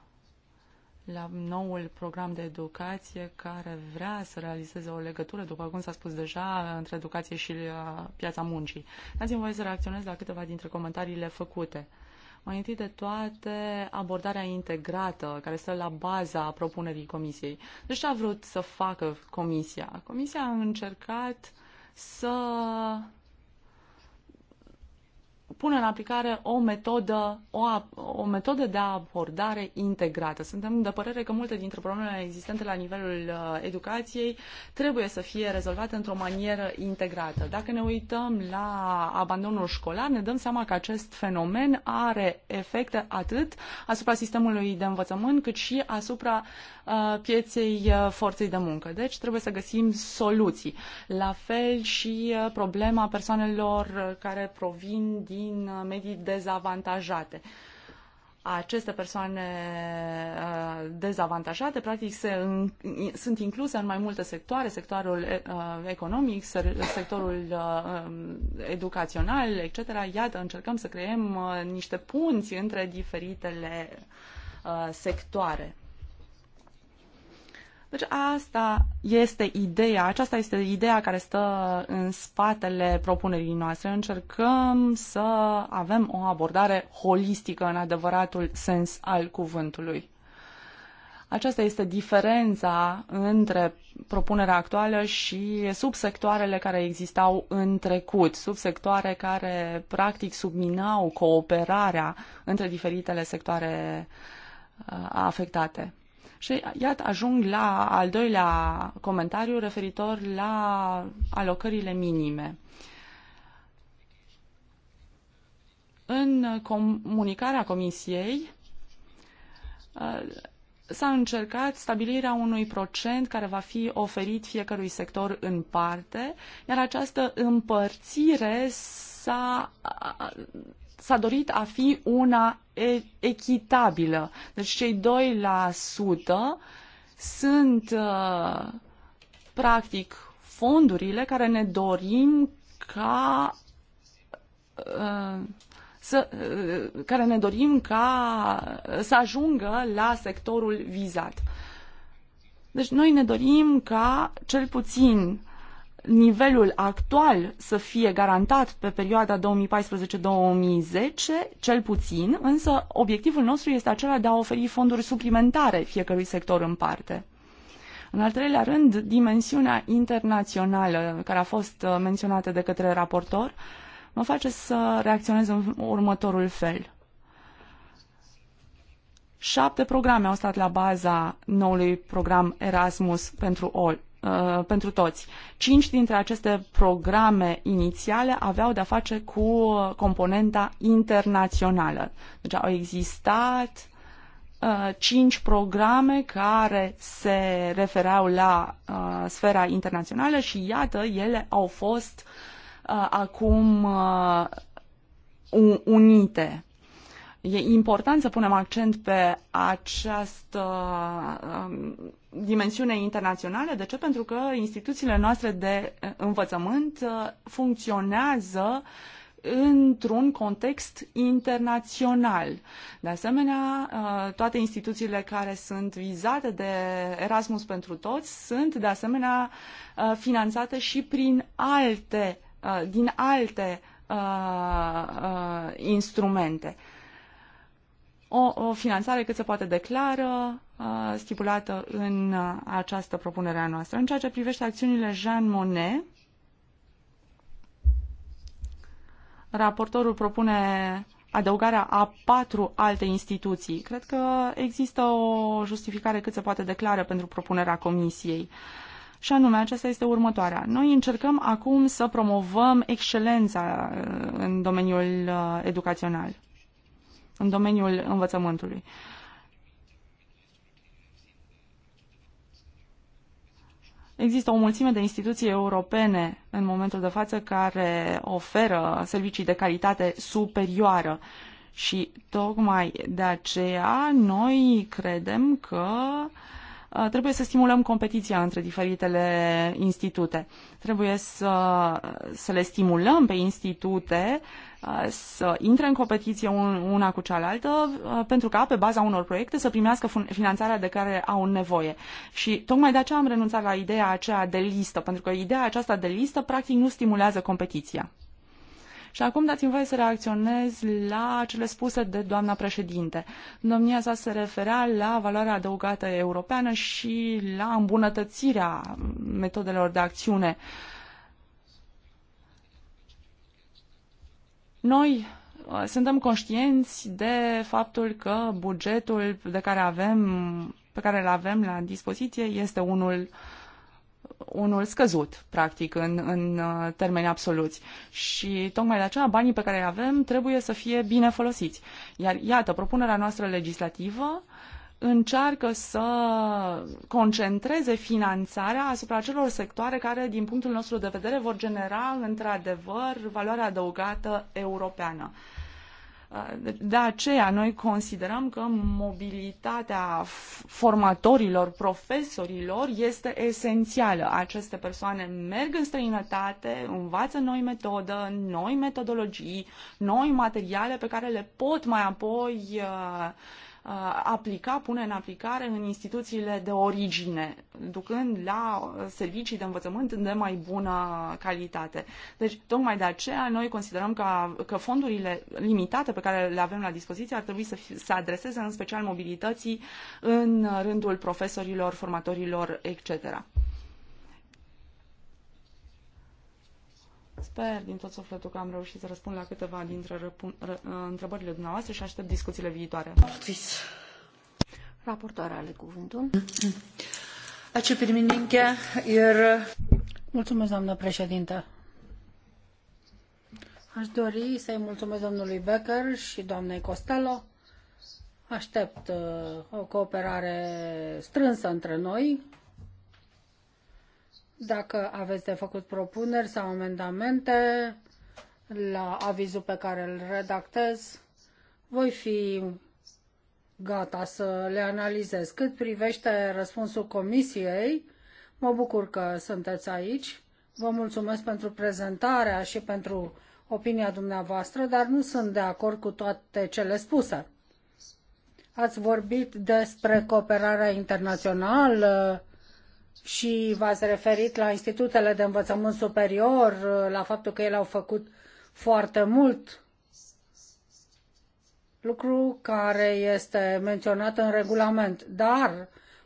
la noul program de educație care vrea să realizeze o legătură, după cum s-a spus deja, între educație și uh, piața muncii. Dați-mi voie să reacționez la câteva dintre comentariile făcute. Mai întâi de toate, abordarea integrată care stă la baza propunerii comisiei. Deci ce a vrut să facă comisia? Comisia a încercat să pune în aplicare o metodă, o, o metodă de abordare integrată. Suntem de părere că multe dintre problemele existente la nivelul uh, educației trebuie să fie rezolvate într-o manieră integrată. Dacă ne uităm la abandonul școlar, ne dăm seama că acest fenomen are efecte atât asupra sistemului de învățământ, cât și asupra uh, pieței uh, forței de muncă. Deci trebuie să găsim soluții. La fel și uh, problema persoanelor uh, care provin din din uh, medii dezavantajate. Aceste persoane uh, dezavantajate, practic, se în, sunt incluse în mai multe sectoare, sectorul uh, economic, sectorul um, educațional, etc. Iată, încercăm să creăm niște punți între diferitele sectoare. Deci asta este ideea, aceasta este ideea care stă în spatele propunerii noastre. Încercăm să avem o abordare holistică în adevăratul sens al cuvântului. Aceasta este diferența între propunerea actuală și subsectoarele care existau în trecut, subsectoare care practic subminau cooperarea între diferitele sectoare uh, afectate. Și iată, ajung la al doilea comentariu referitor la alocările minime. În comunicarea Comisiei uh, s-a încercat stabilirea unui procent care va fi oferit fiecărui sector în parte, iar această împărțire s-a s-a dorit a fi una echitabilă. Deci cei 2% sunt uh, practic fondurile care ne dorim ca uh, să, uh, care ne dorim ca să ajungă la sectorul vizat. Deci noi ne dorim ca cel puțin nivelul actual să fie garantat pe perioada 2014-2010, cel puțin, însă obiectivul nostru este acela de a oferi fonduri suplimentare fiecărui sector în parte. În al treilea rând, dimensiunea internațională care a fost uh, menționată de către raportor mă face să reacționez în următorul fel. Șapte programe au stat la baza noului program Erasmus pentru All Uh, pentru toți. Cinci dintre aceste programe inițiale aveau de-a face cu componenta internațională. Deci au existat uh, cinci programe care se refereau la uh, sfera internațională și iată, ele au fost uh, acum uh, unite. E important să punem accent pe această uh, dimensiune internațională. De ce? Pentru că instituțiile noastre de eh, învățământ eh, funcționează într-un context internațional. De asemenea, eh, toate instituțiile care sunt vizate de Erasmus pentru toți sunt, de asemenea, finanțate și prin alte, din alte instrumente o, o finanțare cât se poate declară stipulată în această propunere a noastră. În ceea ce privește acțiunile Jean Monnet, raportorul propune adăugarea a patru alte instituții. Cred că există o justificare cât se poate declară pentru propunerea comisiei. Și anume, aceasta este următoarea. Noi încercăm acum să promovăm excelența în domeniul educațional în domeniul învățământului. Există o mulțime de instituții europene în momentul de față care oferă servicii de calitate superioară și tocmai de aceea noi credem că uh, trebuie să stimulăm competiția între diferitele institute. Trebuie să, să le stimulăm pe institute uh, Uh, să intre în competiție una cu cealaltă uh, pentru ca, pe baza unor proiecte, să primească finanțarea de care au nevoie. Și tocmai de aceea am renunțat la ideea aceea de listă, pentru că ideea aceasta de listă practic nu stimulează competiția. Și acum dați-mi voie să reacționez la cele spuse de doamna președinte. Domnia sa se referea la valoarea adăugată europeană și la îmbunătățirea metodelor de acțiune uh, Noi uh, suntem conștienți de faptul că bugetul de care avem, pe care îl avem la dispoziție este unul unul scăzut, practic, în, în uh, termeni absoluți. Și tocmai de aceea banii pe care îi avem trebuie să fie bine folosiți. Iar, iată, propunerea noastră legislativă uh, încearcă să concentreze finanțarea asupra celor sectoare care, din punctul nostru de vedere, vor genera, într-adevăr, valoarea adăugată europeană. De aceea, noi considerăm că mobilitatea formatorilor, profesorilor este esențială. Aceste persoane merg în străinătate, învață noi metodă, noi metodologii, noi materiale pe care le pot mai apoi uh, Uh, aplica, pune în aplicare în instituțiile de origine, ducând la uh, servicii de învățământ de mai bună calitate. Deci, tocmai de aceea, noi considerăm că, că fondurile limitate pe care le avem la dispoziție ar trebui să se adreseze în special mobilității în rândul profesorilor, formatorilor, etc. Sper din tot sufletul că am reușit să răspund la câteva dintre întrebările dumneavoastră și aștept discuțiile viitoare. Ortiz. Raportoarea ale cuvântul. Ačiū pirmininkė Mulțumesc, doamnă președintă. Aș dori să-i mulțumesc domnului Becker și doamnei Costello. Aștept uh, o cooperare strânsă între noi dacă aveți de făcut propuneri sau amendamente la avizul pe care îl redactez, voi fi gata să le analizez. Cât privește răspunsul comisiei, mă bucur că sunteți aici. Vă mulțumesc pentru prezentarea și pentru opinia dumneavoastră, dar nu sunt de acord cu toate cele spuse. Ați vorbit despre cooperarea internațională, și v-ați referit la institutele de învățământ superior, la faptul că ele au făcut foarte mult, lucru care este menționat în regulament. Dar,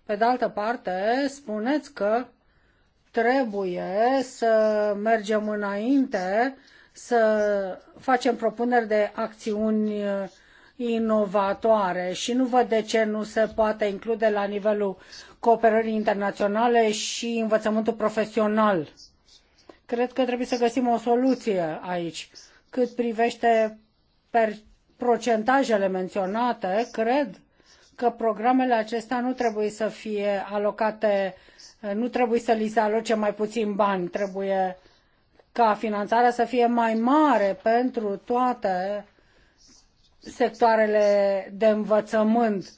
pe de altă parte, spuneți că trebuie să mergem înainte, să facem propuneri de acțiuni uh, inovatoare și nu văd de ce nu se poate include la nivelul cooperării internaționale și învățământul profesional. Cred că trebuie să găsim o soluție aici. Cât privește procentajele menționate, cred că programele acestea nu trebuie să fie alocate, nu trebuie să li se aloce mai puțin bani, trebuie ca finanțarea să fie mai mare pentru toate sectoarele de învățământ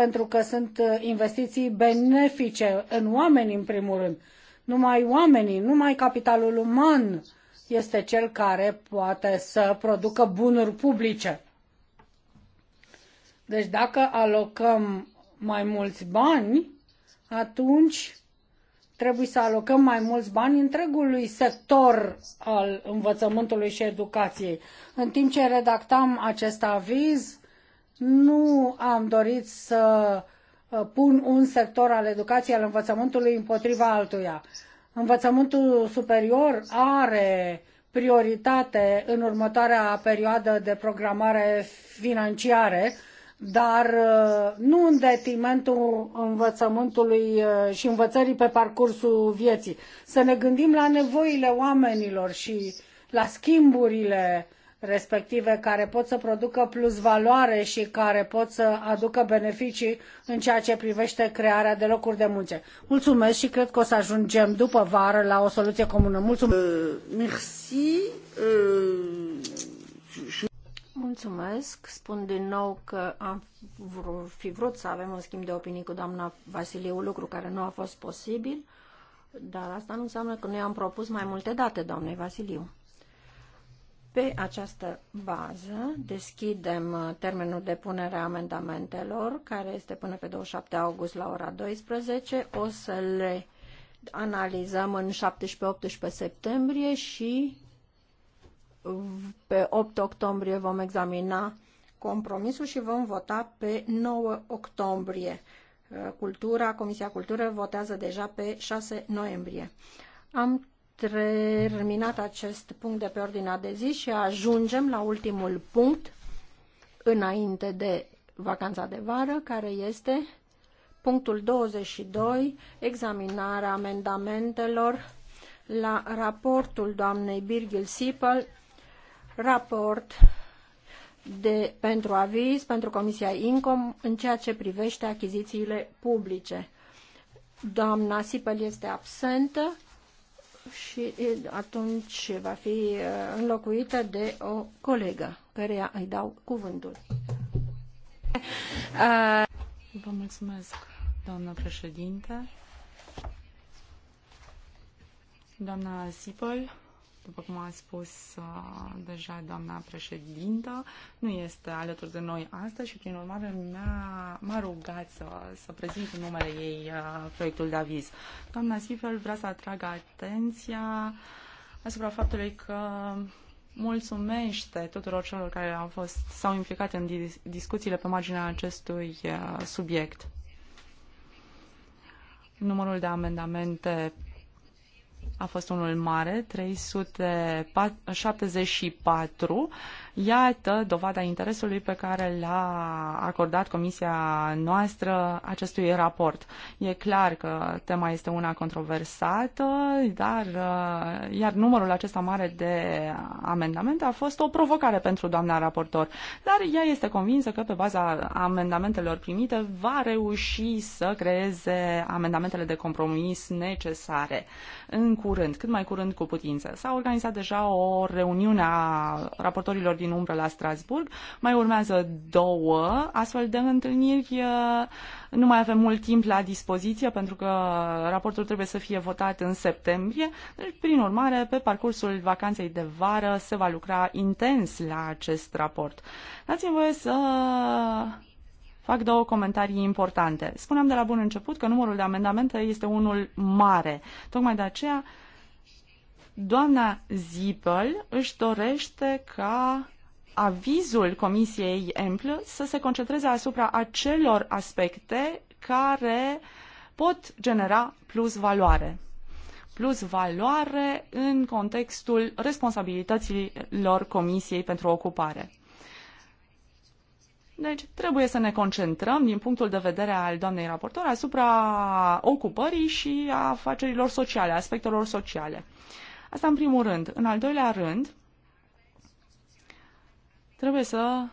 pentru că sunt uh, investiții benefice în oameni, în primul rând. Numai oamenii, numai capitalul uman este cel care poate să producă bunuri publice. Deci dacă alocăm mai mulți bani, atunci trebuie să alocăm mai mulți bani întregului sector al învățământului și educației. În timp ce redactam acest aviz, nu am dorit să uh, pun un sector al educației, al învățământului împotriva altuia. Învățământul superior are prioritate în următoarea perioadă de programare financiare, dar uh, nu în detrimentul învățământului uh, și învățării pe parcursul vieții. Să ne gândim la nevoile oamenilor și la schimburile uh, respective care pot să producă plus valoare și care pot să aducă beneficii în ceea ce privește crearea de locuri de muncă. Mulțumesc și cred că o să ajungem după vară la o soluție comună. Mulțumesc! Uh, uh, Mulțumesc. Spun din nou că am fi vrut să avem un schimb de opinii cu doamna Vasiliu, lucru care nu a fost posibil, dar asta nu înseamnă că noi am propus mai multe date doamnei Vasiliu. Pe această bază deschidem uh, termenul de punere a amendamentelor, care este până pe 27 august la ora 12. O să le analizăm în 17-18 septembrie și pe 8 octombrie vom examina compromisul și vom vota pe 9 octombrie. Uh, Cultura, Comisia Cultură votează deja pe 6 noiembrie. Am terminat acest punct de pe ordinea de zi și ajungem la ultimul punct înainte de vacanța de vară, care este punctul 22, examinarea amendamentelor la raportul doamnei Birgil Sipel, raport de, pentru aviz pentru Comisia INCOM în ceea ce privește achizițiile publice. Doamna Sipel este absentă, și atunci va fi înlocuită de o colegă, care îi dau cuvântul. Uh, vă mulțumesc, doamnă președinte. Doamna Sipol, după cum a spus uh, deja doamna președintă, nu este alături de noi astăzi și, prin urmare, m-a, m-a rugat să, să prezint în numele ei uh, proiectul de aviz. Doamna Sifel vrea să atragă atenția asupra faptului că mulțumește tuturor celor care au fost s-au implicat în dis- discuțiile pe marginea acestui uh, subiect. Numărul de amendamente a fost unul mare, 374, Iată dovada interesului pe care l-a acordat comisia noastră acestui raport. E clar că tema este una controversată, dar uh, iar numărul acesta mare de amendamente a fost o provocare pentru doamna raportor. Dar ea este convinsă că pe baza amendamentelor primite va reuși să creeze amendamentele de compromis necesare în curând, cât mai curând cu putință. S-a organizat deja o reuniune a raportorilor din umbră la Strasburg. Mai urmează două astfel de întâlniri. Nu mai avem mult timp la dispoziție pentru că raportul trebuie să fie votat în septembrie. Deci, prin urmare, pe parcursul vacanței de vară se va lucra intens la acest raport. Dați-mi voie să fac două comentarii importante. Spuneam de la bun început că numărul de amendamente este unul mare. Tocmai de aceea Doamna Zipel își dorește ca avizul Comisiei Empl să se concentreze asupra acelor aspecte care pot genera plus valoare. Plus valoare în contextul responsabilităților Comisiei pentru Ocupare. Deci trebuie să ne concentrăm din punctul de vedere al doamnei raportor asupra ocupării și a afacerilor sociale, aspectelor sociale. Uh, Asta în primul rând. În al doilea rând, trebuie să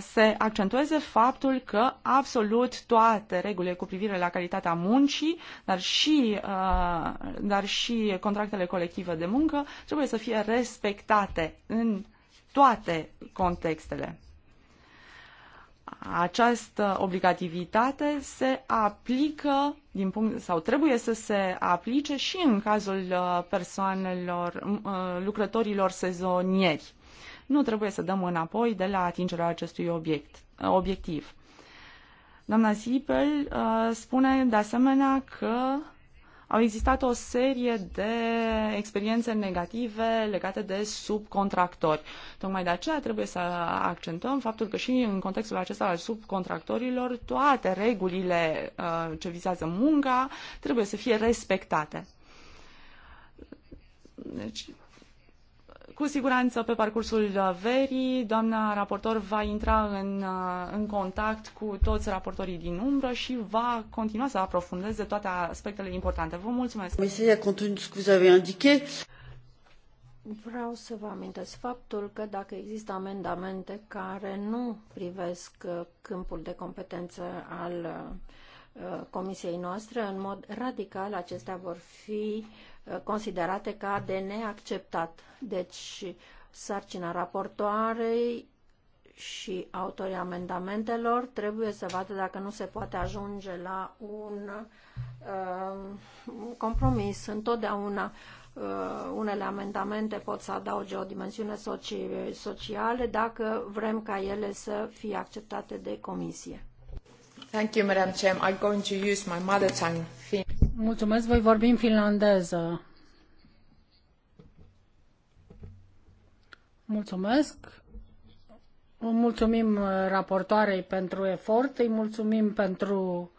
se accentueze faptul că absolut toate regulile cu privire la calitatea muncii, dar și, dar și contractele colective de muncă trebuie să fie respectate în toate contextele această obligativitate se aplică din punct, sau trebuie să se aplice și în cazul uh, persoanelor, uh, lucrătorilor sezonieri. Nu trebuie să dăm înapoi de la atingerea acestui obiect, uh, obiectiv. Doamna Sipel spune de asemenea că au existat o serie de experiențe negative legate de subcontractori. Tocmai de aceea trebuie să accentuăm faptul că și în contextul acesta al subcontractorilor, toate regulile uh, ce vizează munca trebuie să fie respectate. Deci, cu siguranță, pe parcursul uh, verii, doamna raportor va intra în, uh, în contact cu toți raportorii din umbră și va continua să aprofundeze toate aspectele importante. Vă mulțumesc! Vreau să vă amintesc faptul că dacă există amendamente care nu privesc uh, câmpul de competență al comisiei noastre, în mod radical acestea vor fi uh, Uh, considerate ca de neacceptat. Deci, sarcina raportoarei și autorii amendamentelor trebuie să vadă dacă nu se poate ajunge la un uh, compromis. Întotdeauna uh, unele amendamente pot să adauge o dimensiune soci socială dacă vrem ca ele să fie acceptate de comisie. Thank you, Madam Chair. I'm going to use my mother tongue. Mulțumesc, voi vorbi în finlandeză. Mulțumesc. Mulțumim raportoarei pentru efort, îi mulțumim pentru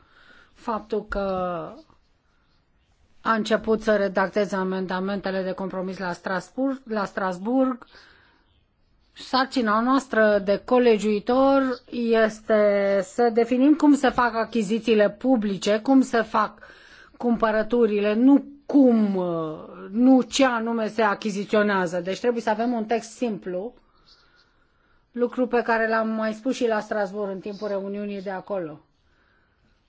faptul că a început să redacteze amendamentele de compromis la Strasburg, la Strasburg. Sarcina noastră de colegiuitor este să definim cum se fac achizițiile publice, cum se fac cumpărăturile, nu cum, nu ce anume se achiziționează. Deci trebuie să avem un text simplu, lucru pe care l-am mai spus și la Strasbourg în timpul reuniunii de acolo.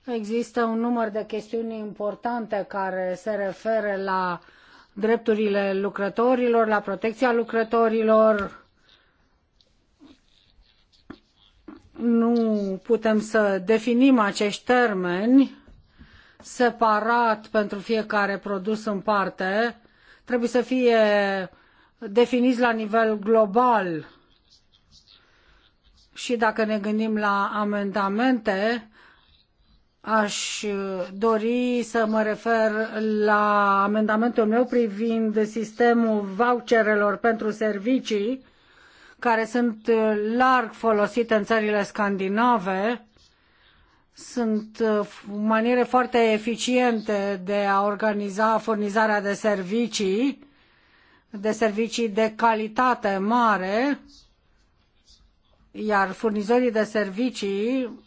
Există un număr de chestiuni importante care se referă la drepturile lucrătorilor, la protecția lucrătorilor. Nu putem să definim acești termeni separat pentru fiecare produs în parte, trebuie să fie definiți la nivel global. Și dacă ne gândim la amendamente, aș dori să mă refer la amendamentul meu privind sistemul voucherelor pentru servicii, care sunt larg folosite în țările scandinave, sunt uh, maniere foarte eficiente de a organiza furnizarea de servicii, de servicii de calitate mare, iar furnizorii de servicii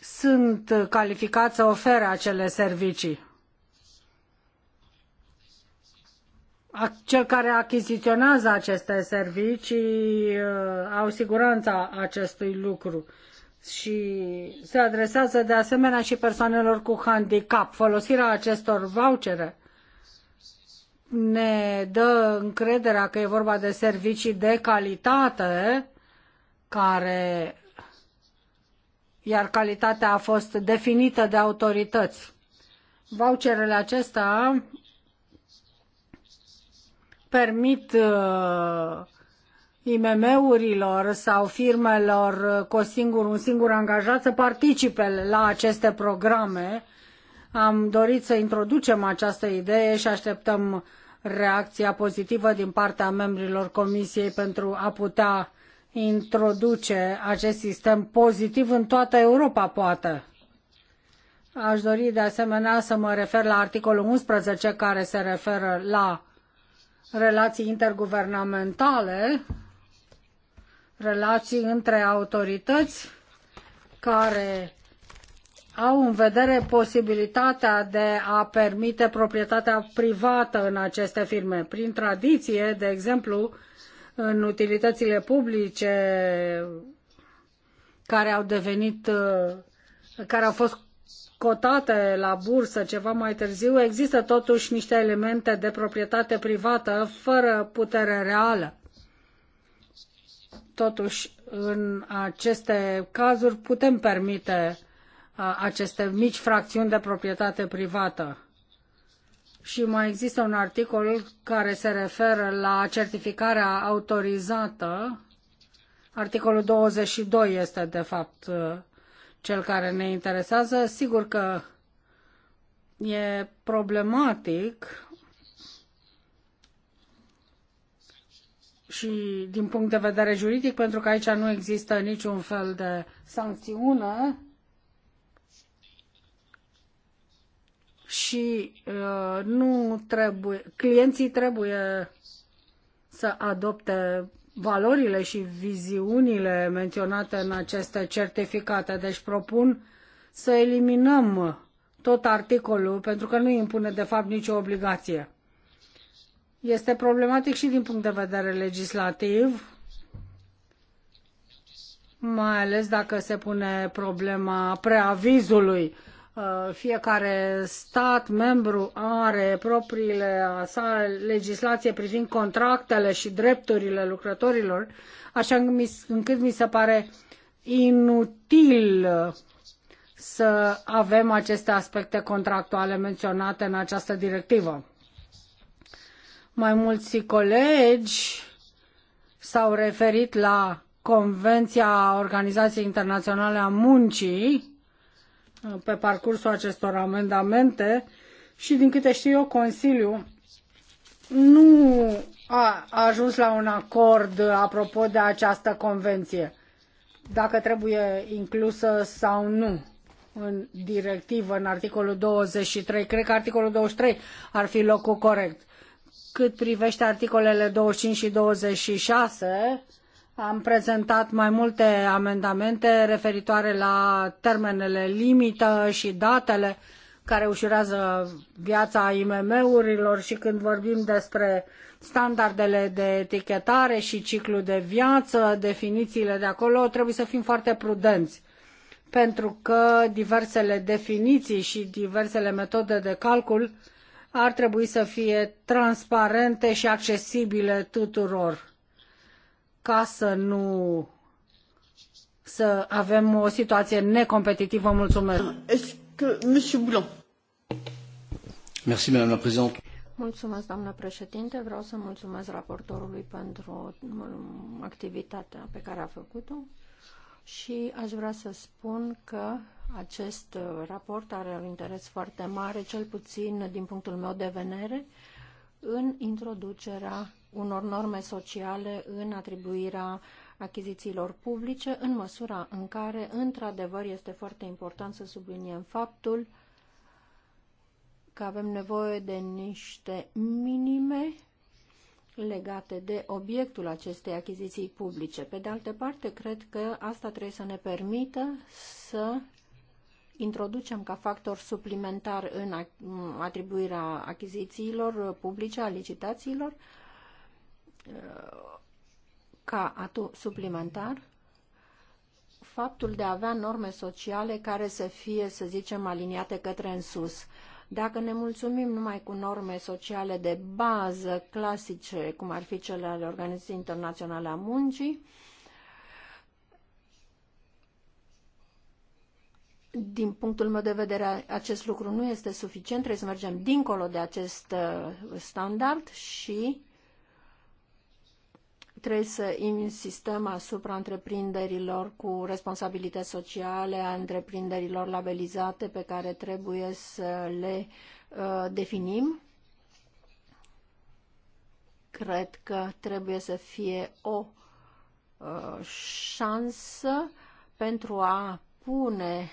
sunt calificați să ofere acele servicii. Cel care achiziționează aceste servicii uh, au siguranța acestui lucru și se adresează de asemenea și persoanelor cu handicap. Folosirea acestor vouchere ne dă încrederea că e vorba de servicii de calitate care iar calitatea a fost definită de autorități. Voucherele acestea permit uh, IMM-urilor sau firmelor cu singur, un singur angajat să participe la aceste programe. Am dorit să introducem această idee și așteptăm reacția pozitivă din partea membrilor Comisiei pentru a putea introduce acest sistem pozitiv în toată Europa, poate. Aș dori de asemenea să mă refer la articolul 11 care se referă la relații interguvernamentale relații între autorități care au în vedere posibilitatea de a permite proprietatea privată în aceste firme. Prin tradiție, de exemplu, în utilitățile publice care au devenit, uh, care au fost cotate la bursă ceva mai târziu, există totuși niște elemente de proprietate privată fără putere reală. Totuși, în aceste cazuri putem permite aceste mici fracțiuni de proprietate privată. Și mai există un articol care se referă la certificarea autorizată. Articolul 22 este, de fapt, cel care ne interesează. Sigur că e problematic și din punct de vedere juridic, pentru că aici nu există niciun fel de sancțiune și uh, nu trebuie, clienții trebuie să adopte valorile și viziunile menționate în aceste certificate. Deci propun să eliminăm tot articolul pentru că nu impune de fapt nicio obligație. Este problematic și din punct de vedere legislativ, mai ales dacă se pune problema preavizului. Uh, fiecare stat membru are propriile sa legislație privind contractele și drepturile lucrătorilor, așa încât mi se pare inutil să avem aceste aspecte contractuale menționate în această directivă. Mai mulți colegi s-au referit la Convenția Organizației Internaționale a Muncii pe parcursul acestor amendamente și, din câte știu eu, Consiliul nu a ajuns la un acord apropo de această convenție, dacă trebuie inclusă sau nu în directivă, în articolul 23. Cred că articolul 23 ar fi locul corect. Cât privește articolele 25 și 26, am prezentat mai multe amendamente referitoare la termenele limită și datele care ușurează viața IMM-urilor și când vorbim despre standardele de etichetare și ciclul de viață, definițiile de acolo, trebuie să fim foarte prudenți pentru că diversele definiții și diversele metode de calcul ar trebui să fie transparente și accesibile tuturor ca să nu să avem o situație necompetitivă. Mulțumesc. Merci, Madame la Mulțumesc, doamnă președinte. Vreau să mulțumesc raportorului pentru activitatea pe care a făcut-o și aș vrea să spun că acest uh, raport are un interes foarte mare, cel puțin din punctul meu de vedere, în introducerea unor norme sociale în atribuirea achizițiilor publice, în măsura în care, într-adevăr, este foarte important să subliniem faptul că avem nevoie de niște minime legate de obiectul acestei achiziții publice. Pe de altă parte, cred că asta trebuie să ne permită să introducem ca factor suplimentar în atribuirea achizițiilor publice, a licitațiilor, uh, ca atu suplimentar, faptul de a avea norme sociale care să fie, să zicem, aliniate către în sus. Dacă ne mulțumim numai cu norme sociale de bază clasice, cum ar fi cele ale Organizației Internaționale a Muncii, Din punctul meu de vedere, acest lucru nu este suficient, trebuie să mergem dincolo de acest uh, standard și trebuie să insistăm asupra întreprinderilor cu responsabilități sociale, a întreprinderilor labelizate pe care trebuie să le uh, definim. Cred că trebuie să fie o uh, șansă pentru a pune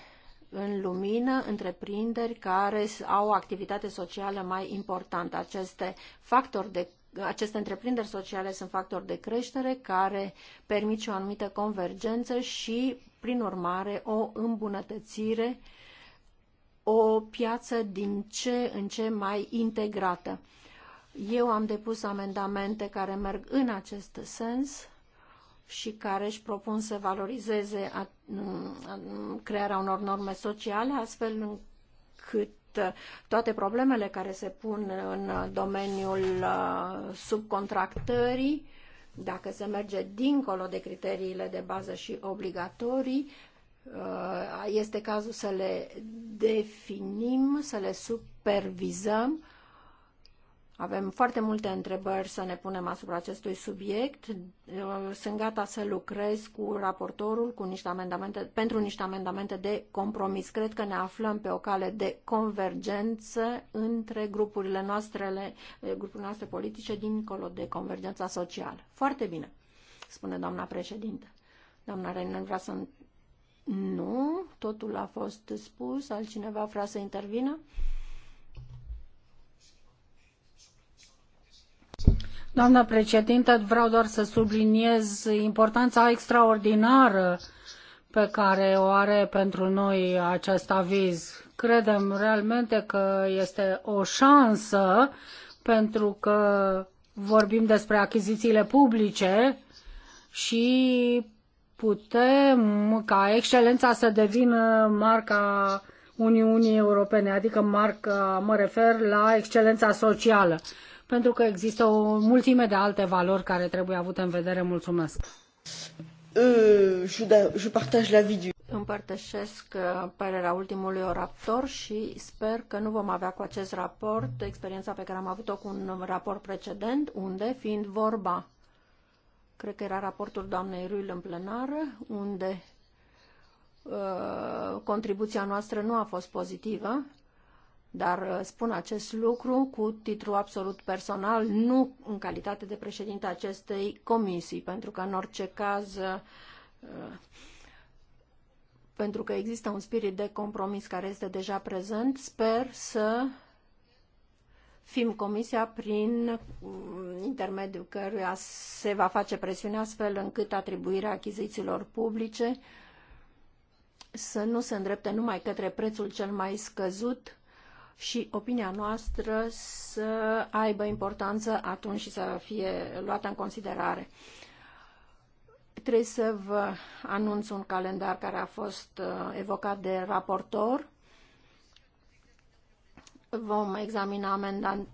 în lumină întreprinderi care au o activitate socială mai importantă. Aceste factori de aceste întreprinderi sociale sunt factori de creștere care permit o anumită convergență și, prin urmare, o îmbunătățire, o piață din ce în ce mai integrată. Eu am depus amendamente care merg în acest sens și care își propun să valorizeze a, a, crearea unor norme sociale, astfel încât uh, toate problemele care se pun în domeniul uh, subcontractării, dacă se merge dincolo de criteriile de bază și obligatorii, uh, este cazul să le definim, să le supervizăm avem foarte multe întrebări să ne punem asupra acestui subiect. Sunt gata să lucrez cu raportorul cu niște amendamente, pentru niște amendamente de compromis. Cred că ne aflăm pe o cale de convergență între grupurile noastre, grupurile noastre politice dincolo de convergența socială. Foarte bine, spune doamna președinte. Doamna Renan vrea să... Nu, totul a fost spus, altcineva vrea să intervină. Doamnă președintă, vreau doar să subliniez importanța extraordinară pe care o are pentru noi acest aviz. Credem realmente că este o șansă pentru că vorbim despre achizițiile publice și putem ca excelența să devină marca Uniunii Europene, adică marca, mă refer la excelența socială pentru că există o mulțime de alte valori care trebuie avute în vedere. Mulțumesc! Uh, da, Împărtășesc uh, părerea ultimului raptor și sper că nu vom avea cu acest raport experiența pe care am avut-o cu un raport precedent, unde, fiind vorba, cred că era raportul doamnei Ruil în plenară, unde uh, contribuția noastră nu a fost pozitivă dar uh, spun acest lucru cu titlu absolut personal, nu în calitate de președinte acestei comisii, pentru că în orice caz uh, pentru că există un spirit de compromis care este deja prezent, sper să fim comisia prin mm, intermediul căruia se va face presiune astfel încât atribuirea achizițiilor publice să nu se îndrepte numai către prețul cel mai scăzut, și opinia noastră să aibă importanță atunci și să fie luată în considerare. Trebuie să vă anunț un calendar care a fost uh, evocat de raportor. Vom examina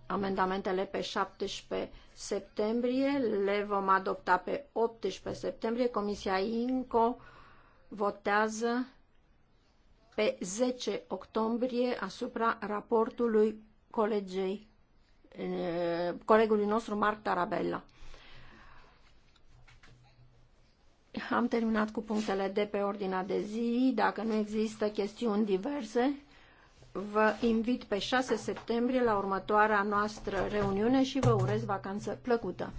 amendamentele pe 17 septembrie, le vom adopta pe 18 septembrie. Comisia INCO votează pe 10 octombrie asupra raportului colegei, eh, colegului nostru Marc Tarabella. Am terminat cu punctele de pe ordinea de zi. Dacă nu există chestiuni diverse, vă invit pe 6 septembrie la următoarea noastră reuniune și vă urez vacanță plăcută.